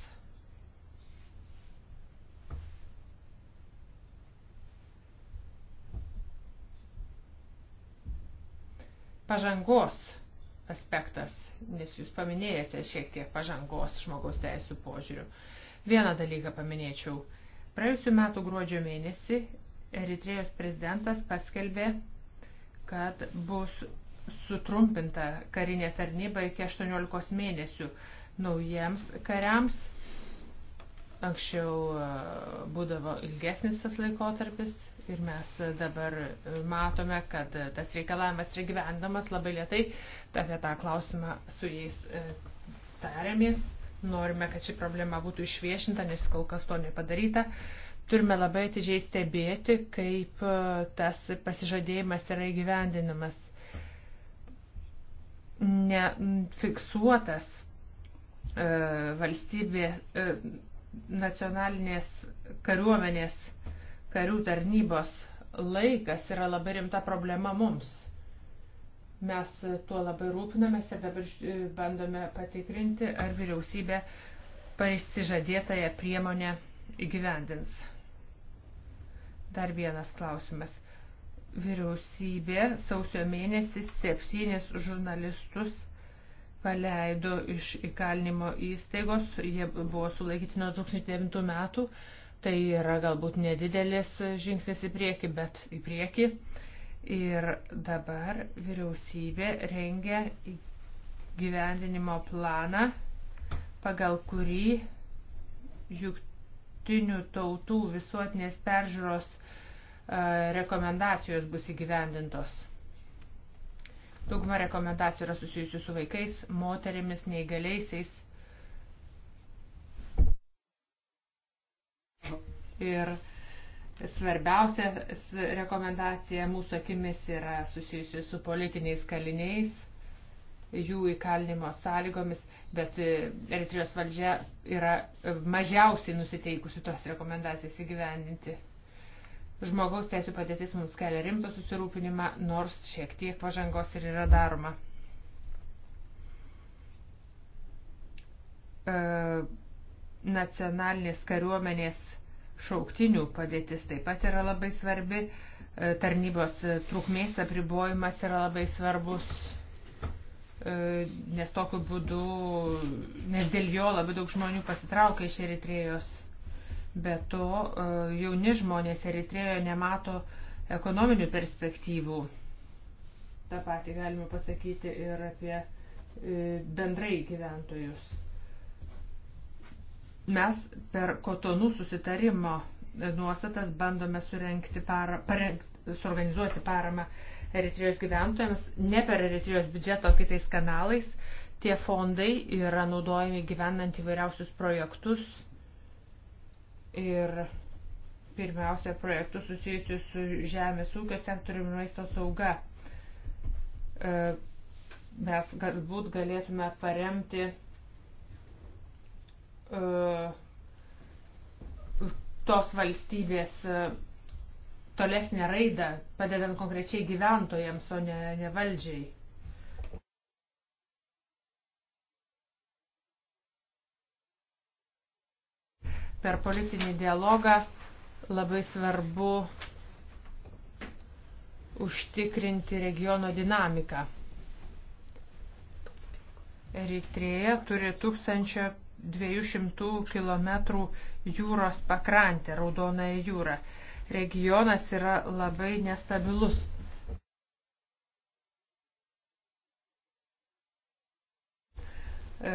Speaker 1: Pažangos aspektas, nes jūs paminėjote šiek tiek pažangos žmogaus teisų požiūrių. Vieną dalyką paminėčiau. Praėjusiu metu gruodžio mėnesį Eritrėjos prezidentas paskelbė, kad bus sutrumpinta karinė tarnyba iki 18 mėnesių naujiems kariams. Anksčiau e, būdavo ilgesnis tas laikotarpis ir mes dabar matome, kad tas reikalavimas yra gyvendamas labai lietai. Apie tą klausimą su jais e, tariamės. Norime, kad ši problema būtų išviešinta, nes kol kas to nepadaryta turime labai atidžiai stebėti, kaip e, tas pasižadėjimas yra įgyvendinamas. Nefiksuotas e, valstybė e, nacionalinės kariuomenės karių tarnybos laikas yra labai rimta problema mums. Mes tuo labai rūpinamės ir dabar bandome patikrinti, ar vyriausybė paisižadėtąją priemonę įgyvendins. Dar vienas klausimas. Vyriausybė sausio mėnesį septynis žurnalistus paleido iš įkalinimo įstaigos. Jie buvo sulaikyti nuo 2009 metų. Tai yra galbūt nedidelis žingsnis į priekį, bet į priekį. Ir dabar vyriausybė rengia gyvendinimo planą, pagal kurį juk jungtinių tautų visuotinės peržiūros e, rekomendacijos bus įgyvendintos. Dauguma rekomendacijų yra susijusių su vaikais, moterimis, neįgaliaisiais. Ir svarbiausia rekomendacija mūsų akimis yra susijusi su politiniais kaliniais jų įkalinimo sąlygomis, bet e, Eritrijos valdžia yra e, mažiausiai nusiteikusi tos rekomendacijas įgyvendinti. Žmogaus teisų padėtis mums kelia rimtą susirūpinimą, nors šiek tiek pažangos ir yra daroma. E, nacionalinės kariuomenės šauktinių padėtis taip pat yra labai svarbi, e, tarnybos e, trukmės apribojimas yra labai svarbus E, nes tokiu būdu, nes dėl jo labai daug žmonių pasitraukia iš Eritrėjos. Be to, e, jauni žmonės Eritrėjoje nemato ekonominių perspektyvų. Ta pati galima pasakyti ir apie e, bendrai gyventojus. Mes per kotonų susitarimo nuostatas bandome surenkti parą, parengti, suorganizuoti paramą uh, Eritrijos gyventojams, ne per Eritrijos biudžeto kitais kanalais. Tie fondai yra naudojami gyvenant įvairiausius projektus ir pirmiausia projektus susijusius su žemės ūkio sektoriumi ir maisto sauga. E, mes galbūt galėtume paremti e, tos valstybės e, tolesnę raidą, padedant konkrečiai gyventojams, o ne, ne valdžiai. Per politinį dialogą labai svarbu užtikrinti regiono dinamiką. Eritrėja turi 1200 km jūros pakrantę, Raudonąją jūrą regionas yra labai nestabilus. E,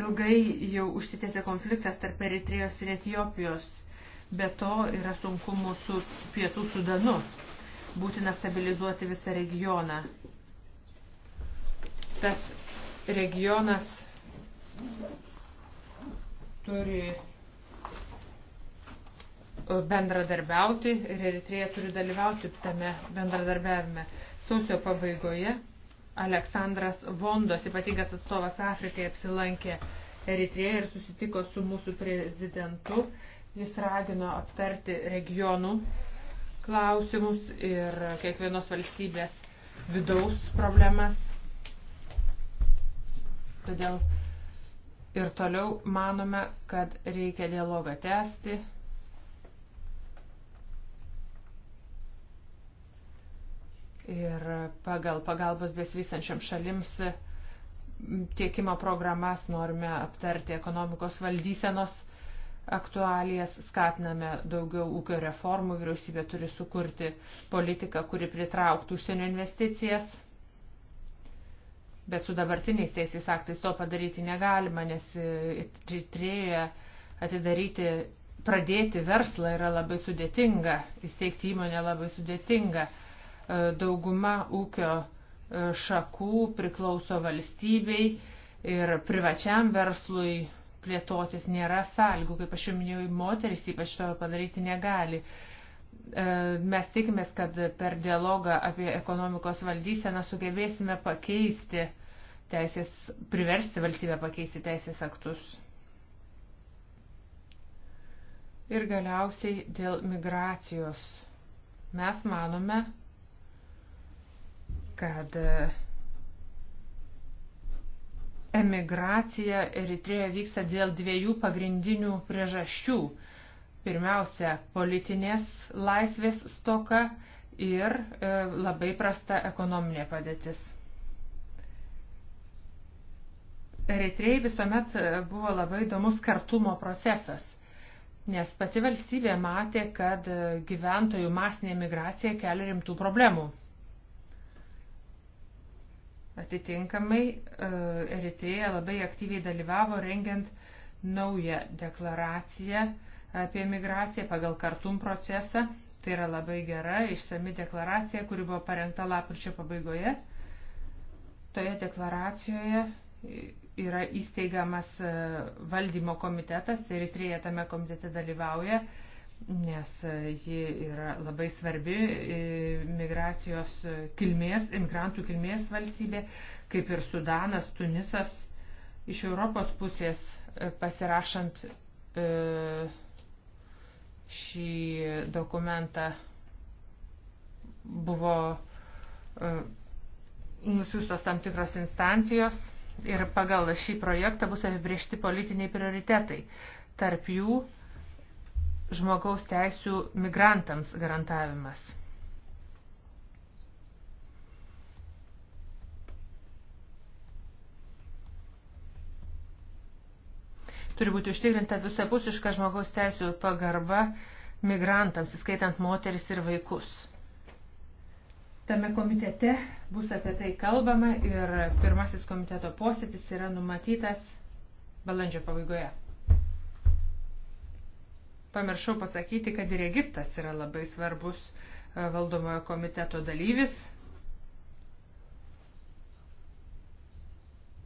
Speaker 1: ilgai jau užsitęsė konfliktas tarp Eritrejos ir Etijopijos, be to yra sunkumų su Pietų Sudanu. Būtina stabilizuoti visą regioną. Tas regionas turi bendradarbiauti ir Eritrėja turi dalyvauti tame bendradarbiavime. Sausio pabaigoje Aleksandras Vondos, ypatingas atstovas Afrikai, apsilankė Eritrėje ir susitiko su mūsų prezidentu. Jis ragino aptarti regionų klausimus ir kiekvienos valstybės vidaus problemas. Todėl ir toliau manome, kad reikia dialogą tęsti. ir pagal pagalbos besivysančiam šalims tiekimo programas norime aptarti ekonomikos valdysenos aktualijas, skatiname daugiau ūkio reformų, vyriausybė turi sukurti politiką, kuri pritrauktų užsienio investicijas. Bet su dabartiniais teisės aktais to padaryti negalima, nes e, Tritrėje atidaryti, pradėti verslą yra labai sudėtinga, įsteigti įmonę labai sudėtinga. Dauguma ūkio e, šakų priklauso valstybei ir privačiam verslui plėtotis nėra sąlygų. Kaip aš jau minėjau, moteris ypač to padaryti negali. E, mes tikimės, kad per dialogą apie ekonomikos valdyseną sugebėsime pakeisti teisės, priversti valstybę pakeisti teisės aktus. Ir galiausiai dėl migracijos. Mes manome, kad e, emigracija Eritrėje vyksta dėl dviejų pagrindinių priežasčių. Pirmiausia, politinės laisvės stoka ir e, labai prasta ekonominė padėtis. Eritrėjai visuomet e, buvo labai įdomus kartumo procesas, nes pati valstybė matė, kad e, gyventojų masinė migracija kelia rimtų problemų. Atitinkamai e, Eritreja labai aktyviai dalyvavo rengiant naują deklaraciją apie migraciją pagal kartum procesą. Tai yra labai gera, išsami deklaracija, kuri buvo parengta lapkričio pabaigoje. Toje deklaracijoje yra įsteigiamas e, valdymo komitetas, Eritrėja tame komitete dalyvauja nes ji yra labai svarbi e, migracijos kilmės, imigrantų kilmės valstybė, kaip ir Sudanas, Tunisas. Iš Europos pusės e, pasirašant e, šį dokumentą buvo nusiustos tam tikros instancijos ir pagal šį projektą bus apibriežti politiniai prioritetai. Tarp jų žmogaus teisių migrantams garantavimas. Turi būti užtikrinta visapusiška žmogaus teisų pagarba migrantams, įskaitant moteris ir vaikus. Tame komitete bus apie tai kalbama ir pirmasis komiteto posėdis yra numatytas balandžio pabaigoje. Pamiršau pasakyti, kad ir Egiptas yra labai svarbus e, valdomojo komiteto dalyvis.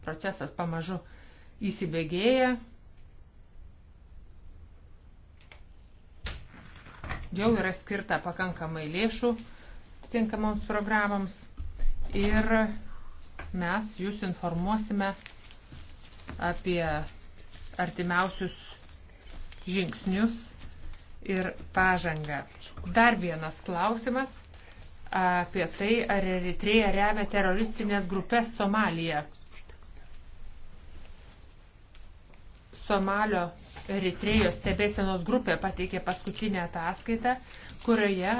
Speaker 1: Procesas pamažu įsibėgėja. Jau yra skirta pakankamai lėšų tinkamoms programoms ir mes jūs informuosime apie artimiausius žingsnius ir pažangą. Dar vienas klausimas apie tai, ar Eritreja remia teroristinės grupės Somalija. Somalio Eritrejos stebėsenos grupė pateikė paskutinę ataskaitą, kurioje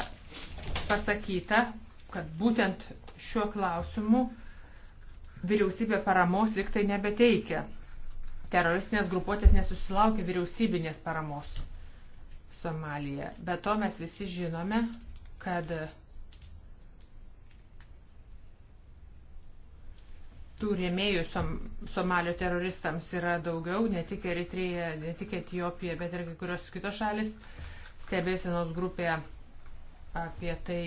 Speaker 1: pasakyta, kad būtent šiuo klausimu vyriausybė paramos liktai nebeteikia. Teroristinės grupuotės nesusilaukia vyriausybinės paramos. Somalija. Be to mes visi žinome, kad tų rėmėjų som, Somalio teroristams yra daugiau, ne tik Eritrija, ne tik Etijopija, bet ir kai kurios kitos šalis. Stebėsenos grupė apie tai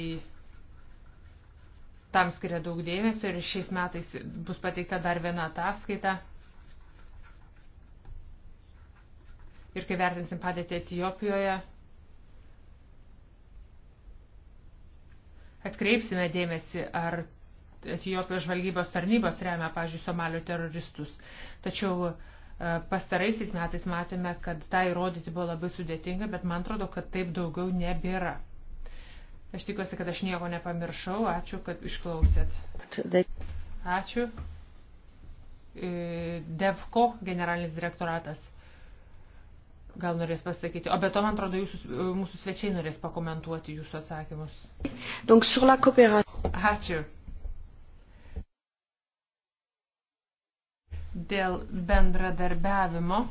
Speaker 1: tam skiria daug dėmesio ir šiais metais bus pateikta dar viena ataskaita ir kai vertinsim padėtį Etijopijoje, atkreipsime dėmesį, ar Etijopijos žvalgybos tarnybos remia, pažiūrėjau, Somalio teroristus. Tačiau e, pastaraisiais metais matėme, kad tą įrodyti buvo labai sudėtinga, bet man atrodo, kad taip daugiau nebėra. Aš tikiuosi, kad aš nieko nepamiršau. Ačiū, kad išklausėt. Ačiū. E, Devko generalinis direktoratas. Gal norės pasakyti. O be to, man atrodo, jūsų, e, mūsų svečiai norės pakomentuoti jūsų atsakymus. Donc, sur la Ačiū. Dėl bendradarbiavimo.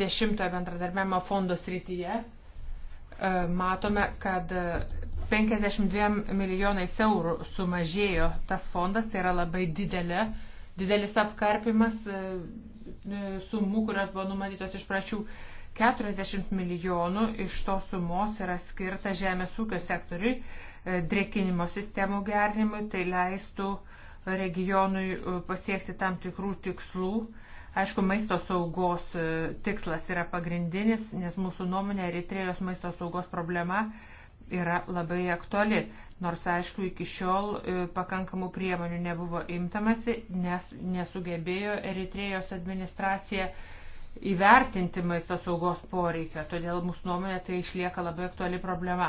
Speaker 1: Dešimtojo bendradarbiavimo fondo srityje e, matome, kad 52 e, milijonais eurų sumažėjo tas fondas, tai yra labai didelė uh, didelis apkarpimas e, e, sumų, kurios buvo numatytos iš prašių. 40 milijonų iš to sumos yra skirta žemės ūkio sektoriui, e, drėkinimo sistemų gerinimui, tai leistų regionui pasiekti tam tikrų tikslų. Aišku, maisto saugos tikslas yra pagrindinis, nes mūsų nuomonė Eritrėjos maisto saugos problema yra labai aktuali, nors aišku iki šiol e, pakankamų priemonių nebuvo imtamasi, nes nesugebėjo Eritrėjos administracija įvertinti maisto saugos poreikio, todėl mūsų nuomonė tai išlieka labai aktuali problema.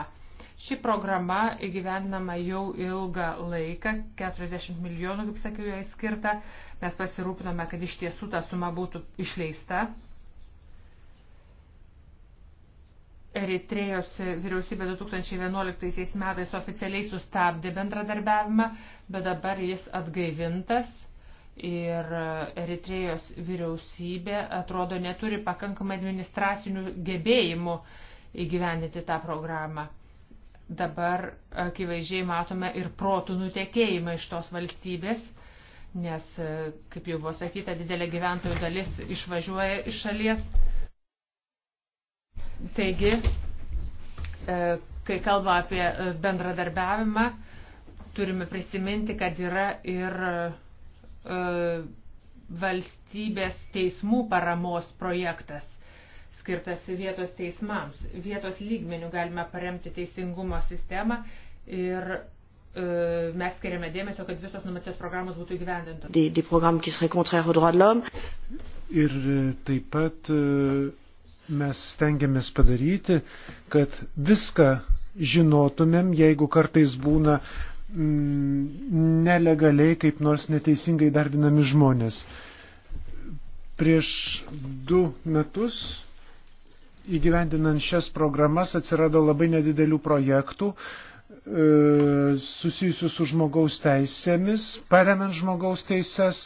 Speaker 1: Ši programa įgyvendinama jau ilgą laiką, 40 milijonų, kaip sakiau, jai skirta. Mes pasirūpinome, kad iš tiesų ta suma būtų išleista Eritrėjos vyriausybė 2011 metais oficialiai sustabdė bendradarbiavimą, bet dabar jis atgaivintas ir Eritrėjos vyriausybė atrodo neturi pakankamai administracinių gebėjimų įgyvendinti tą programą. Dabar akivaizdžiai matome ir protų nutekėjimą iš tos valstybės, nes, kaip jau buvo sakyta, didelė gyventojų dalis išvažiuoja iš šalies Taigi, e, kai kalba apie e, bendradarbiavimą, turime prisiminti, kad yra ir e, valstybės teismų paramos projektas skirtas vietos teismams. Vietos lygmenių galime paremti teisingumo sistemą ir e, mes skiriame dėmesio, kad visos numatytos programos būtų įgyvendintos.
Speaker 3: Ir taip pat e, mes stengiamės padaryti, kad viską žinotumėm, jeigu kartais būna mm, nelegaliai kaip nors neteisingai darbinami žmonės. Prieš du metus įgyvendinant šias programas atsirado labai nedidelių projektų e, susijusių su žmogaus teisėmis, paremant žmogaus teises.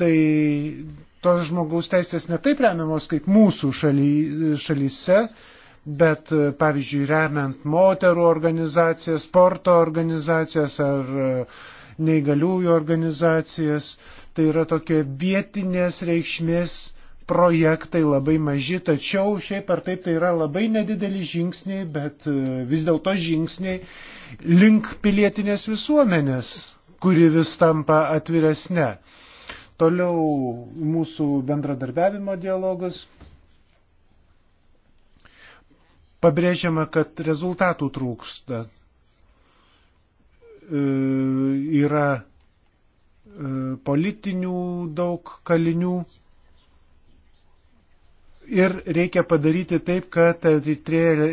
Speaker 3: Tai tos žmogaus teisės netaip remiamos kaip mūsų šaly, šalyse, bet e, pavyzdžiui remiant moterų organizacijas, sporto organizacijas ar e, neįgaliųjų organizacijas, tai yra tokie vietinės reikšmės projektai labai maži, tačiau šiaip ar taip tai yra labai nedideli žingsniai, bet e, vis dėlto žingsniai link pilietinės visuomenės, kuri vis tampa atviresnė. Toliau mūsų bendradarbiavimo dialogas. Pabrėžiama, kad rezultatų trūksta. E, yra e, politinių daug kalinių ir reikia padaryti taip, kad Eritrėja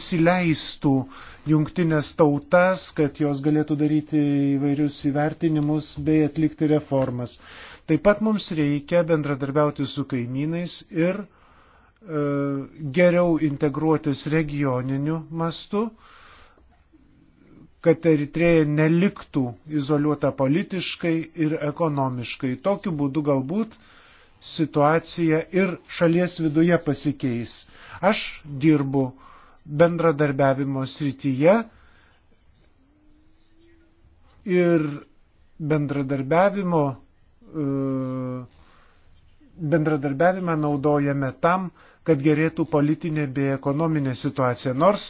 Speaker 3: įsileistų e, jungtinės tautas, kad jos galėtų daryti įvairius įvertinimus bei atlikti reformas. Taip pat mums reikia bendradarbiauti su kaimynais ir e, geriau integruotis regioniniu mastu, kad Eritrėja neliktų izoliuota politiškai ir ekonomiškai. Tokiu būdu galbūt situacija ir šalies viduje pasikeis. Aš dirbu uh, bendradarbiavimo srityje ir bendradarbiavimo, e, bendradarbiavimą naudojame tam, kad gerėtų politinė bei ekonominė situacija, nors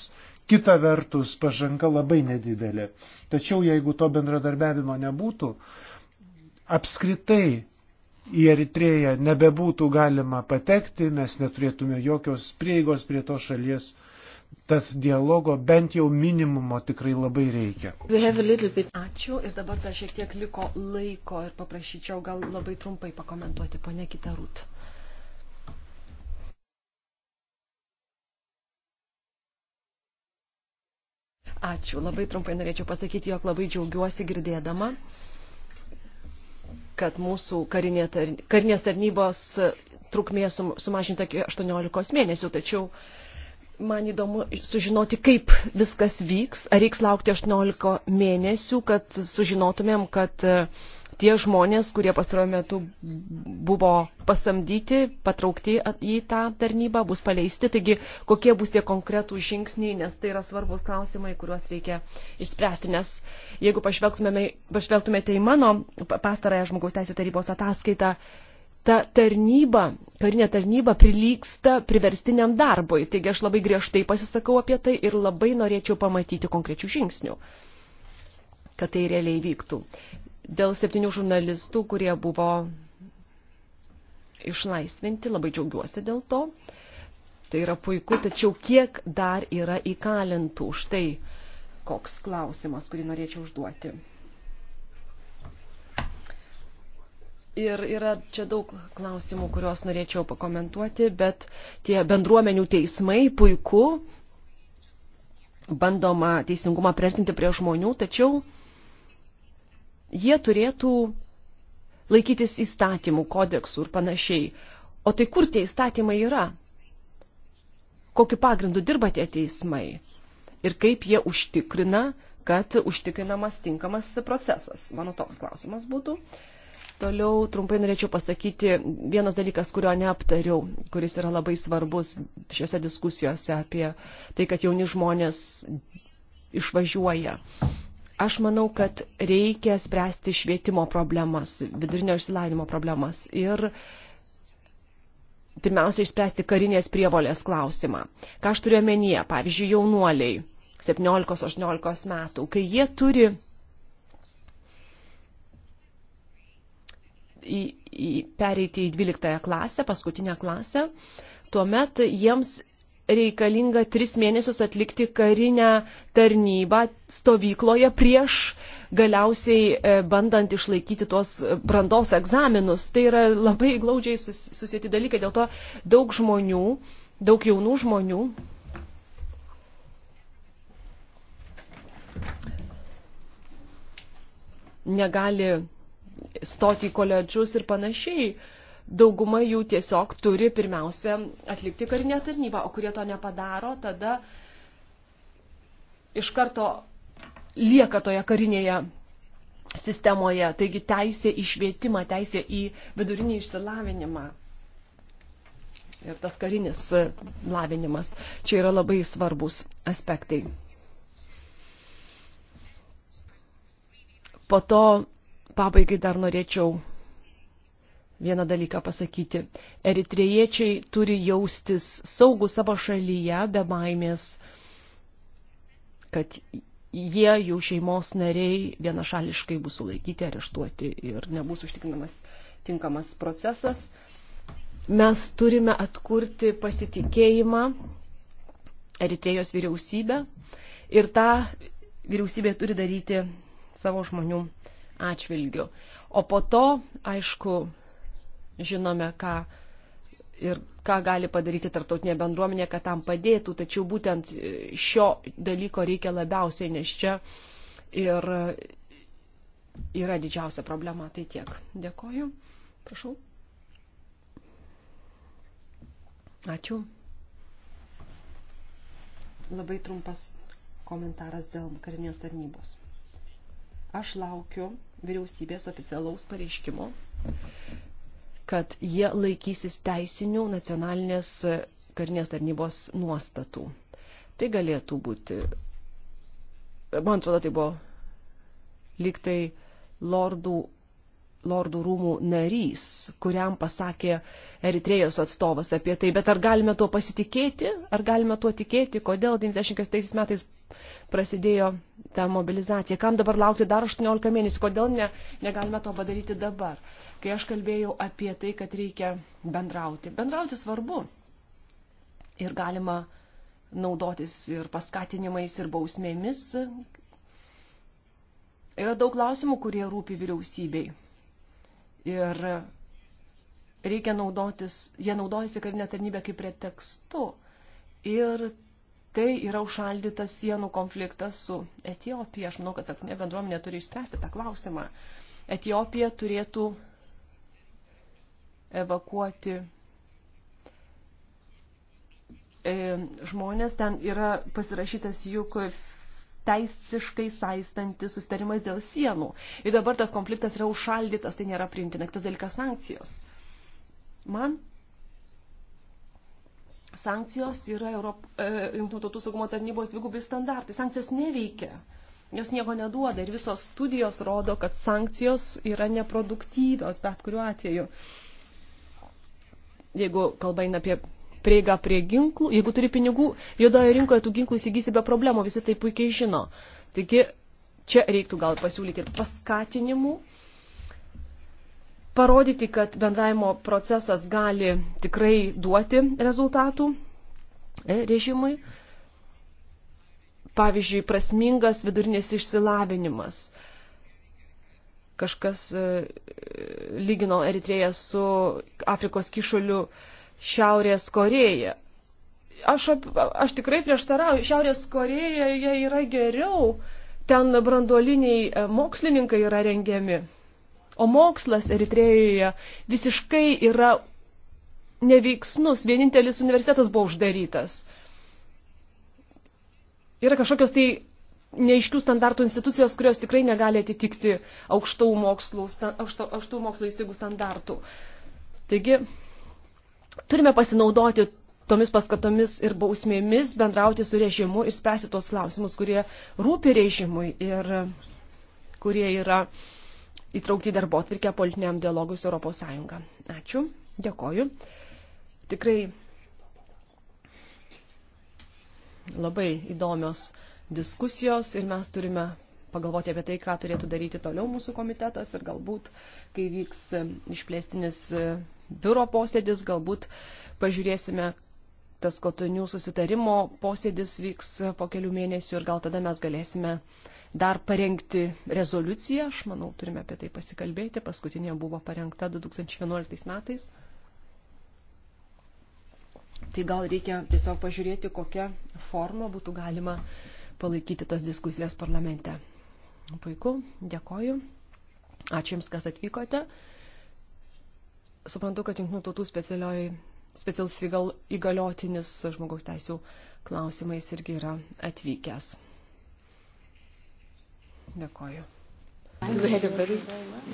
Speaker 3: kita vertus pažanga labai nedidelė. Tačiau jeigu to bendradarbiavimo nebūtų, apskritai į Eritreją nebebūtų galima patekti, mes neturėtume jokios prieigos prie to šalies uh, tas dialogo bent jau minimumo tikrai labai reikia.
Speaker 2: Ačiū ir dabar dar šiek tiek liko laiko ir paprašyčiau gal labai trumpai pakomentuoti, ponė Kitarut. Ačiū, labai trumpai norėčiau pasakyti, jog labai džiaugiuosi girdėdama, kad mūsų karinė tar... karinės tarnybos trukmė sumažinta iki 18 mėnesių, tačiau uh, Man įdomu sužinoti, kaip viskas vyks. Ar reiks laukti 18 mėnesių, kad sužinotumėm, kad e, tie žmonės, kurie pastaruoju metu buvo pasamdyti, patraukti į tą tarnybą, bus paleisti. Taigi, kokie bus tie konkretų žingsniai, nes tai yra svarbus klausimai, kuriuos reikia išspręsti. Nes jeigu pažvelgtumėte į mano pastarąją žmogaus teisų tarybos ataskaitą, ta tarnyba, karinė tarnyba prilyksta priverstiniam darbui. Taigi aš labai griežtai pasisakau apie tai ir labai norėčiau pamatyti konkrečių žingsnių, kad tai realiai vyktų. Dėl septynių žurnalistų, kurie buvo išlaisvinti, labai džiaugiuosi dėl to. Tai yra puiku, tačiau kiek dar yra įkalintų? Štai koks klausimas, kurį norėčiau užduoti. Ir yra čia daug klausimų, kuriuos norėčiau pakomentuoti, bet tie bendruomenių teismai puiku, bandoma teisingumą priartinti prie žmonių, tačiau jie turėtų laikytis įstatymų, kodeksų ir panašiai. O tai kur tie įstatymai yra? Kokiu pagrindu dirba tie teismai? Ir kaip jie užtikrina, kad užtikrinamas tinkamas procesas? Mano toks klausimas būtų. Uh, Toliau trumpai norėčiau pasakyti vienas dalykas, kurio neaptariau, kuris yra labai svarbus šiuose diskusijose apie tai, kad jauni žmonės išvažiuoja. Aš manau, kad reikia spręsti švietimo problemas, vidurinio išsilavinimo problemas ir pirmiausia išspręsti karinės prievolės klausimą. Ką aš turiu omenyje, pavyzdžiui, jaunuoliai 17-18 metų, kai jie turi į, į, pereiti į 12 klasę, paskutinę klasę, tuomet jiems reikalinga tris mėnesius atlikti karinę tarnybą stovykloje prieš galiausiai e, bandant išlaikyti tuos brandos egzaminus. Tai yra labai glaudžiai susijęti dalykai, dėl to daug žmonių, daug jaunų žmonių. negali stoti į koledžus ir panašiai. Dauguma jų tiesiog turi pirmiausia atlikti karinę tarnybą, o kurie to nepadaro, tada iš karto lieka toje karinėje sistemoje. Taigi teisė į švietimą, teisė į vidurinį išsilavinimą ir tas karinis lavinimas. Čia yra labai svarbus aspektai. Po to pabaigai dar norėčiau vieną dalyką pasakyti. Eritrejiečiai turi jaustis saugų savo šalyje be baimės, kad jie, jų šeimos nariai vienašališkai bus sulaikyti, areštuoti ir nebus užtikrinamas tinkamas procesas. Mes turime atkurti pasitikėjimą Eritrejos vyriausybę ir tą vyriausybė turi daryti savo žmonių atšvilgiu. O po to, aišku, žinome, ką ir ką gali padaryti tarptautinė bendruomenė, kad tam padėtų, tačiau būtent šio dalyko reikia labiausiai, nes čia ir yra didžiausia problema. Tai tiek. Dėkoju. Prašau. Ačiū. Labai trumpas komentaras dėl karinės tarnybos. Aš laukiu vyriausybės oficialaus pareiškimo, kad jie laikysis teisinių nacionalinės karinės tarnybos nuostatų. Tai galėtų būti, man atrodo, tai buvo liktai lordų, lordų rūmų narys, kuriam pasakė Eritrėjos atstovas apie tai, bet ar galime tuo pasitikėti, ar galime tuo tikėti, kodėl 94 metais prasidėjo ta mobilizacija. Kam dabar laukti dar 18 mėnesių? Kodėl ne, negalime to padaryti dabar? Kai aš kalbėjau apie tai, kad reikia bendrauti. Bendrauti svarbu. Ir galima naudotis ir paskatinimais, ir bausmėmis. Yra daug klausimų, kurie rūpi vyriausybei. Ir reikia naudotis, jie naudojasi karinę tarnybę kaip pretekstu. Ir tai yra užšaldytas sienų konfliktas su Etijopija. Aš manau, kad tarptautinė bendruomenė turi išspręsti tą klausimą. Etijopija turėtų evakuoti e, žmonės. Ten yra pasirašytas juk teisiškai saistantis sustarimas dėl sienų. Ir dabar tas konfliktas yra užšaldytas, tai nėra priimtina. Tas dalykas sankcijos. Man Sankcijos yra e, Junktinių tautų saugumo tarnybos dvigubai standartai. Sankcijos neveikia, jos nieko neduoda ir visos studijos rodo, kad sankcijos yra neproduktyvios bet kuriuo atveju. Jeigu kalba eina apie prieigą prie ginklų, jeigu turi pinigų, juodoje rinkoje tų ginklų įsigysi be problemų, visi tai puikiai žino. Taigi čia reiktų gal pasiūlyti ir paskatinimų parodyti, kad bendravimo procesas gali tikrai duoti rezultatų e, režimui. Pavyzdžiui, prasmingas vidurinės išsilavinimas. Kažkas e, lygino Eritreją su Afrikos kišuliu Šiaurės Koreja. Aš, aš tikrai prieštarauju, Šiaurės Korejoje yra geriau, ten branduoliniai e, mokslininkai yra rengiami O mokslas Eritrėjoje visiškai yra neveiksnus, vienintelis universitetas buvo uždarytas. Yra kažkokios tai neiškių standartų institucijos, kurios tikrai negali atitikti aukštų mokslo, aukštų, aukštų mokslo įstaigų standartų. Taigi, turime pasinaudoti tomis paskatomis ir bausmėmis, bendrauti su režimu ir spręsti tuos klausimus, kurie rūpi režimui ir kurie yra uh, įtraukti darbo atvirkę politiniam dialogui su ES. Ačiū, dėkoju. Tikrai labai įdomios diskusijos ir mes turime pagalvoti apie tai, ką turėtų daryti toliau mūsų komitetas ir galbūt, kai vyks išplėstinis biuro posėdis, galbūt pažiūrėsime, tas kotonių susitarimo posėdis vyks po kelių mėnesių ir gal tada mes galėsime dar parengti rezoliuciją, aš manau, turime apie tai pasikalbėti, paskutinė buvo parengta 2011 metais. Tai gal reikia tiesiog pažiūrėti, kokią formą būtų galima palaikyti tas diskusijas parlamente. Puiku, dėkoju. Ačiū Jums, kas atvykote. Suprantu, kad Junktinių tautų specialus įgaliotinis žmogaus teisų klausimais irgi yra atvykęs. Dėkoju. We
Speaker 1: had a very,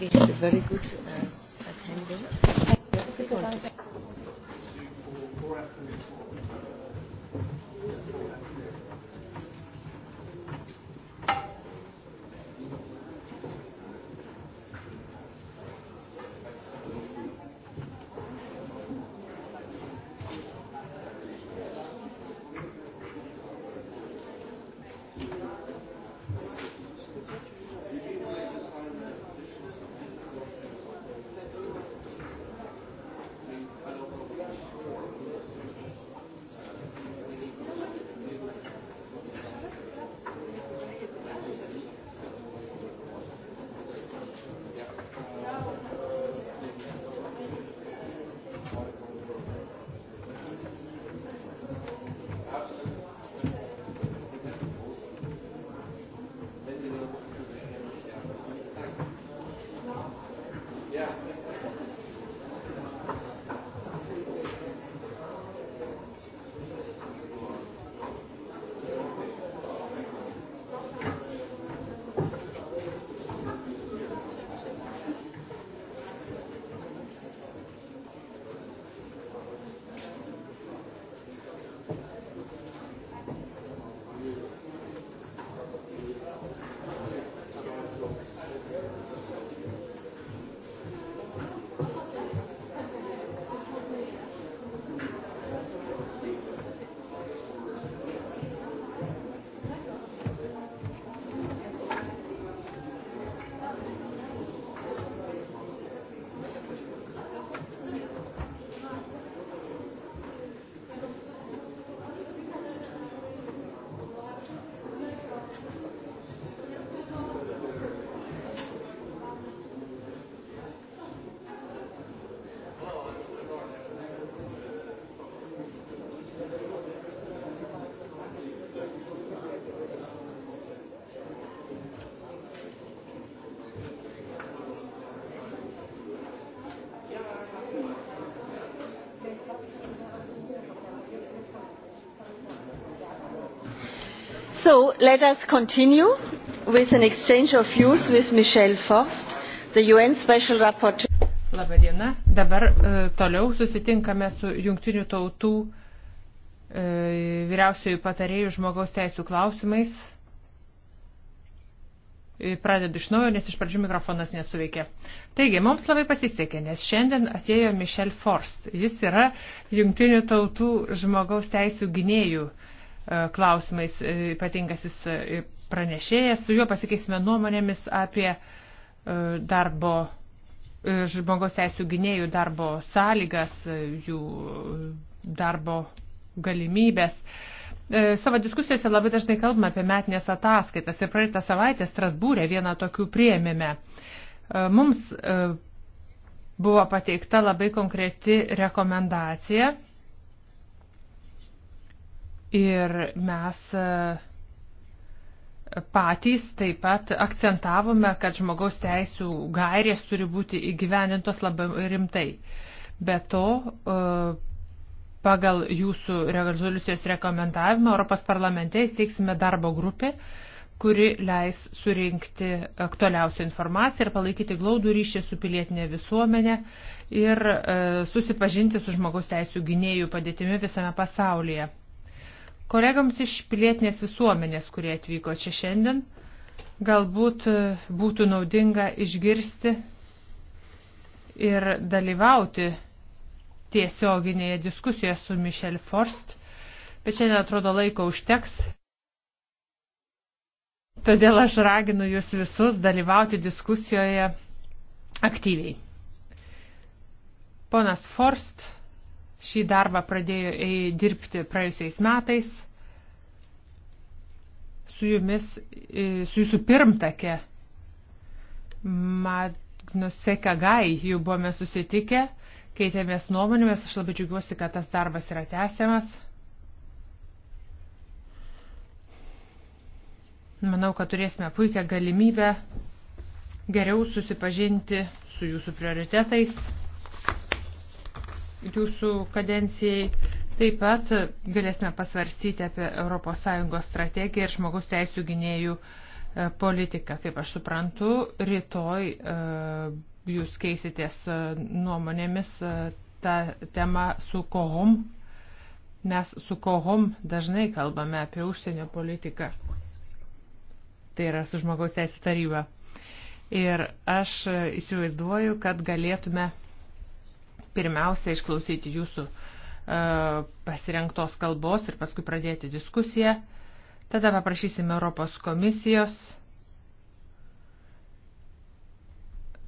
Speaker 1: we had a very good uh, attendance.
Speaker 3: So let us continue with an exchange of views with Michelle
Speaker 1: Forst, the UN Special Rapporteur. Labą dieną. Dabar e, toliau susitinkame su Junktinių tautų e, vyriausiojų patarėjų žmogaus teisų klausimais. E, pradedu iš naujo, nes iš pradžių mikrofonas nesuveikė. Taigi, mums labai pasisekė, nes šiandien atėjo Michel Forst. Jis yra Junktinių tautų žmogaus teisų gynėjų e, E, klausimais e, ypatingasis e, pranešėjas. Su juo pasikeisime nuomonėmis apie darbo žmogaus teisų gynėjų darbo sąlygas, jų darbo galimybės. Savo diskusijose labai dažnai kalbame apie metinės ataskaitas ir praeitą savaitę Strasbūrė vieną tokių prieimėme. Mums buvo pateikta labai konkreti rekomendacija Ir mes e, patys taip pat akcentavome, kad žmogaus teisų gairės turi būti įgyvenintos labai rimtai. Be to, e, pagal jūsų rezoliucijos rekomendavimą Europos parlamente įsteigsime darbo grupę, kuri leis surinkti aktualiausią informaciją ir palaikyti glaudų ryšį su pilietinė visuomenė ir e, susipažinti su žmogaus teisų gynėjų padėtimi visame pasaulyje. Kolegams iš pilietinės visuomenės, kurie atvyko čia šiandien, galbūt e, būtų naudinga išgirsti ir dalyvauti tiesioginėje diskusijoje su Michel Forst, bet šiandien atrodo laiko užteks. Todėl aš raginu jūs visus dalyvauti diskusijoje aktyviai. Ponas Forst Šį darbą pradėjo e, dirbti praėjusiais metais su jumis, e, su jūsų pirmtake Magnuse Kagai, jau buvome susitikę, keitėmės nuomonėmis, aš labai džiugiuosi, kad tas darbas yra tęsiamas. Manau, kad turėsime puikią galimybę geriau susipažinti su jūsų prioritetais jūsų kadencijai. Taip pat galėsime pasvarstyti apie ES strategiją ir žmogus teisų gynėjų e, politiką. Kaip aš suprantu, rytoj e, jūs keisitės e, nuomonėmis tą temą su kohom. Mes su kohom dažnai kalbame apie užsienio politiką. Tai yra su žmogaus teisų taryba. Ir aš įsivaizduoju, kad galėtume pirmiausia išklausyti jūsų e, pasirinktos kalbos ir paskui pradėti diskusiją. Tada paprašysime Europos komisijos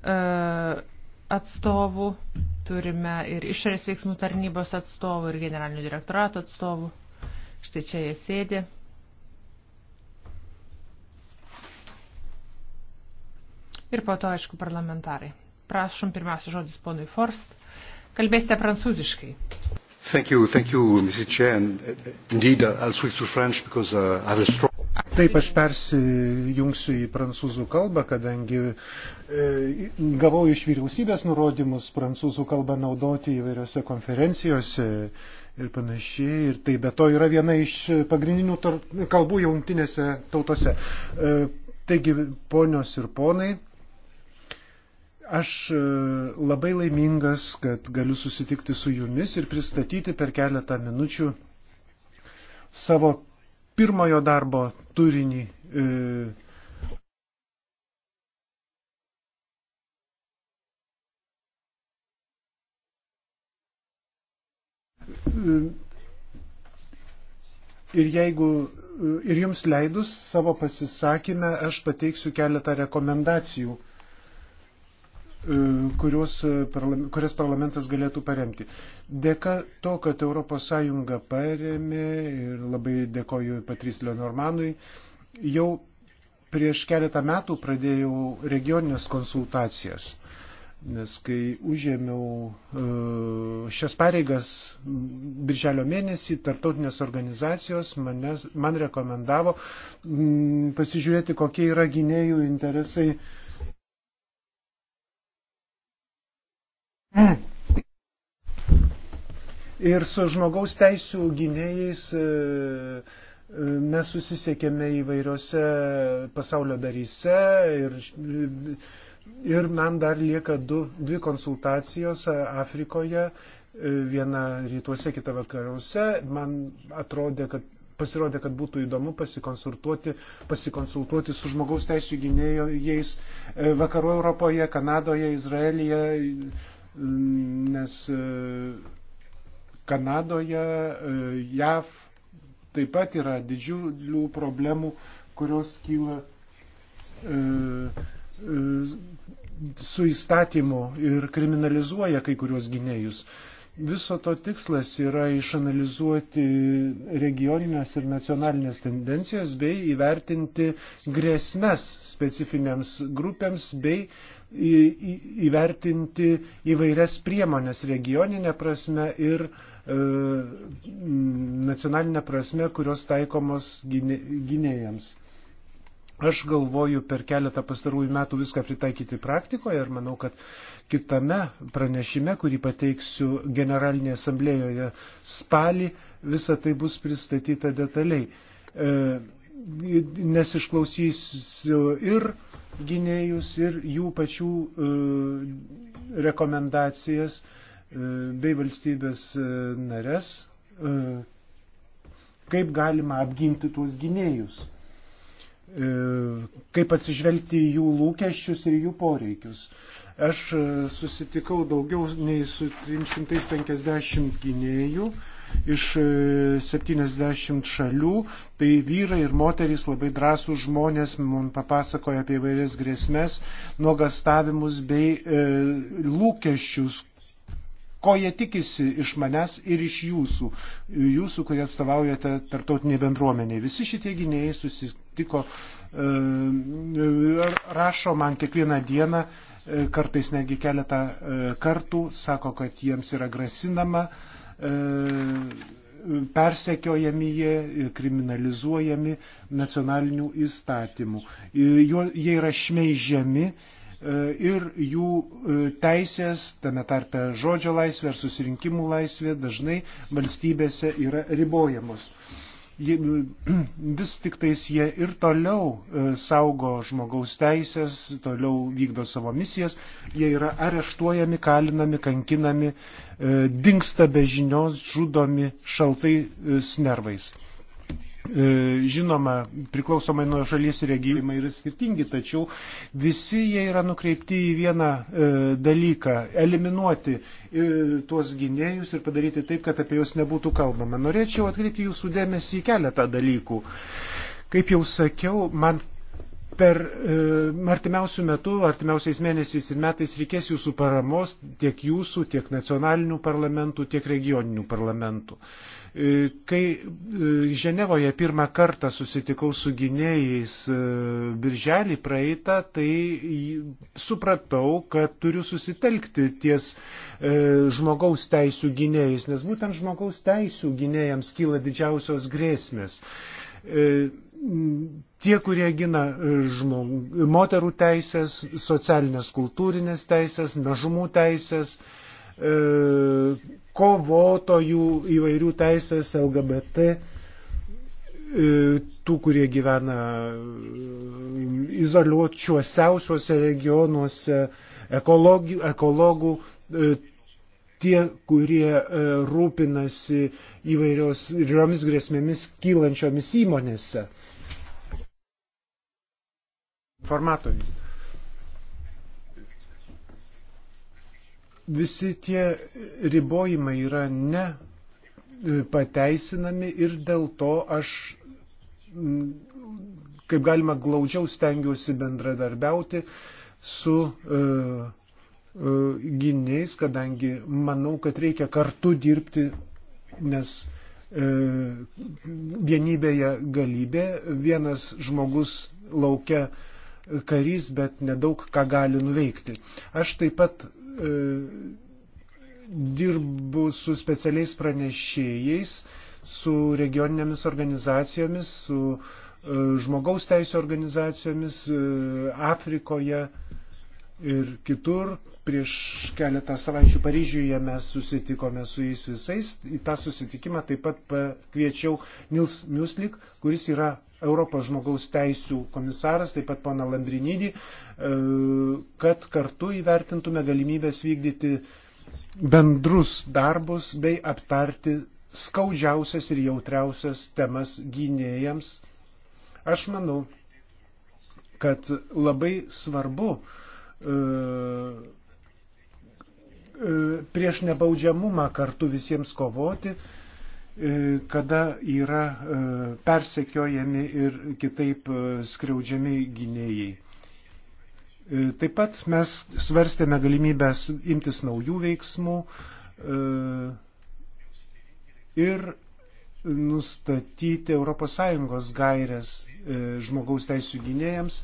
Speaker 1: e, atstovų, turime ir išorės veiksmų tarnybos atstovų, ir generalinių direktorato atstovų. Štai čia jie sėdi. Ir po to, aišku, parlamentarai. Prašom pirmiausia žodis ponui Forst, Kalbėsite prancūziškai.
Speaker 3: Thank you, thank you, Mrs. Chair. And uh, indeed, uh, I'll switch to French because uh, I have a strong. Taip, aš persijungsiu į prancūzų kalbą, kadangi e, gavau iš vyriausybės nurodymus prancūzų kalbą naudoti įvairiose konferencijose ir panašiai. Ir tai be to yra viena iš pagrindinių tar, kalbų jungtinėse tautose. E, taigi, ponios ir ponai. Aš e, labai laimingas, kad galiu susitikti su jumis ir pristatyti per keletą minučių savo pirmojo darbo turinį. E, e, ir jeigu ir jums leidus savo pasisakymę, aš pateiksiu keletą rekomendacijų E, kurios, e, kurias parlamentas galėtų paremti. Dėka to, kad ES paremė ir labai dėkoju Patrys Lenormanui, jau prieš keletą metų pradėjau regioninės konsultacijas, nes kai užėmiau e, šias pareigas birželio mėnesį, tartautinės organizacijos manęs, man rekomendavo pasižiūrėti, kokie yra gynėjų interesai Mm. Ir su žmogaus teisų gynėjais e, e, mes susisiekėme įvairiose pasaulio daryse ir, ir man dar lieka du, dvi konsultacijos Afrikoje, e, viena rytuose, kita vakaruose. Man atrodė, kad pasirodė, kad būtų įdomu pasikonsultuoti, pasikonsultuoti su žmogaus teisų gynėjais vakarų Europoje, Kanadoje, Izraelyje nes e, Kanadoje, e, JAV taip pat yra didžiulių problemų, kurios kyla e, su įstatymu ir kriminalizuoja kai kurios gynėjus. Viso to tikslas yra išanalizuoti regioninės ir nacionalinės tendencijas bei įvertinti grėsmes specifinėms grupėms bei uh, įvertinti įvairias priemonės regioninė prasme ir e, nacionalinė prasme, kurios taikomos gynėjams. Aš galvoju per keletą pastarųjų metų viską pritaikyti praktikoje ir manau, kad kitame pranešime, kurį pateiksiu Generalinėje asamblėjoje spalį, visa tai bus pristatyta detaliai. E, nes išklausysiu ir gynėjus, ir jų pačių e, rekomendacijas e, bei valstybės e, nares, kaip galima apginti tuos gynėjus, kaip atsižvelgti į jų lūkesčius ir jų poreikius. Aš susitikau daugiau nei su 350 gynėjų iš 70 e, šalių. Tai vyrai ir moterys labai drąsų žmonės mums papasakoja apie vairias grėsmės, nuogastavimus bei e, lūkesčius, ko jie tikisi iš manęs ir iš jūsų, jūsų, kurie atstovaujate tarptautiniai bendruomeniai. Visi šitie gynėjai susitiko, e, rašo man kiekvieną dieną, e, kartais negi keletą kartų, sako, kad jiems yra grasinama, E, persekiojami jie, kriminalizuojami nacionalinių įstatymų. E, jie yra šmeižiami e, ir jų teisės, tame tarpe žodžio laisvė ar susirinkimų laisvė, dažnai valstybėse yra ribojamos. Nu, vis tik tais jie ir toliau e, saugo žmogaus teisės, toliau vykdo savo misijas, jie yra areštuojami, kalinami, kankinami, e, dinksta be žinios, žudomi šaltais e, nervais. E, žinoma, priklausomai nuo šalies regionai yra skirtingi, tačiau visi jie yra nukreipti į vieną e, dalyką - eliminuoti e, tuos gynėjus ir padaryti taip, kad apie juos nebūtų kalbama. Norėčiau atkreipti jūsų dėmesį į keletą dalykų. Kaip jau sakiau, man per e, artimiausių metų, artimiausiais mėnesiais ir metais reikės jūsų paramos tiek jūsų, tiek nacionalinių parlamentų, tiek regioninių parlamentų. E, E, kai e, Ženevoje pirmą kartą susitikau su gynėjais e, birželį praeitą, tai supratau, kad turiu susitelkti ties žmogaus teisų gynėjais, nes būtent žmogaus teisų gynėjams kyla didžiausios grėsmės tie, kurie gina žmog, moterų teisės, socialinės kultūrinės teisės, mažumų teisės, E, kovotojų įvairių teisės LGBT, e, tų, kurie gyvena e, izoliuočiuosiausiuose regionuose, ekologi, ekologų, tie, kurie rūpinasi įvairios įvairiomis grėsmėmis kylančiomis įmonėse. Formatorius. visi tie ribojimai yra ne e, pateisinami ir dėl to aš mm, kaip galima glaudžiau stengiuosi bendradarbiauti su uh, e, uh, e, gyniais, kadangi manau, kad reikia kartu dirbti, nes uh, vienybėje galybė, vienas žmogus laukia karys, bet nedaug ką gali nuveikti. Aš taip pat E, dirbu su specialiais pranešėjais, su regioninėmis organizacijomis, su e, žmogaus teisų organizacijomis e, Afrikoje. E, ir kitur. Prieš keletą savaičių Paryžiuje mes susitikome su jais visais. Į tą susitikimą taip pat pakviečiau Nils Muslik, kuris yra Europos žmogaus teisų komisaras, taip pat pana Lambrinidį, e, kad kartu įvertintume galimybės vykdyti bendrus darbus bei aptarti skaudžiausias ir jautriausias temas gynėjams. Aš manau, kad labai svarbu, E, e, prieš nebaudžiamumą kartu visiems kovoti, e, kada yra persekiojami ir kitaip skriaudžiami gynėjai. Taip pat mes svarstėme galimybės imtis naujų veiksmų ir nustatyti ES gairias žmogaus teisų gynėjams,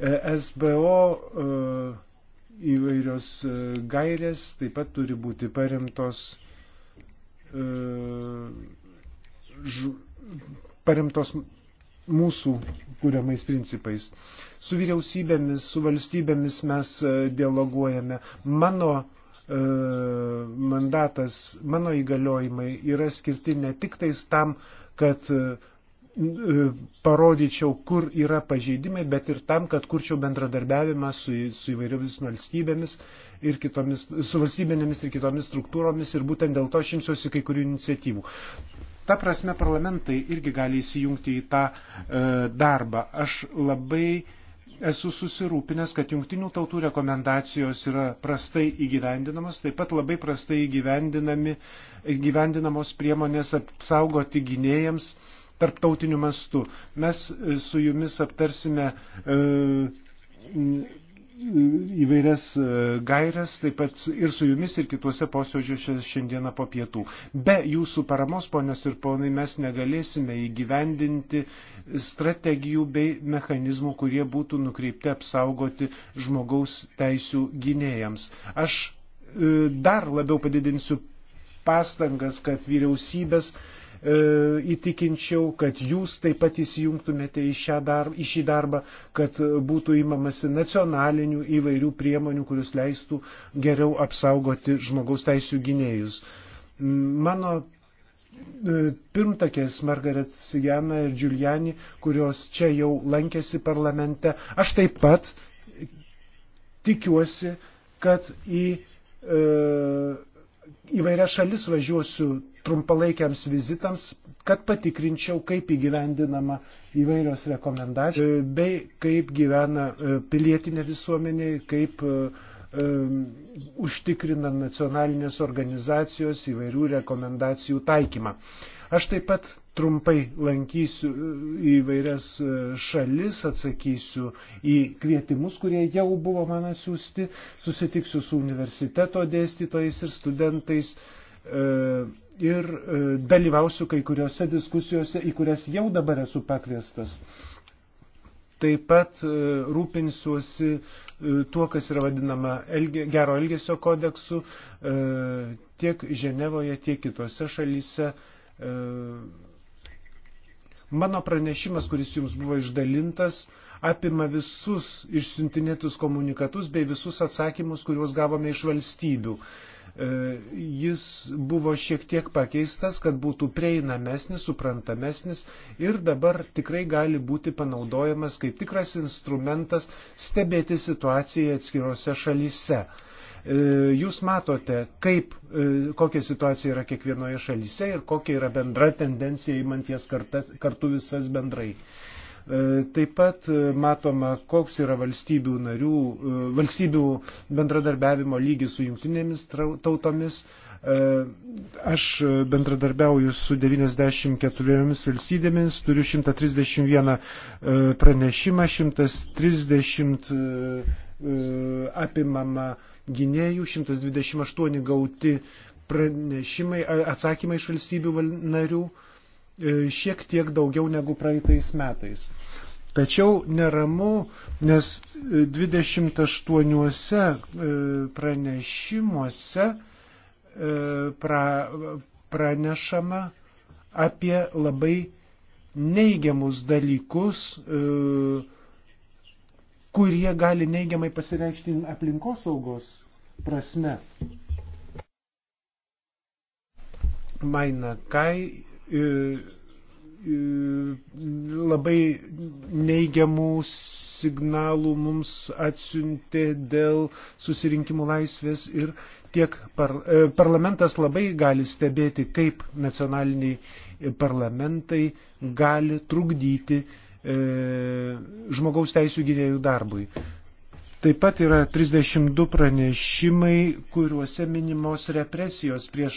Speaker 3: E SBO e, įvairios e, gairės taip pat turi būti paremtos, paremtos mūsų kūriamais principais. Su vyriausybėmis, su valstybėmis mes dialoguojame. Mano mandatas, mano įgaliojimai yra skirti ne tik tais tam, kad parodyčiau, kur yra pažeidimai, bet ir tam, kad kurčiau bendradarbiavimą su, su įvairiomis valstybėmis ir kitomis, su valstybinėmis ir kitomis struktūromis ir būtent dėl to aš imsiuosi kai kurių iniciatyvų. Ta prasme, parlamentai irgi gali įsijungti į tą e, darbą. Aš labai esu susirūpinęs, kad jungtinių tautų rekomendacijos yra prastai įgyvendinamos, taip pat labai prastai įgyvendinamos priemonės apsaugoti gynėjams tarptautiniu mastu. Mes e, su jumis aptarsime e, e, įvairias gairias, taip pat ir su jumis, ir kituose posėdžiuose šiandieną po pietų. Be jūsų paramos, ponios ir ponai, mes negalėsime įgyvendinti strategijų bei mechanizmų, kurie būtų nukreipti apsaugoti žmogaus teisų gynėjams. Aš dar labiau padidinsiu pastangas, kad vyriausybės uh, E, įtikinčiau, kad jūs taip pat įsijungtumėte į, darb, į šį darbą, kad būtų įmamasi nacionalinių įvairių priemonių, kuris leistų geriau apsaugoti žmogaus teisų gynėjus. Mano e, pirmtakės Margaret Sigena ir Giuliani, kurios čia jau lankėsi parlamente, aš taip pat tikiuosi, kad į e, įvairias šalis važiuosiu trumpalaikiams vizitams, kad patikrinčiau, kaip įgyvendinama įvairios rekomendacijos, e, bei kaip gyvena e, pilietinė visuomenė, kaip e, užtikrina nacionalinės organizacijos įvairių rekomendacijų taikymą. Aš taip pat trumpai lankysiu įvairias šalis, atsakysiu į kvietimus, kurie jau buvo man siūsti, susitiksiu su universiteto dėstytojais ir studentais. E, ir e, dalyvausiu kai kuriuose diskusijose, į kurias jau dabar esu pakviestas. Taip pat e, rūpinsiuosi e, tuo, kas yra vadinama elge, gero elgesio kodeksu tiek Ženevoje, tiek kitose šalyse. Mano pranešimas, kuris jums buvo išdalintas, apima visus išsiuntinėtus komunikatus bei visus atsakymus, kuriuos gavome iš valstybių. E, E, jis buvo šiek tiek pakeistas, kad būtų prieinamesnis, suprantamesnis ir dabar tikrai gali būti panaudojamas kaip tikras instrumentas stebėti situaciją atskirose šalyse. E, jūs matote, kaip, e, kokia situacija yra kiekvienoje šalyse ir kokia yra bendra tendencija įmanties kartu visas bendrai. E, taip pat e, matoma, koks yra valstybių, narių, e, valstybių bendradarbiavimo lygis su jungtinėmis tautomis. Aš bendradarbiauju su 94 valstybėmis, turiu 131 pranešimą, 130 apimama gynėjų, 128 gauti pranešimai, atsakymai iš valstybių narių. E, šiek tiek daugiau negu praeitais metais. Tačiau neramu, nes 28 e, e, pranešimuose pra, pranešama apie labai neigiamus dalykus, kurie gali neigiamai pasireikšti aplinkosaugos prasme. Maina Kai labai neigiamų signalų mums atsiuntė dėl susirinkimų laisvės ir tiek par, e, parlamentas labai gali stebėti, kaip nacionaliniai parlamentai gali trukdyti e, žmogaus teisų gynėjų darbui. Taip pat yra 32 pranešimai, kuriuose minimos represijos prieš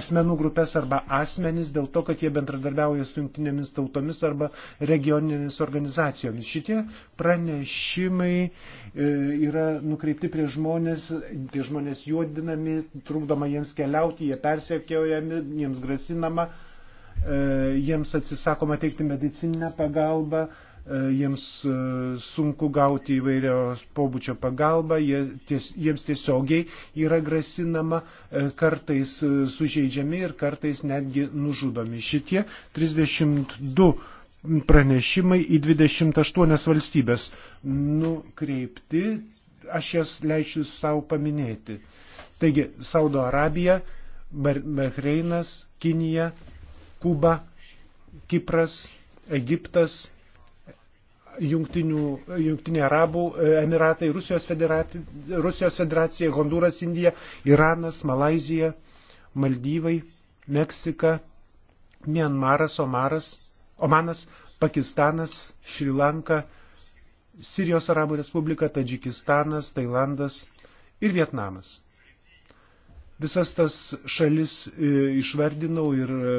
Speaker 3: asmenų grupės arba asmenys dėl to, kad jie bendradarbiauja su jungtinėmis tautomis arba regioninėmis organizacijomis. Šitie pranešimai e, yra nukreipti prie žmonės, tie žmonės juodinami, trukdoma jiems keliauti, jie persiekiojami, jiems grasinama, e, jiems atsisakoma teikti medicininę pagalbą. E, E, jiems e, sunku gauti įvairios pobūčio pagalbą, jie ties, jiems tiesiogiai yra grasinama, e, kartais sužeidžiami ir kartais netgi nužudomi. Šitie 32 pranešimai į 28 valstybės nukreipti, aš jas leisiu savo paminėti. Taigi, Saudo Arabija, Bahreinas, Kinija, Kuba, Kipras, Egiptas, Jungtiniai Arabų e, Emiratai, Rusijos federacija, Rusijos federacija, Honduras, Indija, Iranas, Malazija, Maldyvai, Meksika, Mianmaras, Omaras, Omanas, Pakistanas, Šrilanka, Sirijos Arabų Respublika, Tadžikistanas, Tailandas ir Vietnamas. Visas tas šalis e, išvardinau ir e,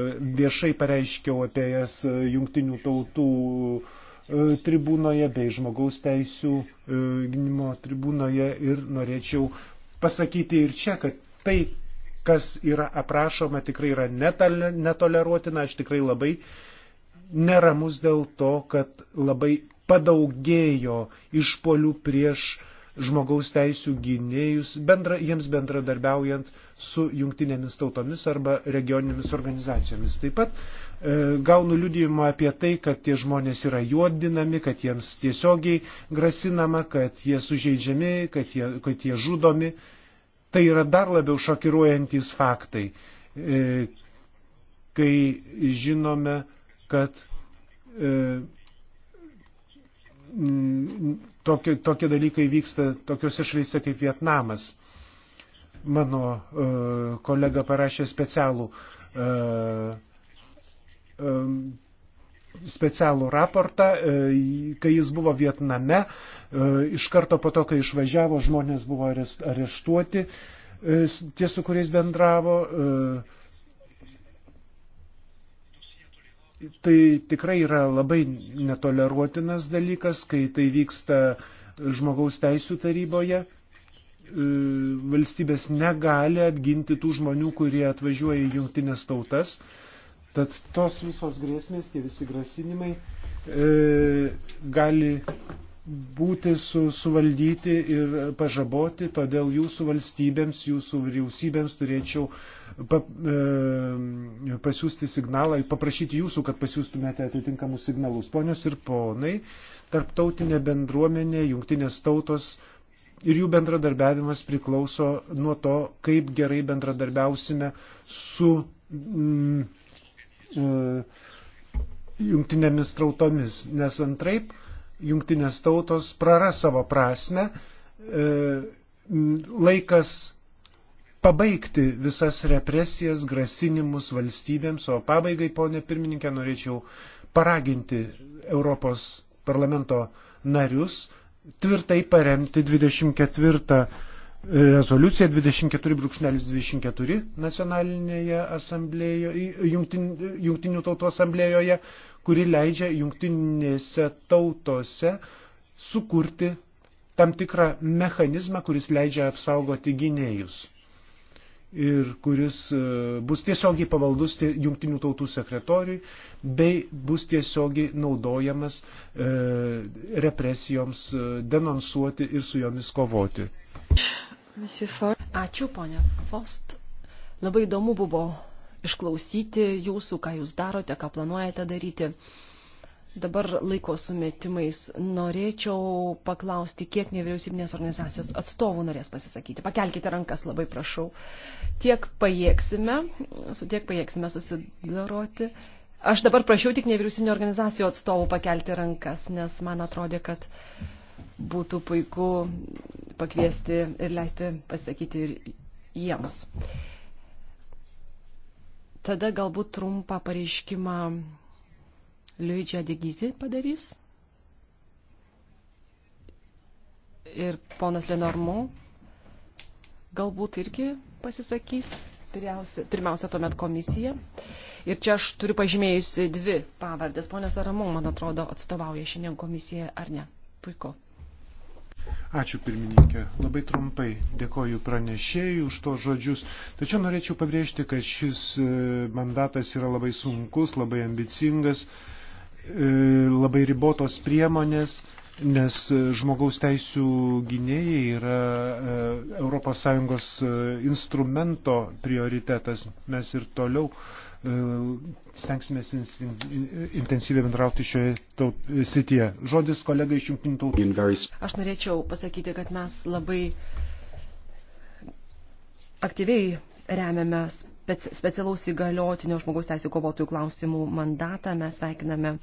Speaker 3: viešai pareiškiau apie jas jungtinių tautų uh, E, tribūnoje bei žmogaus teisų e, gynimo tribūnoje ir norėčiau pasakyti ir čia, kad tai, kas yra aprašoma, tikrai yra netoleruotina, aš tikrai labai neramus dėl to, kad labai padaugėjo išpolių prieš uh, žmogaus teisų gynėjus, bendra, jiems bendradarbiaujant su jungtinėmis tautomis arba regioninėmis organizacijomis. Taip pat e, gaunu liudijimą apie tai, kad tie žmonės yra juodinami, kad jiems tiesiogiai grasinama, kad jie sužeidžiami, kad jie, kad jie žudomi. Tai yra dar labiau šokiruojantis faktai, e, kai žinome, kad e, Mm, tokie, tokie dalykai vyksta tokiuose šalyse kaip Vietnamas. Mano e, kolega parašė specialų, e, e, specialų raportą, e, kai jis buvo Vietname, e, iš karto po to, kai išvažiavo, žmonės buvo areštuoti, e, tie, su kuriais bendravo. E, Tai tikrai yra labai netoleruotinas dalykas, kai tai vyksta žmogaus teisų taryboje. E, valstybės negali apginti tų žmonių, kurie atvažiuoja į jungtinės tautas. Tad tos visos grėsmės, tie visi grasinimai e, gali būti su, suvaldyti ir pažaboti, todėl jūsų valstybėms, jūsų vyriausybėms turėčiau pa, e, pasiūsti signalą, paprašyti jūsų, kad pasiūstumėte atitinkamus signalus. Ponios ir ponai, tarptautinė bendruomenė, jungtinės tautos ir jų bendradarbiavimas priklauso nuo to, kaip gerai bendradarbiausime su. Mm, e, Jungtinėmis trautomis, nes antraip uh, jungtinės tautos praras savo prasme, e, laikas pabaigti visas represijas, grasinimus valstybėms, o pabaigai, ponė pirmininkė, norėčiau paraginti Europos parlamento narius tvirtai paremti 24 rezoliucija 24.24 nacionalinėje asamblėjoje, jungtin, jungtinių tautų asamblėjoje, kuri leidžia jungtinėse tautose sukurti tam tikrą mechanizmą, kuris leidžia apsaugoti gynėjus ir kuris e, bus tiesiogiai pavaldus jungtinių tautų sekretoriui bei bus tiesiogiai naudojamas e, represijoms e, denonsuoti ir su jomis kovoti.
Speaker 2: Ačiū, ponė Fost. Labai įdomu buvo išklausyti jūsų, ką jūs darote, ką planuojate daryti. Dabar laiko sumetimais norėčiau paklausti, kiek nevyriausybinės organizacijos atstovų norės pasisakyti. Pakelkite rankas, labai prašau. Tiek pajėgsime, su tiek pajėgsime susidaroti. Aš dabar prašiau tik nevyriausybinio organizacijų atstovų pakelti rankas, nes man atrodė, kad uh, būtų puiku pakviesti ir leisti pasakyti ir jiems. Tada galbūt trumpą pareiškimą Liuidžia Degizi padarys. Ir ponas Lenormont galbūt irgi pasisakys. Pirmiausia, pirmiausia tuomet komisija. Ir čia aš turiu pažymėjusi dvi pavardės. Ponas Aramon, man atrodo, atstovauja šiandien komisiją ar ne. Puiku.
Speaker 3: Ačiū pirmininkė. Labai trumpai dėkoju pranešėjui už to žodžius. Tačiau norėčiau pabrėžti, kad šis e, mandatas yra labai sunkus, labai ambicingas, e, labai ribotos priemonės, nes e, žmogaus teisų gynėjai yra ES instrumento prioritetas. Mes ir toliau stengsimės intensyviai bendrauti šioje taup, srityje. Žodis kolega iš jungtinių tautų.
Speaker 2: Aš norėčiau pasakyti, kad mes labai aktyviai remiame specialaus įgaliotinio žmogaus teisų kovotojų klausimų mandatą. Mes sveikiname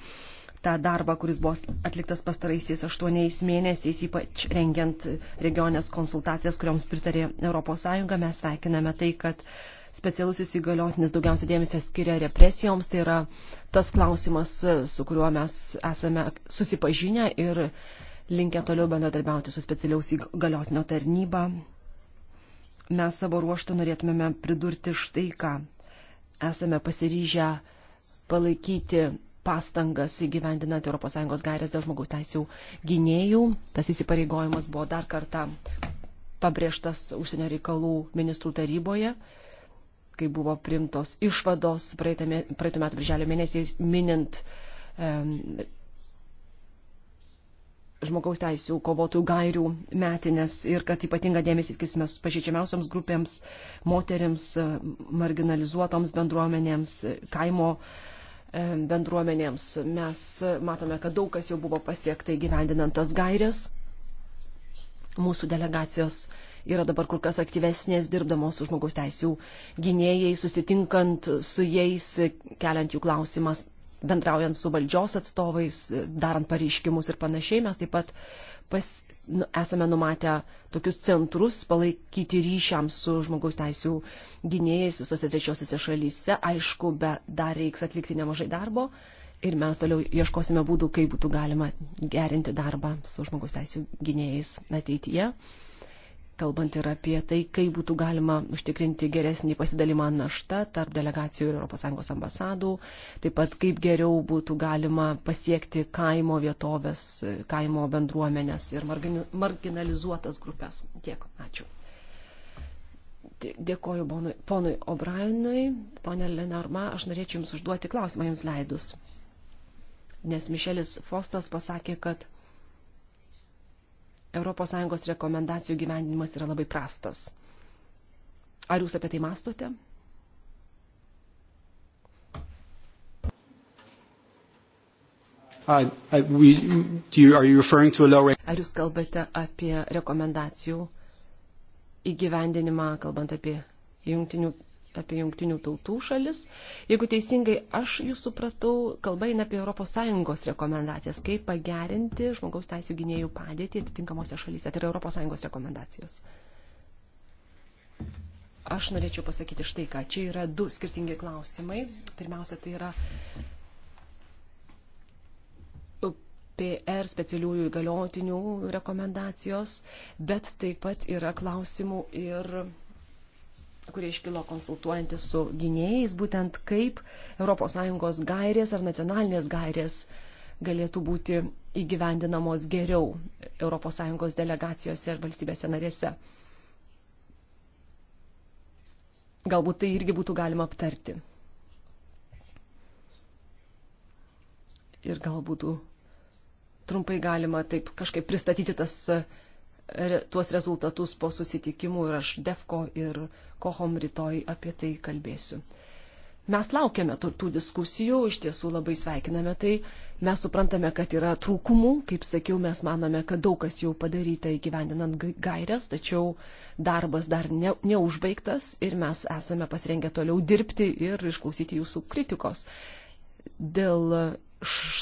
Speaker 2: tą darbą, kuris buvo atliktas pastaraisiais aštuoniais mėnesiais, ypač rengiant regionės konsultacijas, kurioms pritarė ES. Mes sveikiname tai, kad uh, specialusis įgaliotinis daugiausia dėmesio skiria represijoms, tai yra tas klausimas, e, su kuriuo mes esame susipažinę ir linkę toliau bendradarbiauti su specialiaus įgaliotinio tarnyba. Mes savo ruoštų norėtumėme pridurti štai ką. Esame pasiryžę palaikyti pastangas įgyvendinant ES gairės dėl žmogaus teisų gynėjų. Tas įsipareigojimas buvo dar kartą pabrėžtas užsienio reikalų ministrų taryboje kai buvo primtos išvados praeitų metų birželio mėnesį minint um, žmogaus teisų kovotojų gairių metinės ir kad ypatingą dėmesį skirsime pažeidžiamiausioms grupėms, moterims, marginalizuotoms bendruomenėms, kaimo bendruomenėms. Mes matome, kad daug kas jau buvo pasiektai gyvendinant tas gairės. Mūsų delegacijos uh, yra dabar kur kas aktyvesnės dirbdamos su žmogaus teisų gynėjai, susitinkant su jais, keliant jų klausimas, bendraujant su valdžios atstovais, darant pareiškimus ir panašiai. Mes taip pat pas, nu, esame numatę tokius centrus palaikyti ryšiams su žmogaus teisų gynėjais visose trečiosiose šalyse. Aišku, bet dar reiks atlikti nemažai darbo. Ir mes toliau ieškosime būdų, kaip būtų galima gerinti darbą su žmogaus teisų gynėjais ateityje kalbant ir apie tai, kaip būtų galima užtikrinti geresnį pasidalimą naštą tarp delegacijų ir ES ambasadų, taip pat kaip geriau būtų galima pasiekti kaimo vietovės, kaimo bendruomenės ir marginalizuotas grupės. Tiek, ačiū. Dėkoju ponui, ponui O'Brienui, ponė Lenarma, aš norėčiau Jums užduoti klausimą Jums leidus. Nes Mišelis Fostas pasakė, kad ES rekomendacijų gyvenimas yra labai prastas. Ar jūs apie tai mastote? Ar jūs kalbate apie rekomendacijų įgyvendinimą, kalbant apie jungtinių apie jungtinių tautų šalis. Jeigu teisingai aš jūs supratau, kalba eina apie ES rekomendacijas, kaip pagerinti žmogaus teisų gynėjų padėtį atitinkamose šalyse. Tai yra ES rekomendacijos. Aš norėčiau pasakyti štai ką. Čia yra du skirtingi klausimai. Pirmiausia, tai yra PR specialiųjų įgaliotinių rekomendacijos, bet taip pat yra klausimų ir kurie iškilo konsultuojantis su gynėjais, būtent kaip ES gairės ar nacionalinės gairės galėtų būti įgyvendinamos geriau ES delegacijose ir valstybėse narėse. Galbūt tai irgi būtų galima aptarti. Ir galbūt trumpai galima taip kažkaip pristatyti tas uh, tuos rezultatus po susitikimų ir aš Defko ir Kohom rytoj apie tai kalbėsiu. Mes laukiame tų diskusijų, iš tiesų labai sveikiname tai, mes suprantame, kad yra trūkumų, kaip sakiau, mes manome, kad daug kas jau padaryta įgyvendinant gairias, tačiau darbas dar ne, neužbaigtas ir mes esame pasirengę toliau dirbti ir išklausyti jūsų kritikos dėl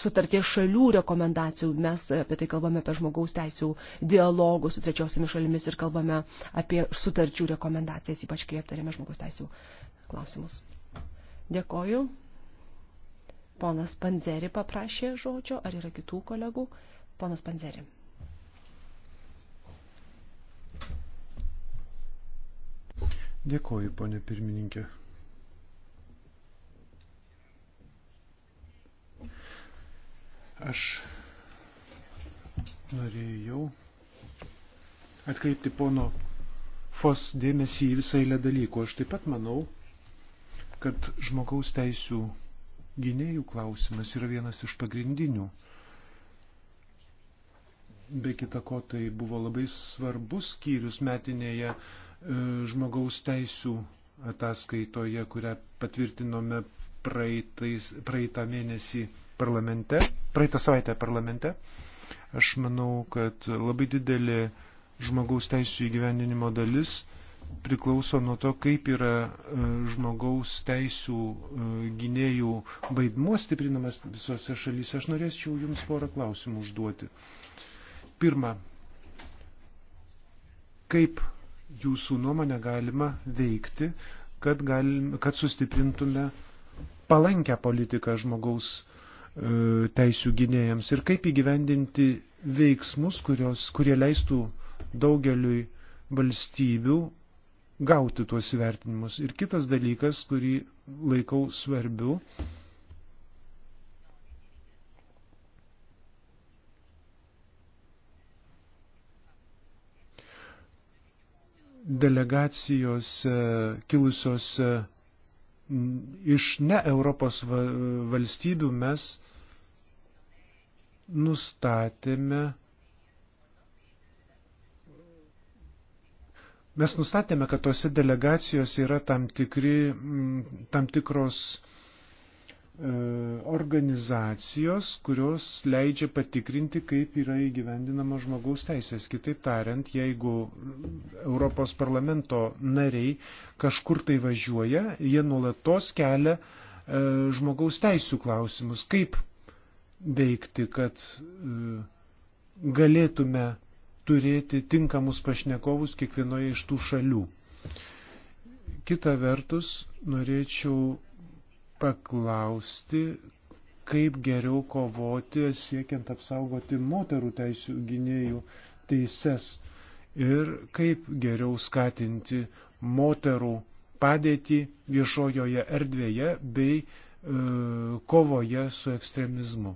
Speaker 2: sutarties šalių rekomendacijų. Mes apie tai kalbame apie žmogaus teisų dialogų su trečiosiomis šalimis ir kalbame apie sutarčių rekomendacijas, ypač kai aptarėme žmogaus teisų klausimus. Dėkoju. Ponas Panzeri paprašė žodžio, ar yra kitų kolegų? Ponas Panzeri.
Speaker 3: Dėkoju, ponė pirmininkė. Aš norėjau atkreipti pono Fos dėmesį į visą eilę dalykų. Aš taip pat manau, kad žmogaus teisų gynėjų klausimas yra vienas iš pagrindinių. Be kita ko, tai buvo labai svarbus skyrius metinėje e, žmogaus teisų ataskaitoje, kurią patvirtinome praeitais, praeitą mėnesį parlamente, praeitą savaitę parlamente. Aš manau, kad labai didelė žmogaus teisų įgyvendinimo dalis priklauso nuo to, kaip yra e, žmogaus teisų e, gynėjų vaidmuo stiprinamas visose šalyse. Aš norėčiau Jums porą klausimų užduoti. Pirma, kaip Jūsų nuomonę galima veikti, kad, galim, kad sustiprintume uh, palankę politiką žmogaus e, teisų gynėjams ir kaip įgyvendinti veiksmus, kurios, kurie leistų daugeliui valstybių gauti tuos įvertinimus. Ir kitas dalykas, kurį laikau svarbiu, delegacijos e, kilusios e, Mm, iš ne Europos valstybių mes nustatėme Mes nustatėme, kad tose delegacijose yra tam, tikri, mm, tam tikros E, organizacijos, kurios leidžia patikrinti, kaip yra įgyvendinama žmogaus teisės. Kitaip tariant, jeigu Europos parlamento nariai kažkur tai važiuoja, jie nuolatos kelia e, žmogaus teisų klausimus, kaip veikti, kad e, galėtume turėti tinkamus pašnekovus kiekvienoje iš tų šalių. Kita vertus, norėčiau paklausti, kaip geriau kovoti siekiant apsaugoti moterų teisų gynėjų teises ir kaip geriau skatinti moterų padėtį viešojoje erdvėje bei e, kovoje su ekstremizmu.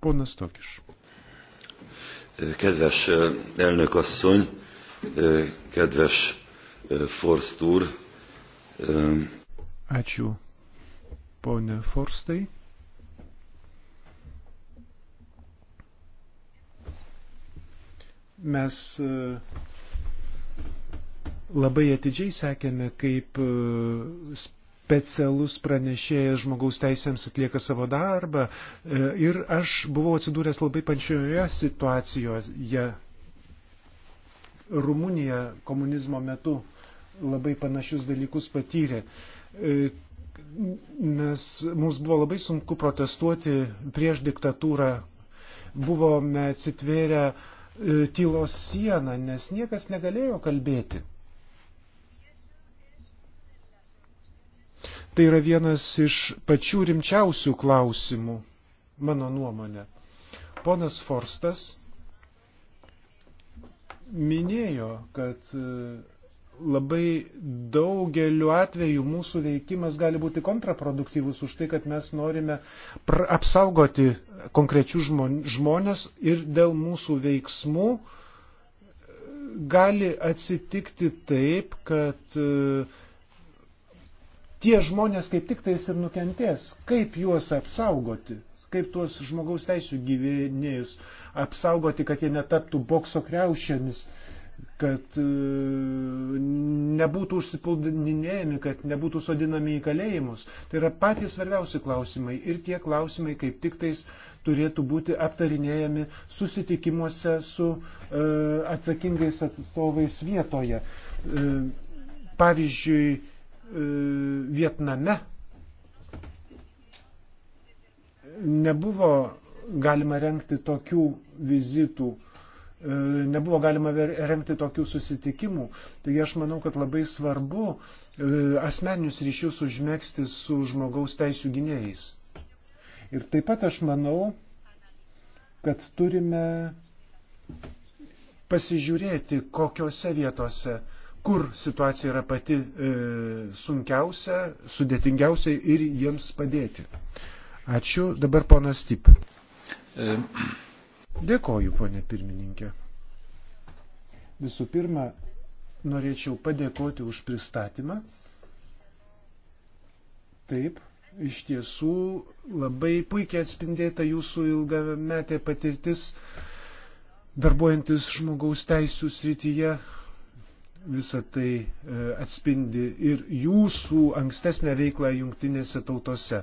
Speaker 3: Ponas Tokiš.
Speaker 1: E, kedves e, elnök asszony, e, kedves Forst úr,
Speaker 3: Ačiū, ponė Forstai. Mes e, labai atidžiai sekėme, kaip e, specialus pranešėjas žmogaus teisėms atlieka savo darbą e, ir aš buvau atsidūręs labai pančioje situacijoje. Rumunija komunizmo metu labai panašius dalykus patyrė. Uh, E, nes mums buvo labai sunku protestuoti prieš diktatūrą. Buvome atsitvėrę e, tylos sieną, nes niekas negalėjo kalbėti. Tai yra vienas iš pačių rimčiausių klausimų, mano nuomonė. Ponas Forstas minėjo, kad e, labai daugeliu atveju mūsų veikimas gali būti kontraproduktyvus už tai, kad mes norime apsaugoti konkrečių žmonės ir dėl mūsų veiksmų e, gali atsitikti taip, kad e, tie žmonės kaip tik tais ir nukentės. Kaip juos apsaugoti? Kaip tuos žmogaus teisų gyvenėjus apsaugoti, kad jie netaptų bokso kreušėmis? Uh, kad e, nebūtų užsipuldinėjami, kad nebūtų sodinami į kalėjimus. Tai yra patys svarbiausi klausimai ir tie klausimai kaip tik tais turėtų būti aptarinėjami susitikimuose su e, atsakingais atstovais vietoje. E, pavyzdžiui, e, Vietname nebuvo galima renkti tokių vizitų E, nebuvo galima renkti tokių susitikimų. Taigi aš manau, kad labai svarbu e, asmeninius ryšius užmėgsti su žmogaus teisų gynėjais. Ir taip pat aš manau, kad turime pasižiūrėti, kokiose vietose, kur situacija yra pati e, sunkiausia, sudėtingiausia ir jiems padėti. Ačiū. Dabar ponas Tip. E... Dėkoju, ponė pirmininkė. Visų pirma, norėčiau padėkoti už pristatymą. Taip, iš tiesų labai puikiai atspindėta jūsų ilgametė patirtis darbuojantis žmogaus teisų srityje. Visą tai e, atspindi ir jūsų ankstesnę veiklą jungtinėse tautose.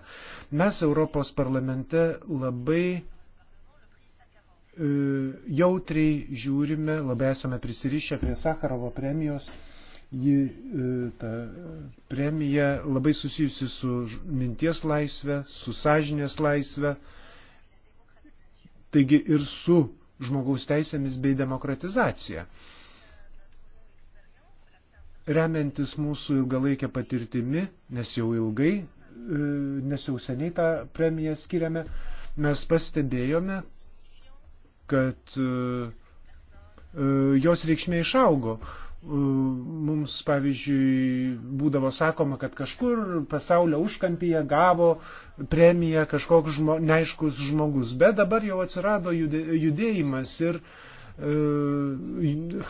Speaker 3: Mes Europos parlamente labai E, jautriai žiūrime, labai esame prisirišę prie Sakarovo premijos. Ji e, ta premija labai susijusi su minties laisvė, su sąžinės laisvė, taigi ir su žmogaus teisėmis bei demokratizacija. Remiantis mūsų ilgalaikę patirtimi, nes jau ilgai, e, nes jau seniai tą premiją skiriame, mes pastebėjome, kad e, e, jos reikšmė išaugo. E, mums, pavyzdžiui, būdavo sakoma, kad kažkur pasaulio užkampyje gavo premiją kažkoks žmo, neaiškus žmogus, bet dabar jau atsirado judėjimas ir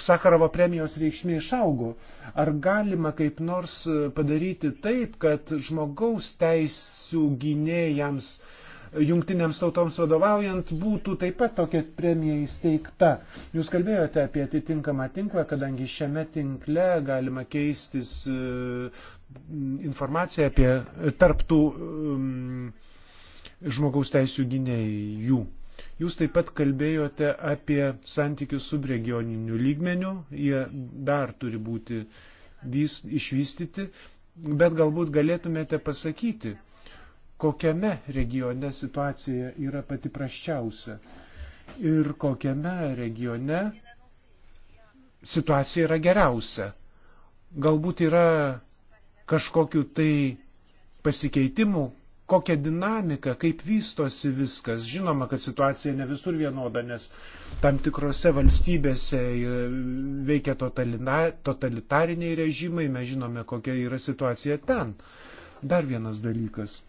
Speaker 3: Sakarovo premijos reikšmė išaugo. Ar galima kaip nors padaryti taip, kad žmogaus teisų gynėjams uh, jungtinėms tautoms vadovaujant būtų taip pat tokia premija įsteigta. Jūs kalbėjote apie atitinkamą tinklą, kadangi šiame tinkle galima keistis e, informaciją apie tarptų e, žmogaus teisų gynėjų. Jūs taip pat kalbėjote apie santykius subregioninių lygmenių, jie dar turi būti vys, išvystyti, bet galbūt galėtumėte pasakyti, kokiame regione situacija yra pati praščiausia ir kokiame regione situacija yra geriausia. Galbūt yra kažkokiu tai pasikeitimu, kokia dinamika, kaip vystosi viskas. Žinoma, kad situacija ne visur vienoda, nes tam tikrose valstybėse e, veikia totalitariniai režimai, mes žinome, kokia yra situacija ten. Dar vienas dalykas.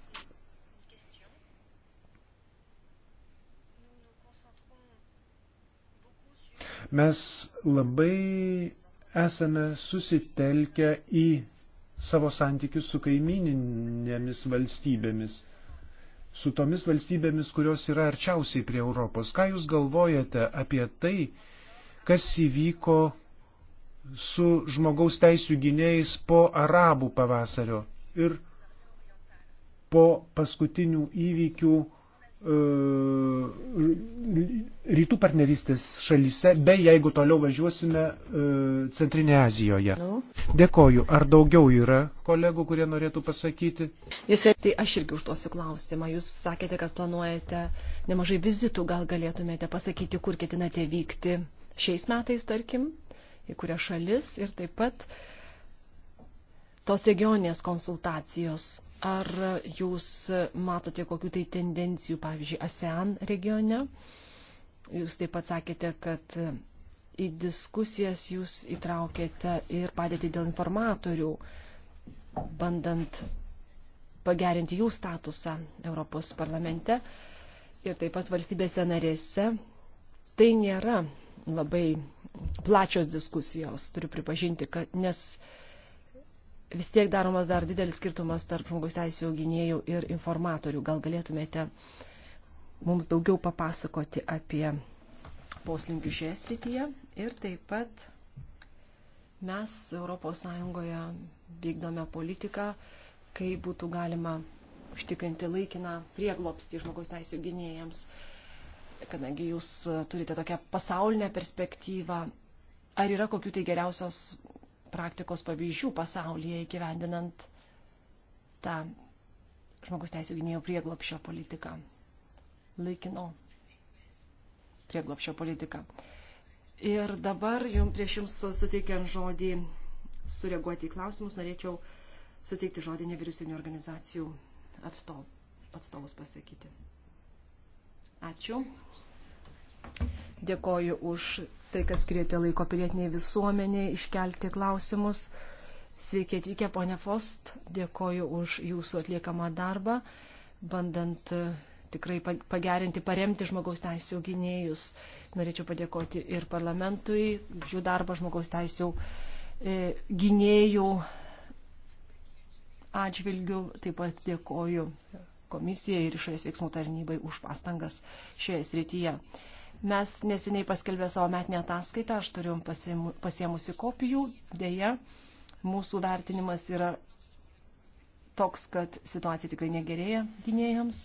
Speaker 3: Mes labai esame susitelkę į savo santykius su kaimininėmis valstybėmis, su tomis valstybėmis, kurios yra arčiausiai prie Europos. Ką Jūs galvojate apie tai, kas įvyko su žmogaus teisų gynėjais po arabų pavasario ir po paskutinių įvykių E, rytų partnerystės šalyse, bei jeigu toliau važiuosime e, Centrinėje Azijoje. Dėkoju. Ar daugiau yra kolegų, kurie norėtų pasakyti?
Speaker 2: Jisai, tai aš irgi užduosiu klausimą. Jūs sakėte, kad planuojate nemažai vizitų. Gal galėtumėte pasakyti, kur ketinate vykti šiais metais, tarkim, į kurią šalis ir taip pat tos regioninės konsultacijos Ar jūs matote kokių tai tendencijų, pavyzdžiui, ASEAN regione? Jūs taip pat sakėte, kad į diskusijas jūs įtraukėte ir padėti dėl informatorių, bandant pagerinti jų statusą Europos parlamente ir taip pat valstybėse narėse. Tai nėra labai plačios diskusijos, turiu pripažinti, kad nes vis tiek daromas dar didelis skirtumas tarp žmogaus teisėjų gynėjų ir informatorių. Gal galėtumėte mums daugiau papasakoti apie poslinkių šioje srityje ir taip pat mes ES vykdome politiką, kai būtų galima užtikrinti laikiną prieglopstį žmogaus teisėjų gynėjams, kadangi jūs turite tokią pasaulinę perspektyvą. Ar yra kokių tai geriausios praktikos pavyzdžių pasaulyje įgyvendinant tą žmogus teisų gynėjų prieglopšio politiką. Laikino prieglopšio politiką. Ir dabar jums prieš jums suteikiant žodį sureaguoti į klausimus, norėčiau suteikti žodį nevyriausybinio organizacijų atstov, atstovus pasakyti. Ačiū. Dėkoju už tai, kad skirėte laiko pilietiniai visuomeniai, iškelti klausimus. Sveiki atvykę, ponė Fost, dėkoju už jūsų atliekamą darbą, bandant e, tikrai pagerinti, paremti žmogaus teisų gynėjus. Norėčiau padėkoti ir parlamentui, jų darbą žmogaus teisų e, gynėjų atžvilgių. Taip pat dėkoju komisijai ir išorės veiksmų tarnybai už pastangas šioje srityje. Mes neseniai paskelbė savo metinę ataskaitą, aš turiu pasiemusi kopijų, dėja, mūsų vertinimas yra toks, kad situacija tikrai negerėja gynėjams.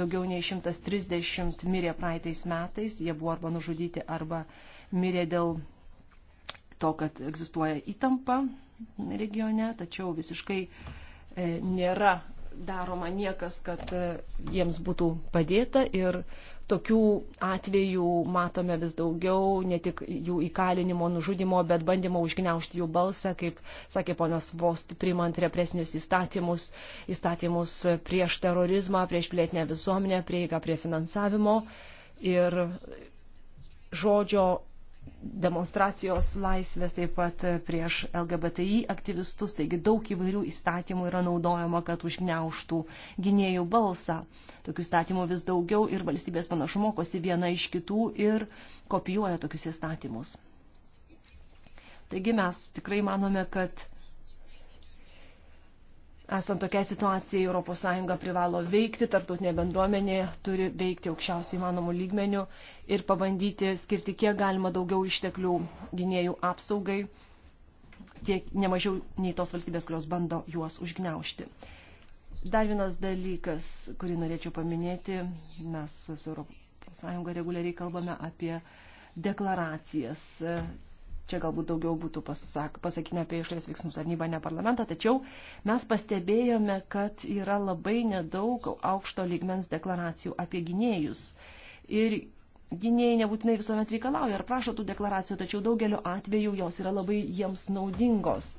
Speaker 2: Daugiau nei 130 mirė praeitais metais, jie buvo arba nužudyti, arba mirė dėl to, kad egzistuoja įtampa regione, tačiau visiškai e, nėra daroma niekas, kad e, jiems būtų padėta ir Tokių atvejų matome vis daugiau, ne tik jų įkalinimo, nužudimo, bet bandymo užgneušti jų balsą, kaip sakė ponas Vost, primant represinius įstatymus, įstatymus prieš terorizmą, prieš plėtinę visuomenę, prieigą prie finansavimo ir žodžio demonstracijos laisvės, taip pat prieš LGBTI aktyvistus, taigi daug įvairių įstatymų yra naudojama, kad užgneuštų gynėjų balsą. Tokių įstatymų vis daugiau ir valstybės panašu mokosi viena iš kitų ir kopijuoja tokius įstatymus. Taigi mes tikrai manome, kad Esant tokia situacija, ES privalo veikti, tarptautinė bendruomenė turi veikti aukščiausių įmanomų lygmenių ir pabandyti skirti kiek galima daugiau išteklių gynėjų apsaugai, tiek nemažiau nei tos valstybės, kurios bando juos užgneušti. Dar vienas dalykas, kurį norėčiau paminėti, mes su ES reguliariai kalbame apie deklaracijas čia galbūt daugiau būtų pasak, pasakinę apie išorės veiksmų tarnybą, ne parlamentą, tačiau mes pastebėjome, kad yra labai nedaug aukšto lygmens deklaracijų apie gynėjus. Ir gynėjai nebūtinai visuomet reikalauja ar prašo tų deklaracijų, tačiau daugeliu atveju jos yra labai jiems naudingos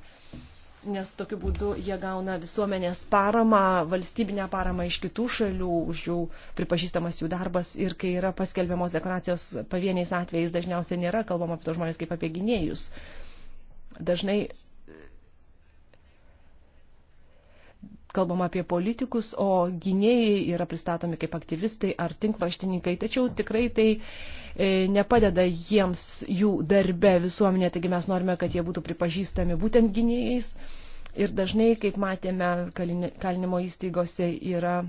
Speaker 2: nes tokiu būdu jie gauna visuomenės paramą, valstybinę paramą iš kitų šalių, už jų pripažįstamas jų darbas ir kai yra paskelbiamos deklaracijos pavieniais atvejais dažniausiai nėra kalbama apie tos žmonės kaip apie gynėjus. Dažnai kalbama apie politikus, o gynėjai yra pristatomi kaip aktyvistai ar tinkvaštininkai, tačiau tikrai tai e, nepadeda jiems jų darbe visuomenė, taigi mes norime, kad jie būtų pripažįstami būtent gynėjais. Ir dažnai, kaip matėme, kalinimo įstaigose yra.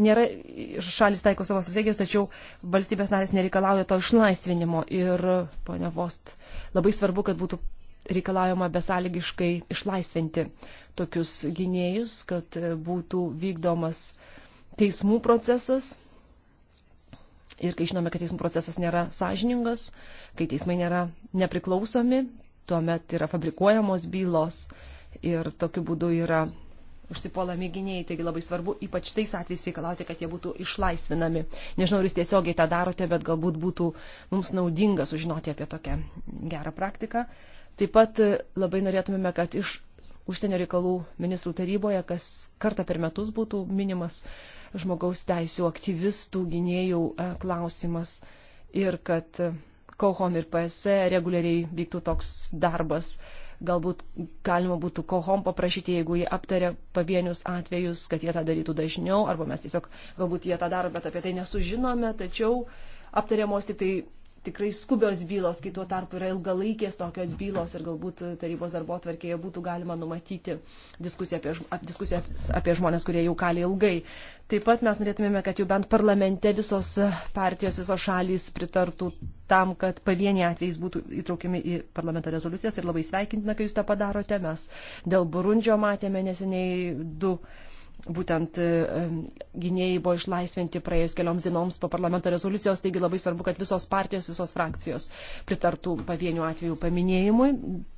Speaker 2: Nėra, šalis taiko savo strategijas, tačiau valstybės narės nereikalauja to išlaisvinimo ir, ponia Vost, labai svarbu, kad būtų reikalaujama besąlygiškai išlaisvinti tokius gynėjus, kad būtų vykdomas teismų procesas. Ir kai žinome, kad teismų procesas nėra sąžiningas, kai teismai nėra nepriklausomi, tuomet yra fabrikuojamos bylos ir tokiu būdu yra užsipuolami gynėjai, taigi labai svarbu ypač tais atvejais reikalauti, kad jie būtų išlaisvinami. Nežinau, ar jūs tiesiogiai tą darote, bet galbūt būtų mums naudinga sužinoti apie tokią gerą praktiką. Uh, Taip pat labai norėtumėme, kad iš užsienio reikalų ministrų taryboje, kas kartą per metus būtų minimas žmogaus teisų aktyvistų gynėjų e, klausimas ir kad KOHOM e, ir PSE reguliariai vyktų toks darbas. Galbūt galima būtų KOHOM paprašyti, jeigu jie aptarė pavienius atvejus, kad jie tą darytų dažniau, arba mes tiesiog galbūt jie tą daro, bet apie tai nesužinome, tačiau aptariamos tik tai tikrai skubios bylos, kai tuo tarpu yra ilgalaikės tokios bylos ir galbūt tarybos darbo atvarkėje būtų galima numatyti diskusiją apie, diskusijas apie žmonės, kurie jau kali ilgai. Taip pat mes norėtumėme, kad jau bent parlamente visos partijos, visos šalys pritartų tam, kad pavieniai atvejais būtų įtraukiami į parlamento rezoliucijas ir labai sveikintina, kai jūs tą padarote. Mes dėl Burundžio matėme neseniai du būtent e, e, gynėjai buvo išlaisvinti praėjus kelioms dienoms po parlamento rezoliucijos, taigi labai svarbu, kad visos partijos, visos frakcijos pritartų pavienių atvejų paminėjimui.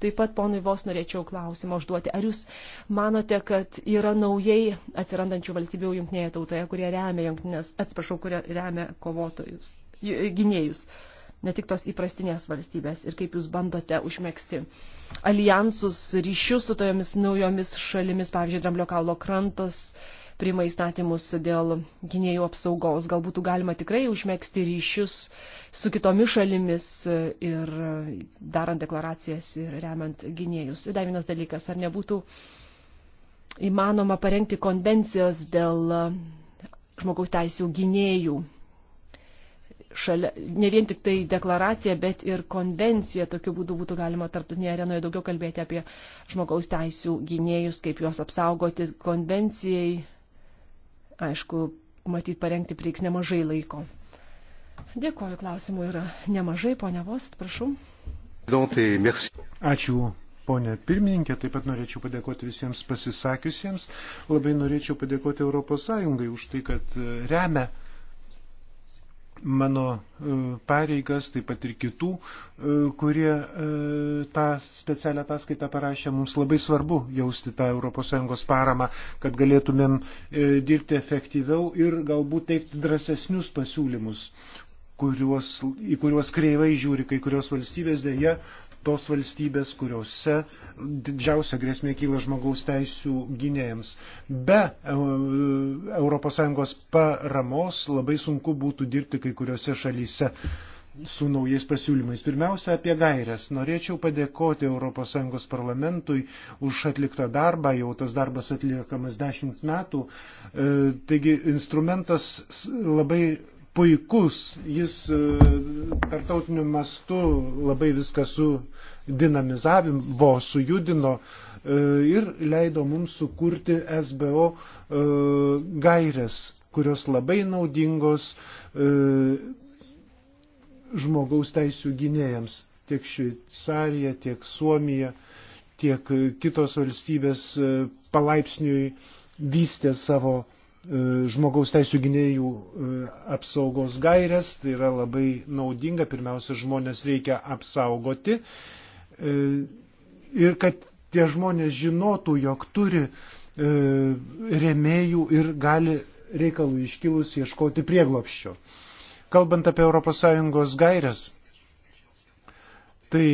Speaker 2: Taip pat ponui Vos norėčiau klausimą užduoti. Ar jūs manote, kad yra naujai atsirandančių valstybių jungtinėje tautoje, kurie remia jungtinės, atsiprašau, kurie remia kovotojus, gynėjus? Uh, ne tik tos įprastinės valstybės ir kaip jūs bandote užmėgsti alijansus, ryšius su tojomis naujomis šalimis, pavyzdžiui, Dramblio kaulo krantas priima įstatymus dėl gynėjų apsaugos. Gal būtų galima tikrai užmėgsti ryšius su kitomis šalimis ir darant deklaracijas ir remiant gynėjus. Ir dar vienas dalykas, ar nebūtų įmanoma parengti konvencijos dėl žmogaus teisų gynėjų šalia, ne vien tik tai deklaracija, bet ir konvencija. Tokiu būdu būtų galima tarptautinėje arenoje daugiau kalbėti apie žmogaus teisų gynėjus, kaip juos apsaugoti konvencijai. Aišku, matyt, parengti prieks nemažai laiko. Dėkoju, klausimų yra nemažai, ponia Vost,
Speaker 3: prašau. Ačiū, Pone pirmininkė, taip pat norėčiau padėkoti visiems pasisakiusiems. Labai norėčiau padėkoti ES už tai, kad remia mano e, pareigas, taip pat ir kitų, e, kurie e, tą specialią ataskaitą parašė. Mums labai svarbu jausti tą ES paramą, kad galėtumėm dirbti efektyviau ir galbūt teikti drąsesnius pasiūlymus, kuriuos, į kuriuos kreivai žiūri kai kurios valstybės dėja, tos valstybės, kuriuose didžiausia grėsmė kyla žmogaus teisų gynėjams. Be ES paramos labai sunku būtų dirbti kai kuriuose šalyse su naujais pasiūlymais. Pirmiausia, apie gairias. Norėčiau padėkoti ES parlamentui už atliktą darbą, jau tas darbas atliekamas dešimt metų. E, taigi instrumentas labai puikus, jis e, tartautiniu mastu labai viską sudinamizavo, sujudino e, ir leido mums sukurti SBO e, gairias, kurios labai naudingos žmogaus teisų gynėjams tiek Šveicarija, tiek Suomija, tiek kitos valstybės palaipsniui vystė savo uh, E, žmogaus teisų gynėjų e, apsaugos gairias, tai yra labai naudinga, pirmiausia, žmonės reikia apsaugoti e, ir kad tie žmonės žinotų, jog turi remėjų ir gali reikalų iškilus ieškoti prieglopščio. Kalbant apie ES gairias, Tai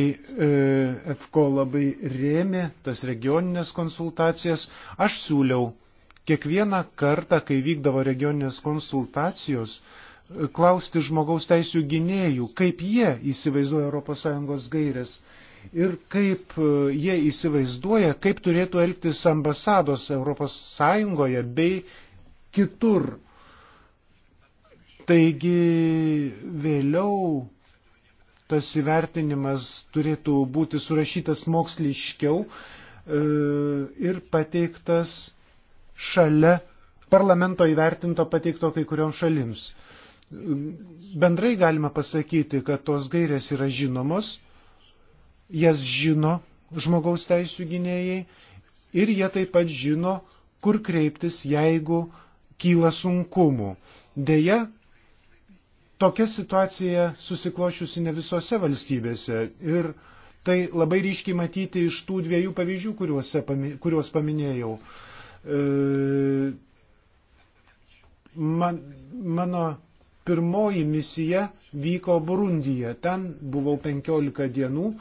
Speaker 3: EFKO labai rėmė tas regioninės konsultacijas. Aš siūliau kiekvieną kartą, kai vykdavo regioninės konsultacijos, klausti žmogaus teisų gynėjų, kaip jie įsivaizduoja ES gairės ir kaip e, jie įsivaizduoja, kaip turėtų elgtis ambasados ES bei kitur. Taigi vėliau tas įvertinimas turėtų būti surašytas moksliškiau e, ir pateiktas šalia parlamento įvertinto pateikto kai kuriom šalims. Bendrai galima pasakyti, kad tos gairės yra žinomos, jas žino žmogaus teisų gynėjai ir jie taip pat žino, kur kreiptis, jeigu kyla sunkumų. Deja, tokia situacija susiklošiusi ne visose valstybėse ir tai labai ryškiai matyti iš tų dviejų pavyzdžių, kuriuos paminėjau. E, man, mano pirmoji misija vyko Burundyje. Ten buvau 15 dienų.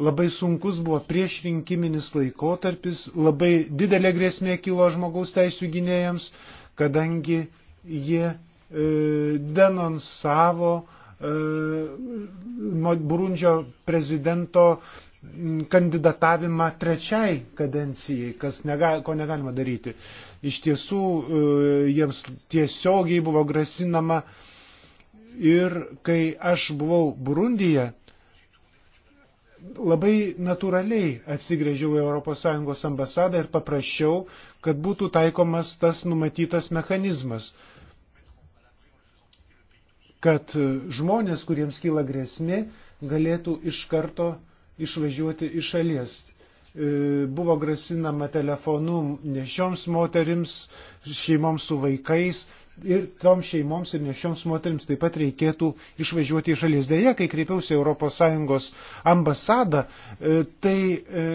Speaker 3: Labai sunkus buvo priešrinkiminis laikotarpis, labai didelė grėsmė kilo žmogaus teisų gynėjams, kadangi jie e, denonsavo e, Burundžio prezidento kandidatavimą trečiai kadencijai, kas nega, ko negalima daryti. Iš tiesų e, jiems tiesiogiai buvo grasinama ir kai aš buvau Burundyje, labai natūraliai atsigrėžiau į ES ambasadą ir paprašiau, kad būtų taikomas tas numatytas mechanizmas kad žmonės, kuriems kyla grėsmė, galėtų iš karto uh, išvažiuoti iš šalies. E, buvo grasinama telefonu nešioms moterims, šeimoms su vaikais, ir tom šeimoms ir nešioms moteriams taip pat reikėtų išvažiuoti iš šalies. Deja, kai kreipiausi ES ambasadą, e, tai e,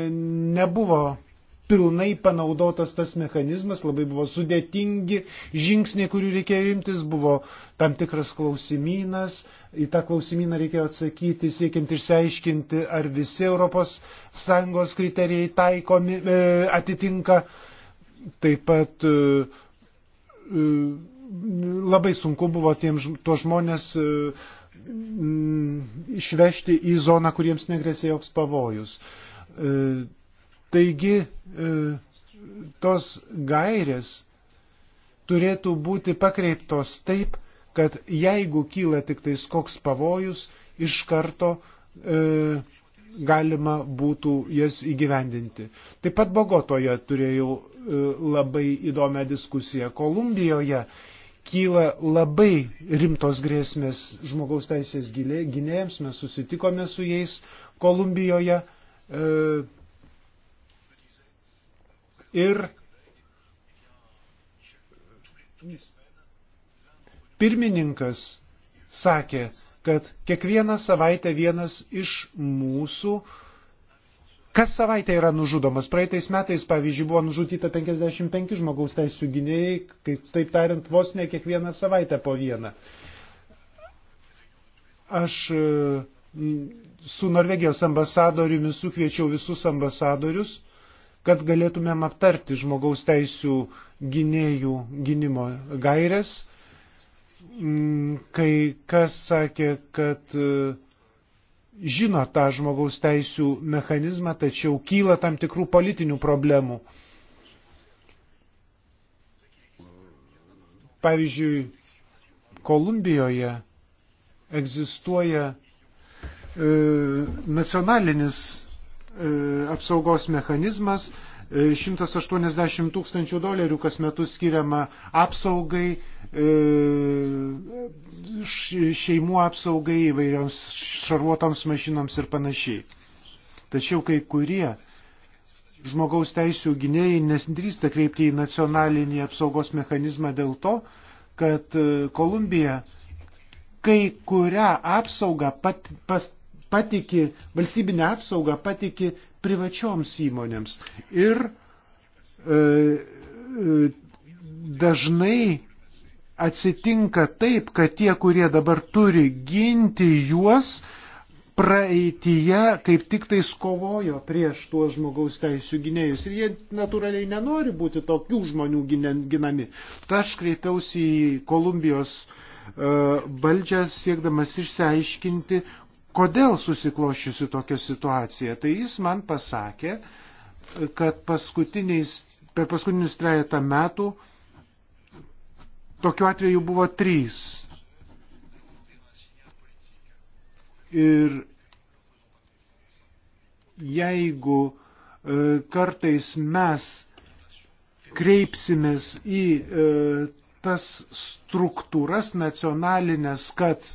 Speaker 3: nebuvo pilnai panaudotas tas mechanizmas, labai buvo sudėtingi žingsniai, kurių reikėjo imtis, buvo tam tikras klausimynas, į tą klausimyną reikėjo atsakyti, siekiant išsiaiškinti, ar visi ES kriterijai taikomi, e, atitinka. Taip pat e, e, labai sunku buvo tiems to žmonės e, m, išvežti į zoną, kuriems negresė joks pavojus. E, Taigi e, tos gairės turėtų būti pakreiptos taip, kad jeigu kyla tik tais koks pavojus, iš karto e, galima būtų jas įgyvendinti. Taip pat Bogotoje turėjau e, labai įdomią diskusiją. Kolumbijoje kyla labai rimtos grėsmės žmogaus teisės gynėjams, mes susitikome su jais Kolumbijoje. E, ir pirmininkas sakė, kad kiekvieną savaitę vienas iš mūsų Kas savaitę yra nužudomas? Praeitais metais, pavyzdžiui, buvo nužudyta 55 žmogaus teisų gynėjai, kaip taip tariant, vos ne kiekvieną savaitę po vieną. Aš mm, su Norvegijos ambasadoriumi sukviečiau visus ambasadorius kad galėtumėm aptarti žmogaus teisų gynėjų gynimo gairės. Mm, kai kas sakė, kad e, žino tą žmogaus teisų mechanizmą, tačiau kyla tam tikrų politinių problemų. Pavyzdžiui, Kolumbijoje egzistuoja e, nacionalinis E, apsaugos mechanizmas. 180 e, tūkstančių dolerių kas metus skiriama apsaugai, e, šeimų apsaugai, įvairioms šarvuotoms mašinoms ir panašiai. Tačiau kai kurie žmogaus teisų gynėjai nesdrįsta kreipti į nacionalinį apsaugos mechanizmą dėl to, kad Kolumbija kai kurią apsaugą pat, pas, patiki valstybinę apsaugą, patiki privačioms įmonėms. Ir e, e, dažnai atsitinka taip, kad tie, kurie dabar turi ginti juos, praeitie kaip tik tai kovojo prieš tuos žmogaus teisų gynėjus ir jie natūraliai nenori būti tokių žmonių ginami. Ta aš kreipiausi į Kolumbijos e, valdžią siekdamas išsiaiškinti, kodėl susikloščiusi tokia situacija. Tai jis man pasakė, kad paskutiniais, per paskutinius trejata metų tokiu atveju buvo trys. Ir jeigu e, kartais mes kreipsimės į e, tas struktūras nacionalinės, kad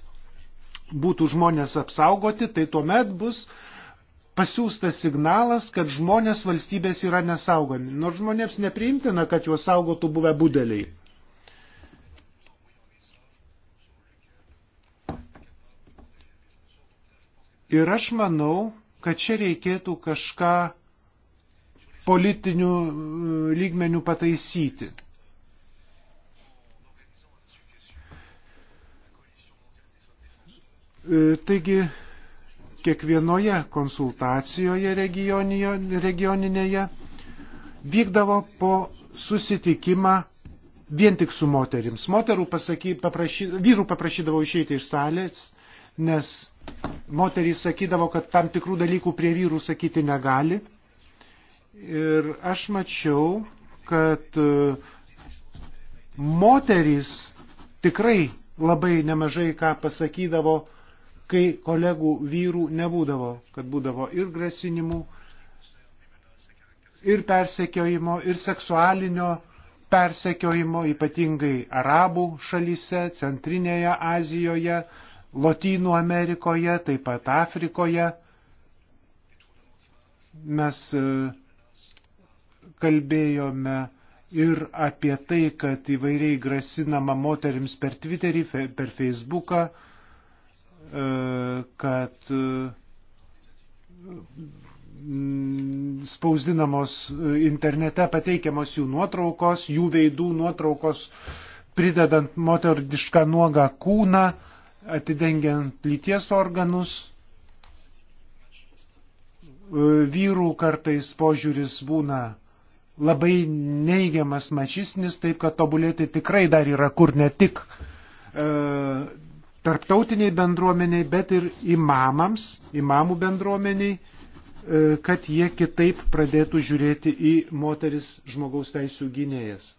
Speaker 3: būtų žmonės apsaugoti, tai tuomet bus pasiūstas signalas, kad žmonės valstybės yra nesaugomi. Nors žmonėms nepriimtina, kad juos saugotų buvę budeliai. Ir aš manau, kad čia reikėtų kažką politinių mm, lygmenių pataisyti. E, taigi kiekvienoje konsultacijoje regioninėje vykdavo po susitikimą vien tik su moterims. Moterų pasaky, paprašy, vyrų paprašydavo išeiti iš salės, nes moterys sakydavo, kad tam tikrų dalykų prie vyrų sakyti negali. Ir aš mačiau, kad e, moterys tikrai labai nemažai ką pasakydavo kai kolegų vyrų nebūdavo, kad būdavo ir grasinimų, ir persekiojimo, ir seksualinio persekiojimo, ypatingai arabų šalyse, Centrinėje Azijoje, Lotynų Amerikoje, taip pat Afrikoje. Mes e, kalbėjome ir apie tai, kad įvairiai grasinama moterims per Twitterį, per Facebooką, kad e, mm, spausdinamos e, internete pateikiamos jų nuotraukos, jų veidų nuotraukos, pridedant moterišką nuogą kūną, atidengiant lyties organus. E, vyrų kartais požiūris būna labai neigiamas mačisnis, taip kad tobulėti tikrai dar yra kur ne tik e, tarptautiniai bendruomeniai, bet ir imamams, imamų bendruomeniai, e, kad jie kitaip pradėtų žiūrėti į moteris žmogaus teisų gynėjas.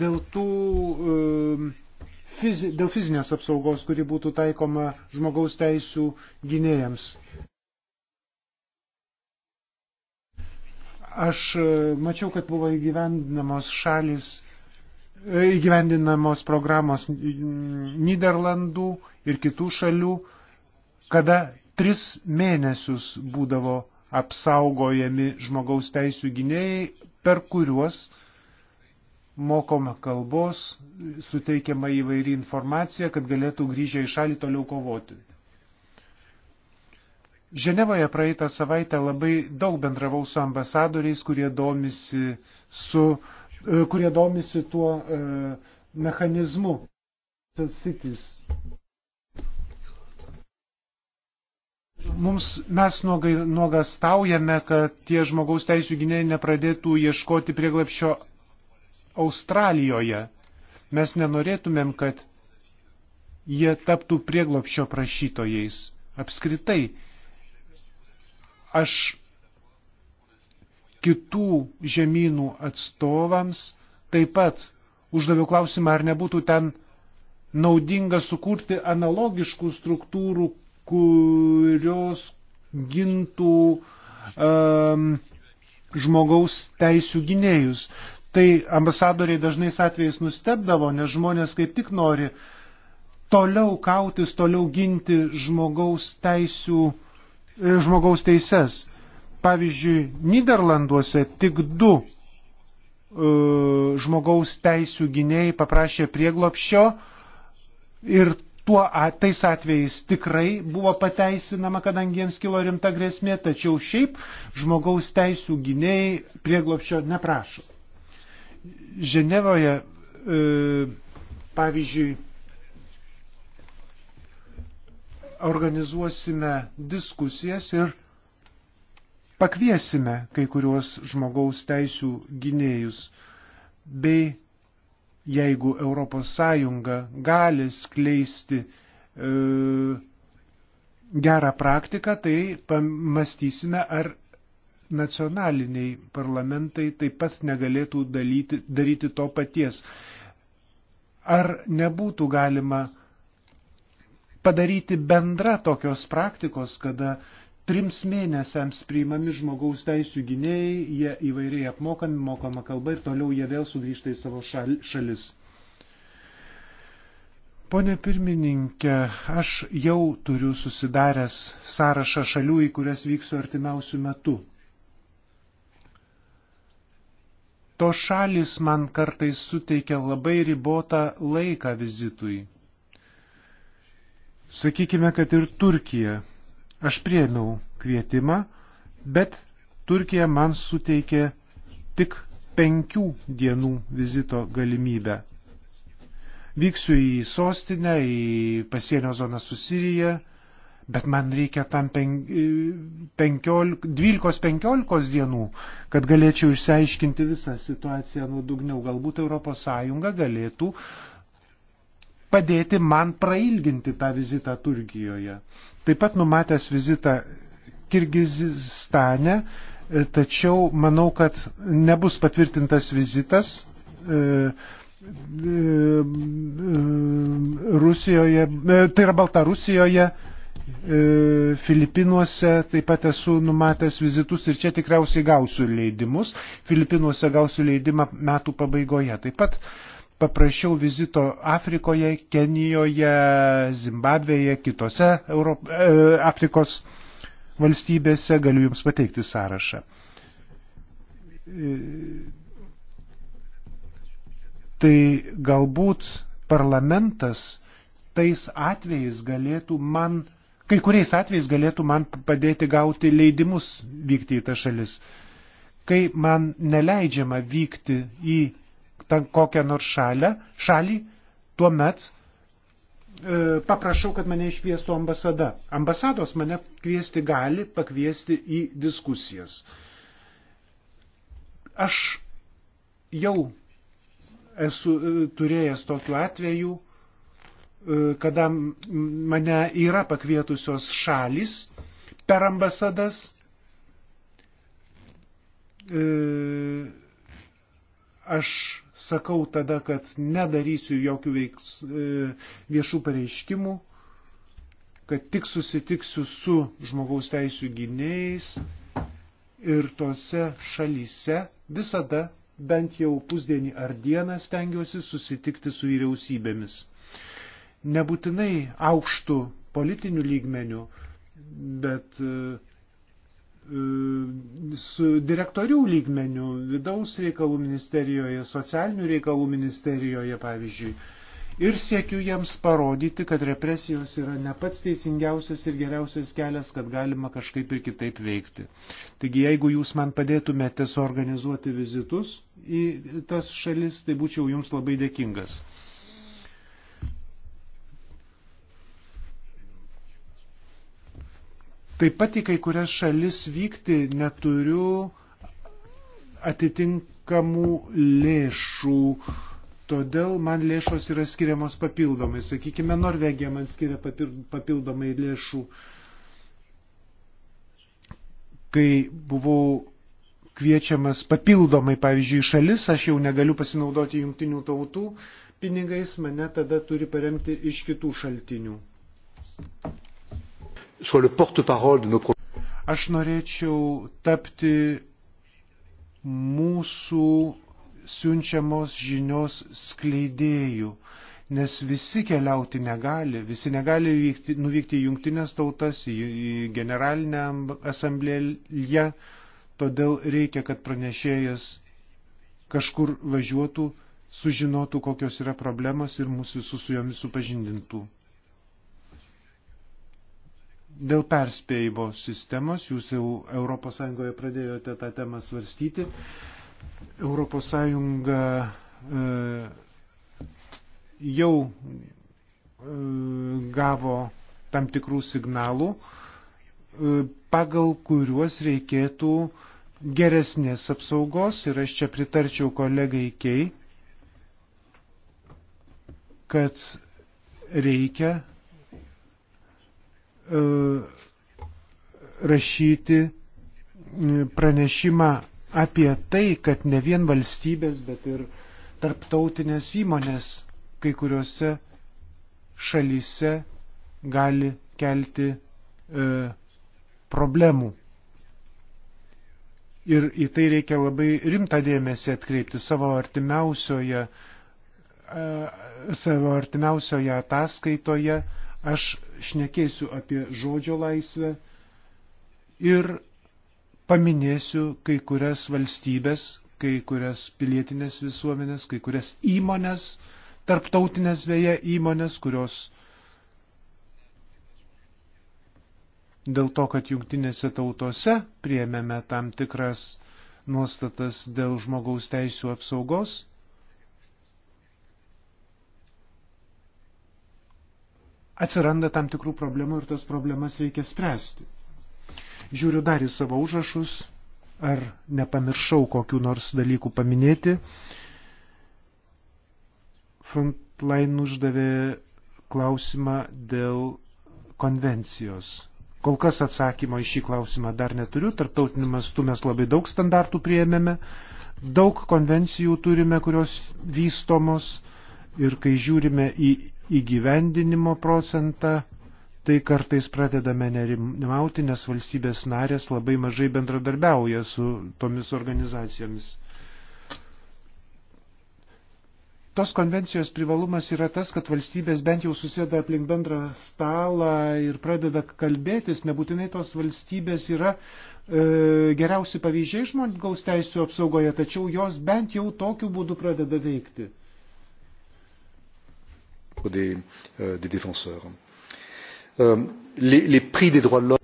Speaker 3: Dėl, tų, e, fizi, dėl fizinės apsaugos, kuri būtų taikoma žmogaus teisų gynėjams. Aš e, mačiau, kad buvo įgyvendinamos šalis įgyvendinamos programos Niderlandų ir kitų šalių, kada tris mėnesius būdavo apsaugojami žmogaus teisų gynėjai, per kuriuos mokoma kalbos, suteikiama įvairi informacija, kad galėtų grįžę į šalį toliau kovoti. Ženevoje praeitą savaitę labai daug bendravau su ambasadoriais, kurie domisi su uh, E, kurie domisi tuo e, mechanizmu. Cities. Mums mes nuogastaujame, kad tie žmogaus teisų gynėjai nepradėtų ieškoti prieglapščio Australijoje. Mes nenorėtumėm, kad jie taptų prieglopščio prašytojais. Apskritai, aš kitų žemynų atstovams. Taip pat uždaviau klausimą, ar nebūtų ten naudinga sukurti analogiškų struktūrų, kurios gintų um, žmogaus teisų gynėjus. Tai ambasadoriai dažnais atvejais nustebdavo, nes žmonės kaip tik nori toliau kautis, toliau ginti žmogaus teisų, e, žmogaus teises. Pavyzdžiui, Niderlanduose tik du e, žmogaus teisų gynėjai paprašė prieglopščio ir tuo tais atvejais tikrai buvo pateisinama, kadangi jiems kilo rimta grėsmė, tačiau šiaip žmogaus teisų gynėjai prieglopščio neprašo. Ženevoje, e, pavyzdžiui, organizuosime diskusijas ir pakviesime kai kuriuos žmogaus teisų gynėjus, bei jeigu ES gali skleisti e, gerą praktiką, tai pamastysime, ar nacionaliniai parlamentai taip pat negalėtų dalyti, daryti to paties. Ar nebūtų galima padaryti bendra tokios praktikos, kada trims mėnesiams priimami žmogaus teisų gynėjai, jie įvairiai apmokami, mokama kalba ir toliau jie vėl sugrįžta į savo šal, šalis. Pone pirmininkė, aš jau turiu susidaręs sąrašą šalių, į kurias vyksiu artimiausių metų. To šalis man kartais suteikia labai ribotą laiką vizitui. Sakykime, kad ir Turkija Aš priemiau kvietimą, bet Turkija man suteikė tik penkių dienų vizito galimybę. Vyksiu į sostinę, į pasienio zoną su Sirija, bet man reikia tam 12-15 e, dienų, kad galėčiau išsiaiškinti visą situaciją nuodugniau. Galbūt ES galėtų padėti man prailginti tą vizitą Turkijoje taip pat numatęs vizitą Kirgizistane, e, tačiau manau, kad nebus patvirtintas vizitas. E, e, Rusijoje, tai yra Baltarusijoje, Filipinuose taip pat esu numatęs vizitus ir čia tikriausiai gausiu leidimus. Filipinuose gausiu leidimą metų pabaigoje. Taip pat paprašiau vizito Afrikoje, Kenijoje, Zimbabvėje, kitose Europ... E, Afrikos valstybėse, galiu Jums pateikti sąrašą. Tai galbūt parlamentas tais atvejais galėtų man, kai kuriais atvejais galėtų man padėti gauti leidimus vykti į tą šalis. Kai man neleidžiama vykti į ten kokią nors šalę, šalį, tuomet e, paprašau, kad mane iškviestų ambasada. Ambasados mane kviesti gali, pakviesti į diskusijas. Aš jau esu e, turėjęs tokiu atveju, e, kada mane yra pakvietusios šalis per ambasadas. E, aš sakau tada, kad nedarysiu jokių veiks, e, viešų pareiškimų, kad tik susitiksiu su žmogaus teisų gynėjais ir tose šalyse visada bent jau pusdienį ar dieną stengiuosi susitikti su vyriausybėmis. Nebūtinai aukštų politinių lygmenių, bet uh, E, su direktorių lygmeniu, vidaus reikalų ministerijoje, socialinių reikalų ministerijoje, pavyzdžiui. Ir siekiu jiems parodyti, kad represijos yra ne pats teisingiausias ir geriausias kelias, kad galima kažkaip ir kitaip veikti. Taigi, jeigu jūs man padėtumėte suorganizuoti vizitus į tas šalis, tai būčiau jums labai dėkingas. Taip pat į kai kurias šalis vykti neturiu atitinkamų lėšų. Todėl man lėšos yra skiriamos papildomai. Sakykime, Norvegija man skiria papildomai lėšų. Kai buvau kviečiamas papildomai, pavyzdžiui, šalis, aš jau negaliu pasinaudoti jungtinių tautų pinigais, mane tada turi paremti iš kitų šaltinių soit le porte-parole de nos Aš norėčiau tapti mūsų siunčiamos žinios skleidėjų, nes visi keliauti negali, visi negali vykti, nuvykti į jungtinės tautas, į, į generalinę asamblėją, todėl reikia, kad pranešėjas kažkur važiuotų, sužinotų, kokios yra problemos ir mūsų visus su jomis supažindintų. Dėl perspėjimo sistemos, jūs jau ES pradėjote tą temą svarstyti. ES e, jau e, gavo tam tikrų signalų, e, pagal kuriuos reikėtų geresnės apsaugos ir aš čia pritarčiau kolegai Kei, kad reikia E, rašyti e, pranešimą apie tai, kad ne vien valstybės, bet ir tarptautinės įmonės kai kuriuose šalyse gali kelti e, problemų. Ir į tai reikia labai rimtą dėmesį atkreipti savo artimiausioje, e, savo artimiausioje ataskaitoje. E, Aš šnekėsiu apie žodžio laisvę ir paminėsiu kai kurias valstybės, kai kurias pilietinės visuomenės, kai kurias įmonės, tarptautinės vėje įmonės, kurios dėl to, kad jungtinėse tautose priemėme tam tikras nuostatas dėl žmogaus teisų apsaugos, atsiranda tam tikrų problemų ir tas problemas reikia spręsti. Žiūriu dar į savo užrašus, ar nepamiršau kokių nors dalykų paminėti. Frontline uždavė klausimą dėl konvencijos. Kol kas atsakymo į šį klausimą dar neturiu, tarptautiniu mastu mes labai daug standartų prieėmėme, daug konvencijų turime, kurios vystomos, ir kai žiūrime į įgyvendinimo procentą, tai kartais pradedame nerimauti, nes valstybės narės labai mažai bendradarbiauja su tomis organizacijomis. Tos konvencijos privalumas yra tas, kad valstybės bent jau susėda aplink bendrą stalą ir pradeda kalbėtis, nebūtinai tos valstybės yra e, geriausi pavyzdžiai žmogaus teisų apsaugoje, tačiau jos bent jau tokiu būdu pradeda veikti des, euh, des défenseurs. Euh, les, les prix des droits de l'homme.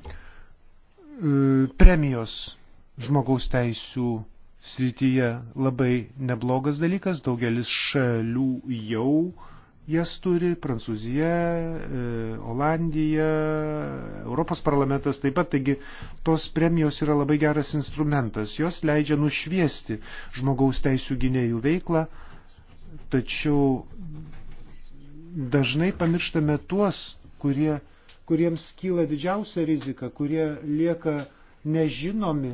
Speaker 3: Euh, premijos žmogaus teisų srityje labai neblogas dalykas, daugelis šalių jau jas turi, Prancūzija, e, Olandija, Europos parlamentas taip pat, taigi tos premijos yra labai geras instrumentas, jos leidžia nušviesti žmogaus teisų gynėjų veiklą, tačiau dažnai pamirštame tuos, kurie, kuriems kyla didžiausia rizika, kurie lieka nežinomi,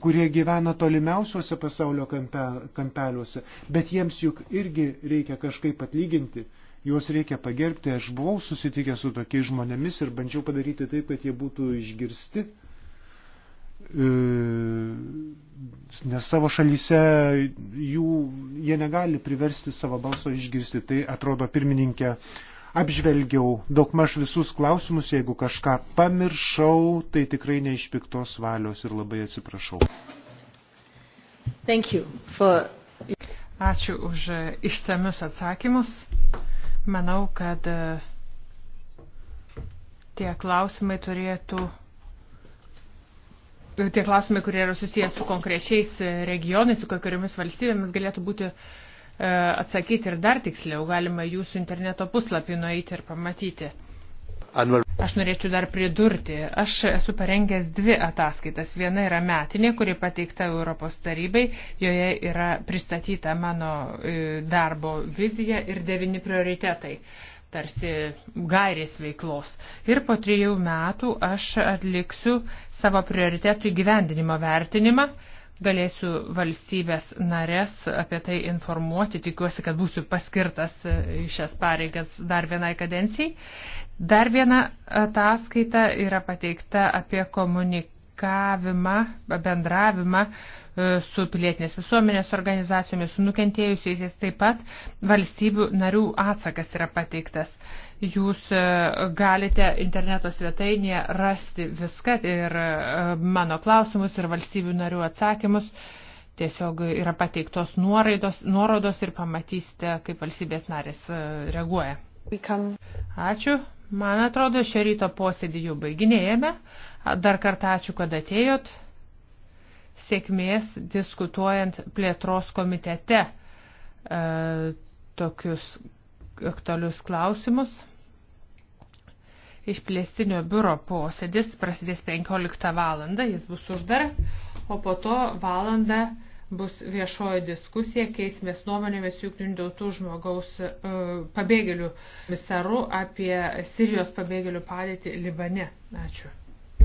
Speaker 3: kurie gyvena tolimiausiuose pasaulio kampe, kampeliuose, bet jiems juk irgi reikia kažkaip atlyginti, juos reikia pagerbti. Aš buvau susitikęs su tokiais žmonėmis ir bandžiau padaryti taip, kad jie būtų išgirsti, E, nes savo šalyse jų, jie negali priversti savo balso išgirsti. Tai atrodo pirmininkė, apžvelgiau daugmaž visus klausimus, jeigu kažką pamiršau, tai tikrai ne iš piktos valios ir labai atsiprašau.
Speaker 1: For... Ačiū už e, išsamius atsakymus. Manau, kad e, tie klausimai turėtų tie klausimai, kurie yra susijęs su konkrečiais e, regionais, su kokiamis valstybėmis, galėtų būti e, atsakyti ir dar tiksliau. Galima jūsų interneto puslapį nueiti ir pamatyti. Aš norėčiau dar pridurti. Aš esu parengęs dvi ataskaitas. Viena yra metinė, kuri pateikta Europos tarybai. Joje yra pristatyta mano e, darbo vizija ir devini prioritetai tarsi gairės veiklos. Ir po trijų metų aš atliksiu savo prioritetų įgyvendinimo vertinimą, galėsiu valstybės narės apie tai informuoti, tikiuosi, kad būsiu paskirtas e, į šias pareigas dar vienai kadencijai. Dar viena ataskaita yra pateikta apie komunikaciją komunikavimą, bendravimą e, su pilietinės visuomenės organizacijomis, su nukentėjusiais taip pat valstybių narių atsakas yra pateiktas. Jūs e, galite interneto svetainėje rasti viską ir e, mano klausimus ir valstybių narių atsakymus. Tiesiog yra pateiktos nuoraidos, nuorodos ir pamatysite, kaip valstybės narės reaguoja. Ačiū. Man atrodo, šio ryto posėdį jau baiginėjame. Dar kartą ačiū, kad atėjot. Sėkmės diskutuojant plėtros komitete e, tokius aktualius klausimus. Išplėstinio biuro posėdis prasidės 15 val. Jis bus uždaras, o po to valandą bus viešoji diskusija, keismės nuomonėmis jungtinių tautų žmogaus e, pabėgėlių visaru apie Sirijos pabėgėlių padėtį Libane. Ačiū.